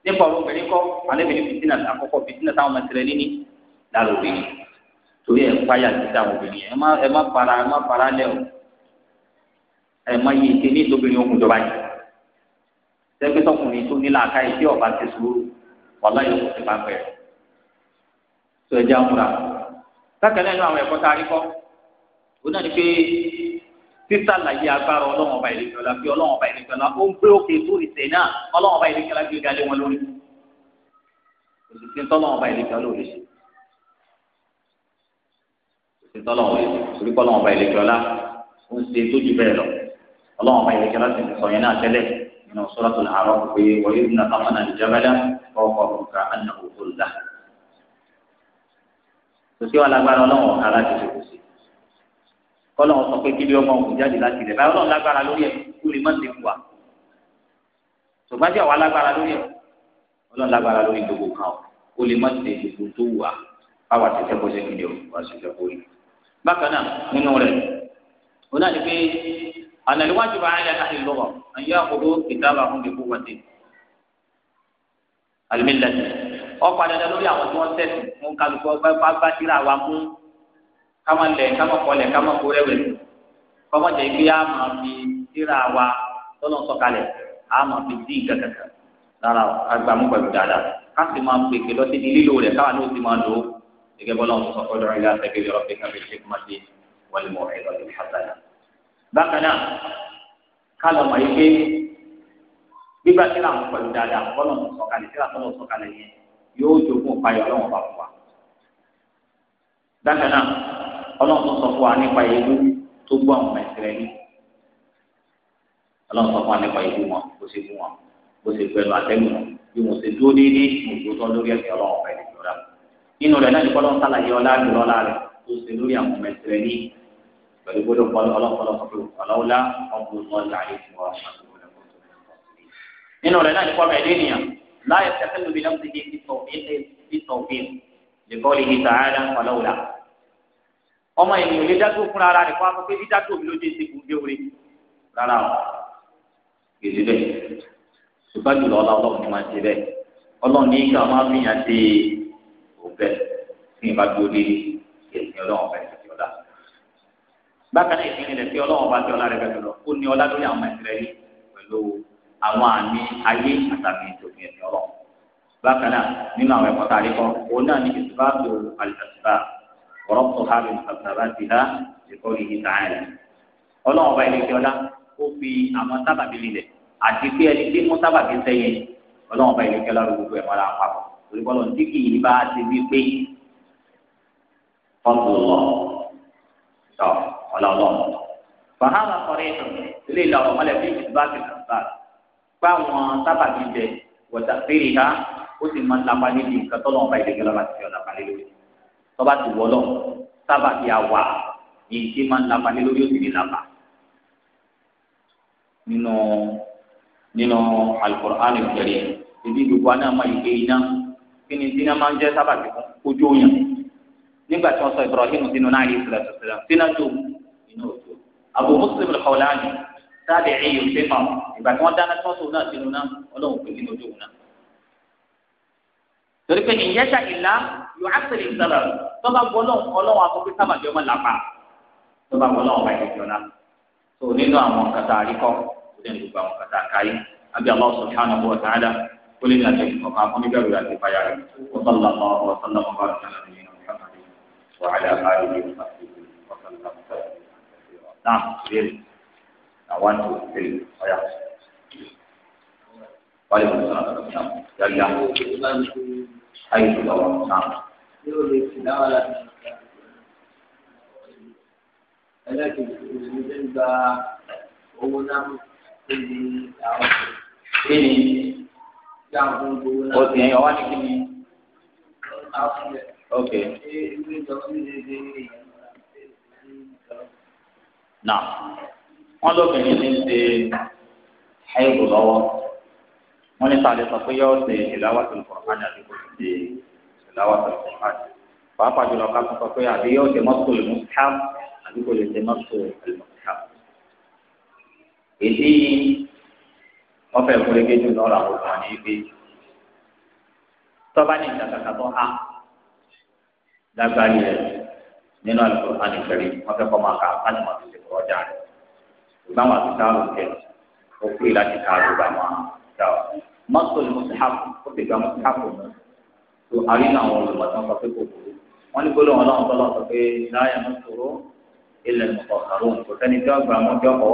nípa ọ̀rọ̀ obìnrin kọ́ àlébìnrin fìtínà àkọ́kọ́ fìtínà táwọn ọmọ tẹ̀lé níní lára obìnrin torí ẹ̀ ń páyà títà obìnrin ẹ̀ má para ẹ̀ má para lẹ́ ẹ mọ iye ìṣe ní ìtòbìnrin ogun ìjọba yìí sẹ́gbẹ́ tọkùnrin tó ní làákà ìṣe ọ̀bà ti sùúrù wàhálà yóò kó ti máa bẹ̀rẹ̀ tó ẹ jẹ́ àmúra sákẹ́lẹ́ inú àwọn ẹ̀kọ́ tá a rí kọ́ ó náà ni pé sísàlàyé agbára ọlọ́run ọba ìrìnkẹ́lá bí ọlọ́run ọba ìrìnkẹ́lá ó ń gbé òkè tó ìṣẹ̀ náà ọlọ́run ọba ìrìnkẹ́lá bí ìdálé wọn lórí òṣìṣẹ́ tọ́lọ́run ọba ìrìnkẹ́lá lórí ṣe òṣìṣẹ́ tọ́lọ́run ọba ìrìnkẹ́lá ó ń ṣe tójú bẹ́ẹ̀ lọ ọlọ́run ọba ìlẹ́jọ́ láti sọ yẹn náà tẹ́lẹ̀ nínú Suratul A'raf pé wọ́n yóò náà táwọn náà jẹ́mẹ́lá ọkọ̀ òkúta àná òkú ńlá. tòsí wọn lágbára ọlọ́run ọ̀ka láti ṣe kò sí kọ́lọ́run sọ pé kílí ọmọ òkú jáde láti rẹ̀ báyọ̀ ọlọ́run lágbára lórí ẹ̀ kú lè má ti wà ṣùgbọ́n tí àwa lágbára lórí ẹ̀ ọlọ́run lágbára lórí gbogbo أن الواجب على أهل اللغة أن يأخذوا كتابهم بقوة الملة ọkọ àdàdà lórí àwọn tí wọn sẹsìn mú kálukọ bá bá síra wa mú káma lẹ káma kọlẹ káma kó rẹwẹ kọmọ jẹ pé a máa fi síra wa tọnà sọ̀kalẹ̀ a máa fi dí ìgbà kankan lára agbamú pẹ̀lú dáadáa ká sì máa pèké lọ sí di lílo rẹ káwa ní o ti máa lò ó gẹ́gẹ́ bọlá wọn sọ fọlọ ilé yọrọ pé káfíńsì kúmọdé wọlé ẹ lọ sí ìfàsàlà. bákan náà kálọ̀ mọ̀ yìí pé gbígbà tí làwọn pẹ̀lú dáadáa sọ̀kalẹ̀ tí làwọn sọ̀kalẹ̀ yẹn yóò jogún ìpayọ̀ bá fún wa. ọlọ́run tó sọ fún wa nípa ìlú tó gbọ́ àwọn ọmọ ọlọ́run fún wa nípa ìlú wọn pẹ̀lú àtẹ́gùn wọn bí ṣe dúró déédéé lórí pẹ̀lú gbọ́dọ̀ pọlọ ọlọpọlọ kọlọ ọlọwọlá ọgbọnọ láàyè tí wọn ṣe àtúntò rẹ kọtò rẹ kọ. nínú rẹ náà ní kọ́mọ ẹ̀dẹ́ ènìyàn láyé tẹ́tẹ́ lóbi náà ti di títọ̀ bíi lẹ́kọ́ lè yíta ara ọlọwọlá. ọmọ ènìyàn lè dá tó fúnra ara rẹ̀ kó akọ pé dídá tó ló dé síbi ìdé orí rárá o gèdè bẹ́ẹ̀ ṣùgbọ́n jùlọ ọlá ni wọ́n ti bẹ́ẹ̀ ọlọ́run ní ká máa bákan náà ìpínlẹ̀ rẹ̀ pé ọlọ́run bá tẹ ọlá rẹ̀ gbẹdọ̀ lọ ó ní ọlá lórí àwọn ìsirẹ́lì pẹ̀lú àwọn àmì ayé àtàmì ìtòkè ẹ̀mí ọlọ́run bákan náà nínú àwọn ẹ̀kọ́ tá a lè kọ́ òun náà ní ìsibáàbò àlùfáà ọ̀rọ̀ tó ha lè sàbàbà ti dá ìkọ́ yìí tààrà ọlọ́run bá ilé ìjọba ó fi àwọn sábàbí lílẹ̀ àti pé ẹni tí mú sábàbí sẹ́yìn ọlọ́run bá ilé ìjọba gbogbo ẹ̀ mọ́ra papọ̀ torí bọ́lọ̀ ní kì í bá ti wí pé fọ́ọ̀tù lọ ọlọ́ọ̀lọ́. fàhálà kọrin ilé ìlànà ọmọlẹ bí ìjìbá ti kàn bá gbáwọn sábàbí bẹ wọ̀tà fèrè ha ó sì máa ń lapa níbi nǹkan tọ́lọ́ ọba ìdẹ́gẹ́ lọ́ba ti fi ọ̀nà balẹ̀ lórí. tọ́ba ti wọ́ lọ sábàbí àwà yìí ti máa ń lapa ní lórí òsì ní lapa. nínú nínú alukur'an ìjẹrẹ ibi gbogbo aná máa yìí ké iná kí iná máa ń jẹ sábàbí fún ojú òyìn nígbà tí wọ́n sọ Ibrahim sínú náà yìí sílẹ̀ sílẹ̀ sínú inú òjò Abu Muslim al-Khawlani sábẹ ẹyẹ òṣè fún àwọn ìgbà tí wọn dáná tí wọn tó náà sínú náà Ọlọ́run pè nínú ojú òun náà. torí pé ìyẹ́sà ìlà yóò àṣírí ìsọ̀rọ̀ tó bá gbọ́ lọ́wọ́ Ọlọ́run akọ́kọ́ sábàbí ọmọ làpá tó bá gbọ́ lọ́wọ́ báyìí jọ̀ọ́lá tó nínú àwọn kàtà àríkọ́ tó dẹ̀ gbogbo àwọn kàtà àkáyé àbí Allah subhanahu wa ta'ala kó lè ní àtẹ̀yìn kọ̀ọ̀kan fún níbẹ̀rù àti ìfàyà rẹ̀ wọ́n sọ̀lá lọ́wọ́ Islam ìbéèrè na one two three ọ̀yà. wọ́n lè mú sọ̀rọ̀ sọ̀rọ̀ náà yọ̀ọ̀yà ayé ìlú ọ̀wọ̀ náà. Kí ni o ti ẹ̀yàn Ok náà wọn lóbìnrin ní ṣe ẹ̀rù lọ́wọ́ wọn ní sáré sọ pé yóò ṣe ìlàwọ́ tó lùkọ́ ká ní àdúgbò ṣe ìlàwọ́ tó lùkọ́ ká ní pàápàá jùlọ ká tó sọ pé àbí yóò ṣe mọ́tò lè mú káàm àbí kò lè ṣe mọ́tò lè mú káàm. wọn fẹ́ kúrégé jù lọ́rọ̀ àwọn ní ibi tọ́ba ní ìjàkàkà tó há lágbárí rẹ̀ nínú Al-Qur'an Al-Karim wọ́n fẹ́ kọ́ máa ka káni máa fi ṣe kọ́ ọjà rẹ̀ ìgbà wọn àti sáà lókè ó pè láti ká ló bá wọn dá ọ. mọ́tò ni mùsùlùmí ó ti gba mùsùlùmí mú tó àrínà àwọn olùmọ̀tàn sọ pé kò burú wọ́n ní gbólóhùn ọlọ́run tọ́lọ́ sọ pé láyà mú sòrò ilẹ̀ nìkan kàró kò sẹ́ni tí wọ́n gba wọn jọ ọ̀wọ́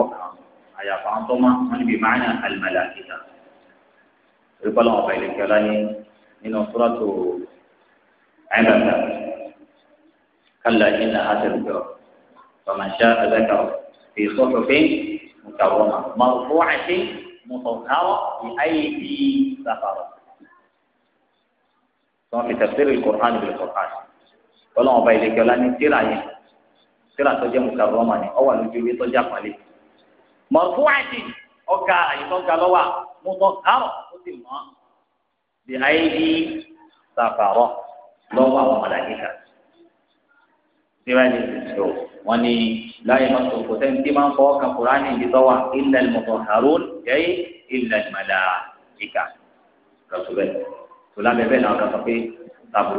àyàfà كلا إنها تذكر فمن شاء ذكر في صحف مكرمة مرفوعة مطهرة بأيدي سفرة ثم في تفسير القرآن بالقرآن ولا أبالي كلا نتيرا تيرا تجي مكرمة أول جوي تجي قليل مرفوعة أوكا يتوكا لوا مطهرة وتمام بأيدي سفرة لوا وملائكة síwájú ìṣòro wọn ni láyé máa tó kò sẹ́ni tí máa ń fọ́ ọkàn kúránì ìdítọ́wà ilẹ̀ mọ̀tò harun jẹ́yì ilẹ̀ mọ̀lá ìkà lọ́sọ̀bẹ̀ tó lábẹ́ bẹ́ẹ̀ làwọn kan sọ pé tábù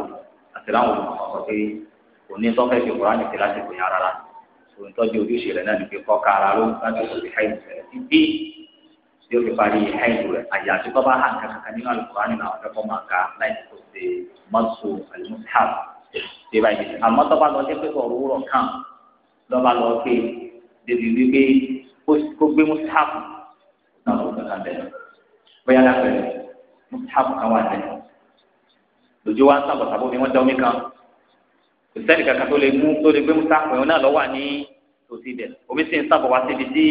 àti láwọn olùkọ́ sọ pé kò ní sọ́fẹ́ fi kúránì sí láti gbìyànjú rárá òun tọ́jú ojúṣe rẹ̀ náà ní kọ́ kára ló láti kò sí hẹ́ẹ̀dù rẹ̀ títí tí ó fi parí hẹ́ẹ̀dù rẹ̀ àyàfi bá hàn kankan nínú àlùkò ṣe báyìí àmọ́ tọ́ba lọ sí pé ọ̀rọ̀ òwúrọ̀ kàn lọ́ba lọ pé débi wípé kó gbé mùsàbù náà lọ́wọ́ kankan bẹ́ẹ̀ bóyá lápẹ̀rẹ̀ mùsàbù kan wà bẹ́ẹ̀ lójú wa ń sábà sábò mi wọ́n dá omi kan kò sẹ́ni kankan tó lè mú tó lè gbé mùsàbù yẹn náà lọ́wọ́ ní tòsí bẹ̀ omi sì ń sábà wá síbi tí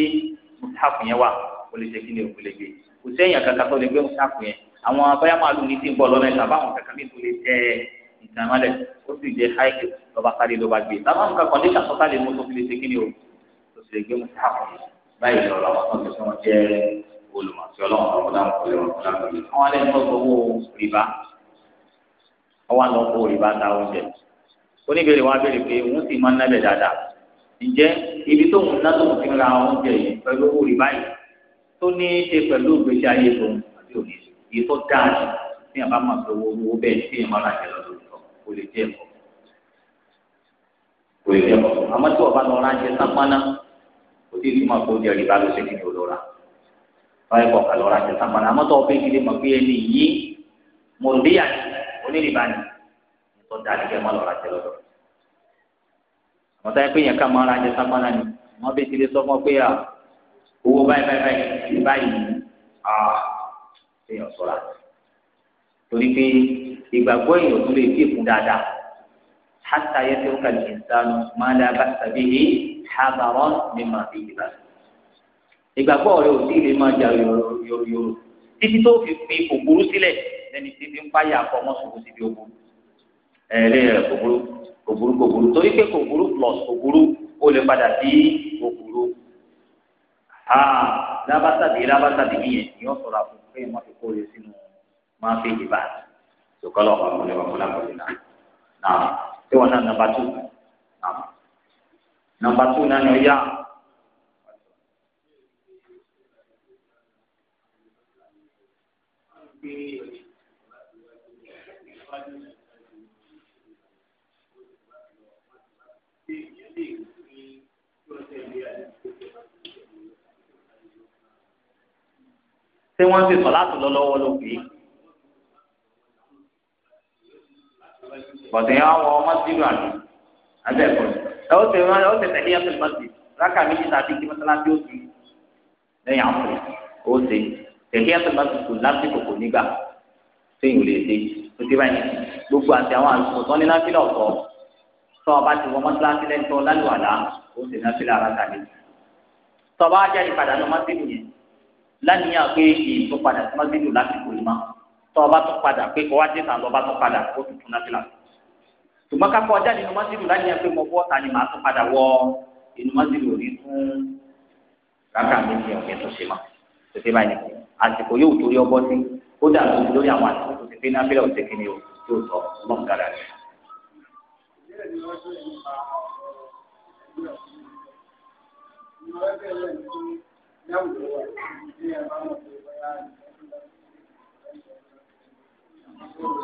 mùsàbù yẹn wà kó lè jẹ́ kí ni òkú lè gbé kò sẹ́yìn kankan tó lè gbé mùsàbù yẹn àwọn abáyá ní tí ń bọ̀ lọ́nà ìtàbáwọn kankan ìtàmálẹ̀ ó sì jẹ́ háìkì lọ́ba sáré lọ́ba gbé táwọn nǹkan kan níta sọ́tà lè mú tó fi lè ṣe kíni o tó sì lè gbé mu sáàpù báyìí lọ́rọ̀ àwọn tó ń tẹ̀sán wọn jẹ́ olùmọ̀sí ọlọ́run ọ̀rọ̀ láwọn kọlẹ̀ ọ̀rọ̀ láwọn kọlẹ̀ wọn lẹ́nu tó gbowó rìbá ọwọ́ àlọ́ kó rìbá ta oúnjẹ oníbèrè wa béèrè pé òun sì máa ń nábẹ̀ dáadáa ǹjẹ́ ibi tó ń ná tó ń fi ra oúnjẹ yìí pẹ̀lú owó rìbá yìí tó ní í ṣe pẹ̀lú ìgbésí ayé tòun àti òní èyí dáa jù tí yàrá owó owó bẹ́ẹ̀ tí yàrá máa lọ́dún kò lè jẹ́ ẹ̀kọ́ kò lè jẹ́ ẹ̀kọ́ àmọ́ tí ọba lọ ránṣẹ́ sápánà kò tí ì túmọ̀ kó jẹ́ ìbá ló ṣe kí ni olóra báyìí kọ̀ kà lọ ránṣẹ́ sápánà àmọ́ tó ọbẹ̀ ìdílé mọ̀ pé ẹni yìí mo rí àyè onírìbáni tó da ni kẹ́ má lọ ránṣẹ́ lọ́dọ̀ àmọ́ táyà pé yẹn ká má ránṣẹ́ sápánà ni wọ́n bẹ̀ ìdílé sọ fún ọ pé owó báyìí báyìí báyìí báyìí ìgbàgbọ́ èèyàn tó lè fi kún dáadáa hasa yẹ ti ń ka lè sànù máa dá bá tàbí yìí habarọ́ mi máa fi yìí bá. ìgbàgbọ́ rẹ ò sí lè máa jà yòròyòrò títí tó fi fi òbúrú sílẹ̀ lẹ́ni tí fi ń páyà fọmọ́sọ̀kò síbi òbúrú. ẹ̀ẹ́dẹ́ rẹ̀ kò burú kò burú torí pé kò plus kò burú ó lè padà sí kò burú. lábàtàbí lábàtàbí yìí yẹn ni wọ́n sọ̀rọ̀ àfọ̀kọ́ yẹn wọ́n ti kó tòkọ́lọ̀ ọ̀pá mọ̀lẹ́ wà fúlà mọ̀lẹ́ náà náà tí wọ́n náà nàmbà tù náà láti lọ lọ́wọ́ lókè bọ̀dé yẹn wọ mọ́sídìí rà ní abẹ́ẹ̀kọ́ ẹ ó tẹ̀lé ẹ ó tẹ̀lé ní ẹ̀fẹ̀ mọ́sídìí rákà méjì tàbí kí mọ́sálásí ó ti lẹ́yìn àwọn ó ṣe tẹ̀lé ẹ̀fẹ̀ mọ́sídìí kò lásìkò kò nígbà sẹ́yìn ò lè ṣe ó ti báyìí gbogbo àti àwọn àlùkò tán ní náfìlà ọ̀tọ̀ tó o bá ti wọ mọ́sálásí lẹ́ńtọ́ lálùwàlá ó ṣe náfìlà rákà méjì tó o bá jáde padà lọ mọ́sídìí yẹn lánìyàn pé ìtúpadà sí mọ́sídìí lásìkò ìmọ̀ tó ṣùgbọ́n ká kọjá nínú mọ́sídùú láti yàn pé mo bọ́ ta ni màá tún padà wọ inú mọ́sídùú rí fún rákà méjì ọ̀kẹ́ tó ṣe mọ́ tó ṣe báyìí àsìkò yóò torí ọgbọ́n sí ó dà lórí lórí àwọn àsìkò tó ti pé náà fẹ́rẹ̀ ọ̀sẹ̀ kìíní o yóò sọ ọlọ́run dára rẹ̀. Thank you.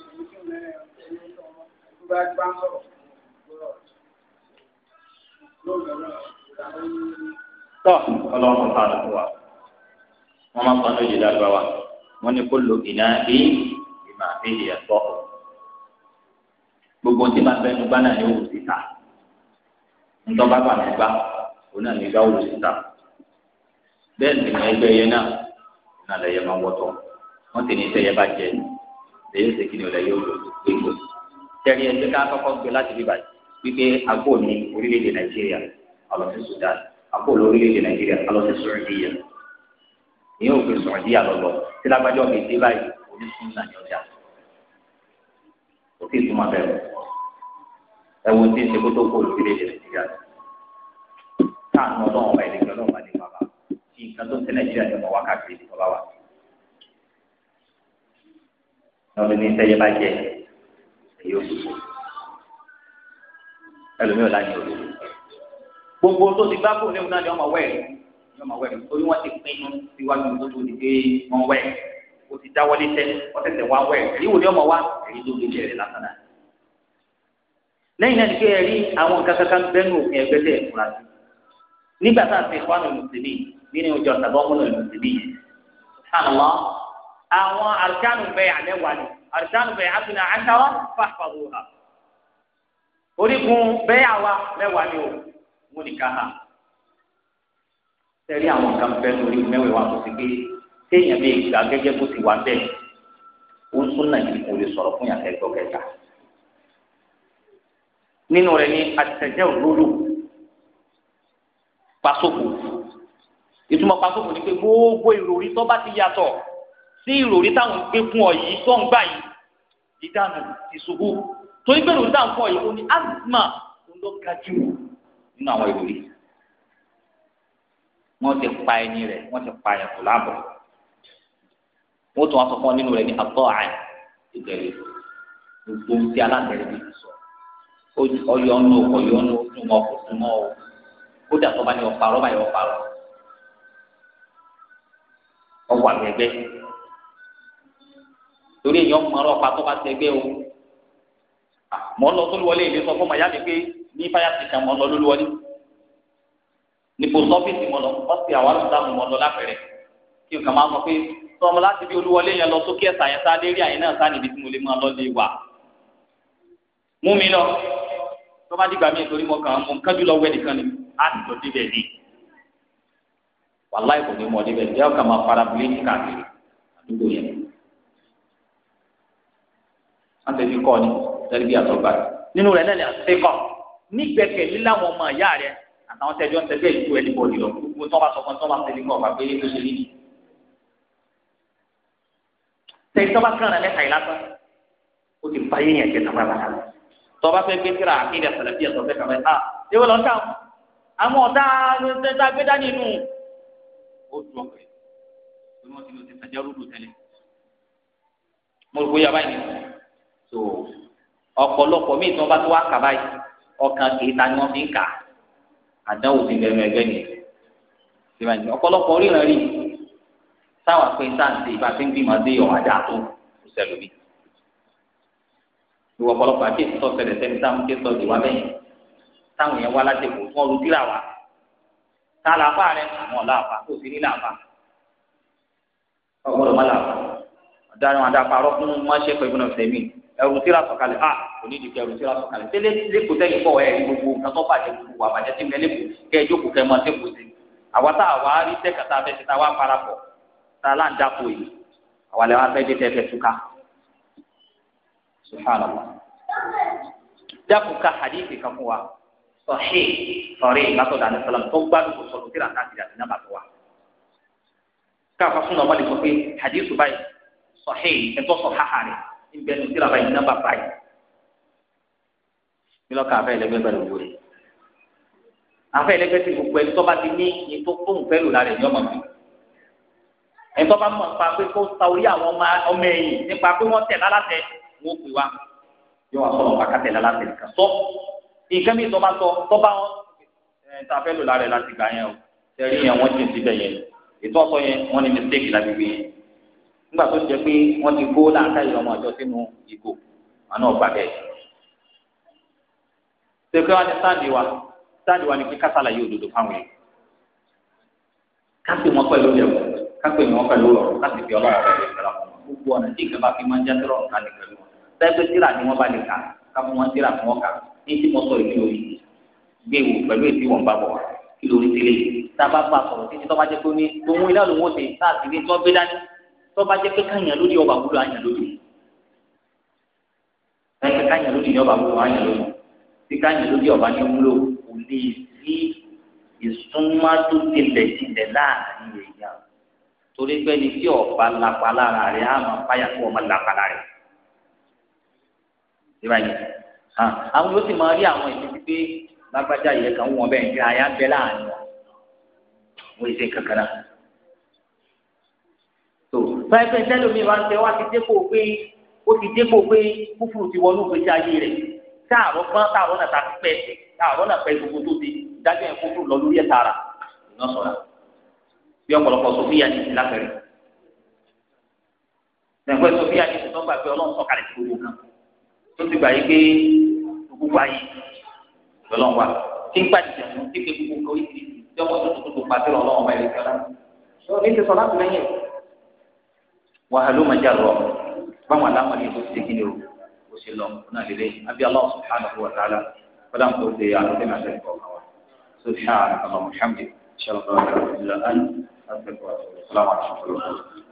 gbogbo ẹni bá ń sọ̀rọ̀ tọ́ ọlọ́run sànù fún wa wọ́n máa sọnù yìí lágbá wa wọ́n ní kó lo ìná bí ìmọ̀ àbí ìyẹ̀tọ́ gbogbo tí màá bẹnu gbá náà ní òwò síta ńtọ́ bá bà mí gbá òun náà ní gbá òwò síta bẹ́ẹ̀ ni ẹgbẹ́ yẹn náà ìnáwó ẹ̀yẹ máa wọ́tọ̀ wọ́n ti ní sẹ́yẹ bá jẹ lẹ́yìn sẹ́kìnnì ọ̀lẹ́yẹ òwò gbégbé tẹ̀lé ẹgbẹ́ ká kọ́kọ́ gbé láti bí báyìí wípé agbó ní orílẹ̀-èdè nàìjíríà alọ́sí Sudan agbó ní orílẹ̀-èdè nàìjíríà alọ́sí sọ̀rọ̀díyà ìyẹn òfin sọ̀rọ̀díyà lọ́lọ́ tí lágbájọ́ mi dé báyìí oníṣun náà ní ọjà òfin ìtumọ̀ bẹ́ẹ̀ ẹ̀wọ̀n tí ń ṣe kó tó kó orílẹ̀-èdè nàìjíríà táànù ọlọ́run ọba ìdíjọ́ ọlọ́run àti bàbá tí nǹkan tó ń tẹ́ nàìjíríà ní ọmọ wákàtí ìdíjọba wa lọ́dún ní sẹ́yẹ́ bá jẹ́ èyí ò lòlò ẹlòmíì ọ̀la ni ò lòlò gbogbo tó ti gbá fóònù náà ni ọmọ wẹ̀ ni ọmọ wẹ̀ torí wọ́n ti pinnu síwájú tó tó di pé wọ́n wẹ̀ o ti dáwọ́lé tẹ́ wọ́n tẹ̀sẹ̀ wá wẹ̀ èyí wò ni ọmọ wa èyí tó gbé jẹ́rẹ̀ lásán náà lẹ́yìn náà ni pé ẹ̀rí àwọn nǹkan kankan bẹ́nu òfin ẹgbẹ́ tẹ̀ fúra sí nígbà tá a ti fún àwọn mùsùlùmí nínú ìjọ tàbí ọmọ àwọn àwọn bẹ́ẹ̀ àlẹ́ wà ní àrùsánù bẹ̀yà àtúnà àtàwà fàfàwòrà orígun bẹ́yà wa mẹ́wàá ni o mo nìkan hàn sẹ́rí àwọn kan bẹ́ẹ̀ lórí mẹ́wàá tó ti gbé téèyàn bí ìgbà gẹ́gẹ́ bó ti wà bẹ́ẹ̀ ó ń sún náà kò lè sọ̀rọ̀ fún yàtọ̀ ẹgbẹ́ kẹta nínú rẹ̀ ni àtẹ̀jẹ́ òróró pasókò ìtumọ̀ pasókò ni pé gbogbo ìròrí tó bá ti yàtọ̀ sí ìròrí táwọn ń gbé fún ọ yìí tó ń gbà yìí ìdánù ìṣubú torí pé ìròrí táwọn fún ọ yìí ó ní asma ló ga jù nínú àwọn ìròrí wọn ti pa ẹni rẹ wọn ti pa ẹkọ láàbọ wọn tún wá sọ fún ọ nínú rẹ ní àbọ àyè ìbẹ̀rẹ̀ gbogbo ti alábẹrẹ bí sọ ọyọ ọnu ọyọ ọnu ọdún mọ ọkọ ọdún ọ ó dà bá ní ọparọ báyìí ọparọ ọwọ àgbẹgbẹ torí èèyàn mọ ọlọ́pàá tó bá tẹgbẹ́ o mọ lọ tó lùwọlé ìlú sọ fún màyá mi pé ní fáyà station mọ lọ ló lùwọlé ní post office mọ lọ ọsì àwọn alùpùpù mọ lọ lápẹrẹ kí n kà máa sọ pé sọmọ láti bí olúwọlé yẹn lọ sókè ẹsà yẹn sá lérí àyẹn náà sá níbi tí mo lè máa lọ lè wà mú mi lọ tó bá dìgbà míì torí mo kàn án mo nǹkan jùlọ wẹ nìkan ni á ti lọ débẹ̀ ni wàláì kò ní mọ débẹ̀ ni ẹ kà máa fara bulé ní káàkiri àdúgbò yẹn àtẹ̀bí kọ́ ni tẹ́lifí àtọ́gbà nínú rẹ̀ lẹ́lẹ̀ àtẹ́kọ̀ nígbẹ̀kẹ̀lé láwọn ọmọ ìyá rẹ̀ àtàwọn tẹ́jọ́ ń tẹ́jọ́ ìlú ẹni bọ̀dì lọ gbogbo tó bá sọ fún kọ́ ọ̀gá pé tó ṣe rí ni. tẹ̀sí tó bá kàn rẹ̀ mẹ́ta ìlàtọ̀ ó ti bá yéèyàn jẹ tàbá bàtà tó bá fẹ́ gbé síra àkéde àtàlẹ́bí àtọ́fẹ́ kàwé ha ewé lọ sáà àwọn ọ̀tá tẹ́tà gbé dání nù ó dùn ọ̀pẹ̀ pé wọ́n ti lọ tẹ̀sán jẹ́ rúdù tẹ́lẹ̀ so ọ̀pọ̀lọpọ̀ míì tí wọ́n bá tó wá kà báyìí ọkàn kìí ta ni wọ́n fi ń kà àdánwò ti bẹ̀rẹ̀ ẹgbẹ́ ni ìbànú ọ̀pọ̀lọpọ̀ ríran rí táwọn àpè sáǹtì ìbá fi ń bímọ dé ọ̀hún ajá tó kù sẹ́lù mi ìwọ ọ̀pọ̀lọpọ̀ àkéèsì tó ṣẹlẹ̀ sẹ́ni táwọn kéèsì ọ̀dì wá bẹ́yìn táwọn yẹn wá láti kò fún ọdún kíra wa tá làáfà rẹ àwọn ọ̀làáfà tó fi ní làáfà ọgbọ́dọ̀ má làáfà ọ̀daràn àdàpàrọ̀ fún mọ́ṣẹ́ pẹ̀lú ẹrù tíra sọ̀kalẹ̀ a ah, kò ní ìdíkẹ ẹrù tíra sọ̀kalẹ̀ tẹ́lẹ̀ lẹkọọ tẹyìn kọ ẹ gbogbo nǹkan tó bàjẹ́ gbogbo àbàjẹ́ tí mẹlẹ kù kẹ ẹ jókòó kẹ ẹ máa tẹkọọ sí àwa tá a wà á rí tẹkàtà abẹ tẹta wà parapọ̀ tá a láǹda yìí àwa lẹ wà fẹ dé tẹfẹ túká subhanallah dákun ka hadithi kan fún wa sọhí sọrí látọ̀dọ̀ àti sọlọm tó gbádùn kò sọ̀rọ̀ tíra káàkiri àti nàbàtọ wa káfa fún ọmọdé sọ ìbẹnu tí làbá yìí nọ́mbà báyìí kí lọ́ka afẹ́ ẹlẹgbẹ́ pẹ̀lú owó rẹ̀ afẹ́ ẹlẹgbẹ́ ti gbogbo ẹni tó bá ti ní ní tó fóun fẹ́ lò lára ẹ̀yọ́ mọ̀ mi ẹni tó bá mọ̀ nípa pé kó sa orí àwọn ọmọ ẹ̀yìn nípa pé wọ́n tẹ̀ lálàtẹ̀ wọ́n pè wá yóò wá sọ̀rọ̀ bàkà tẹ̀ lálàtẹ̀ nìkan sọ nǹkan mi tó bá sọ tó bá wọn ẹ̀ tá a láti gbà yẹn o tẹ̀rí yẹn wọ́n jìn síbẹ̀ yẹn ètò ọ̀sọ́ yẹn wọ́n ní mistake lágbègbè yẹn nígbà tó jẹ pé wọ́n ti kó láǹkà yìí ọmọ ọjọ́ sínú ìgò àná ọgbà bẹ́ẹ̀. sèké wa ni sáàdì wa sáàdì wa ni kí kásálà yóò dodo fáwọn yìí kásì wọn pẹ̀lú ìyẹ̀wò kápẹ́ wọn pẹ̀lú ọ̀rọ̀ láti fi ọlọ́run pẹ̀lú ìgbàlá fún wọn gbogbo ọ̀nà tí ìjọba fi máa ń jásírọ̀ ọ̀tá ní pẹ̀lú wọn sẹ́gbẹ́ tíra ni wọ́n bá lè kà káfún wọn tíra fún wọn kà ní tí mo sọ èyí lórí gbé pẹ̀lú èyí tí bá bọ̀ kí lórí tẹ́lẹ̀ tá bá sọ̀rọ̀ títí tó bá jẹ́ pé ó ní òun iná lòun sáà sí ní tó gbé dání tọ́ba jẹ́ pé káyàn lórí ọba wúlò àyàn lórí ẹ̀ka káyàn lórí ọba wúlò àyàn lórí tí káyàn lórí ọba ní wúlò kò lè sí ìsúnmá tó tilẹ̀ tilẹ̀ láàrin èèyàn torí pé ní tí ọba lapa lára rẹ̀ á máa fáyà kó ọmọ lapa lára rẹ̀ síbáyìí àwọn yóò sì máa rí àwọn ìdí pé lágbájá yẹ kàn wọ́n bẹ́ẹ̀ ní ayá bẹ́ láàrin wọn wọ́n ṣe kankan náà báyìí pé tẹ́lómi bá ń tẹ wá ti dépò pé ó ti dépò pé kúfùrù ti wọnú ìgbésí ayé rẹ̀ táàrọ̀ gbọ́n táàrọ̀ náà tàbí pẹ́ táàrọ̀ náà pẹ́ gbogbo tó ti dájọ́ ẹ̀ kúfùrù lọ lórí ẹ̀ tààrà iná sọ̀rọ̀ bí ọ̀pọ̀lọpọ̀ sofiya ti ti lápẹ̀rẹ̀ ṣẹ̀fẹ̀ sofiya ti ti tọ́ gbà pé ọlọ́run sọ̀kalẹ̀ ti gbogbo kan tó ti gbà yí pé gbogbo ayé lọ́lọ́run wà tí ń pàdé ìjànú tí kékeré gbogbo orí ti ọmọ tó tó tó pàtó lọ́wọ́ ọmọ ẹ̀rẹ́ sọ wàhálù màjà rọ báwọn aláwọn yìí tó ti kí ni o kò sí lọ kó náà lélẹ àbí Allah subhanahu wa ta'ala kọlá ń tó ṣe àlọfẹ náà ṣẹlẹ̀ kọkàn wa subhanahu wa ta'ala muhammed ṣàlùfẹ wa ta'ala ṣàlùfẹ wa ta'ala ṣàlùfẹ wa ta'ala.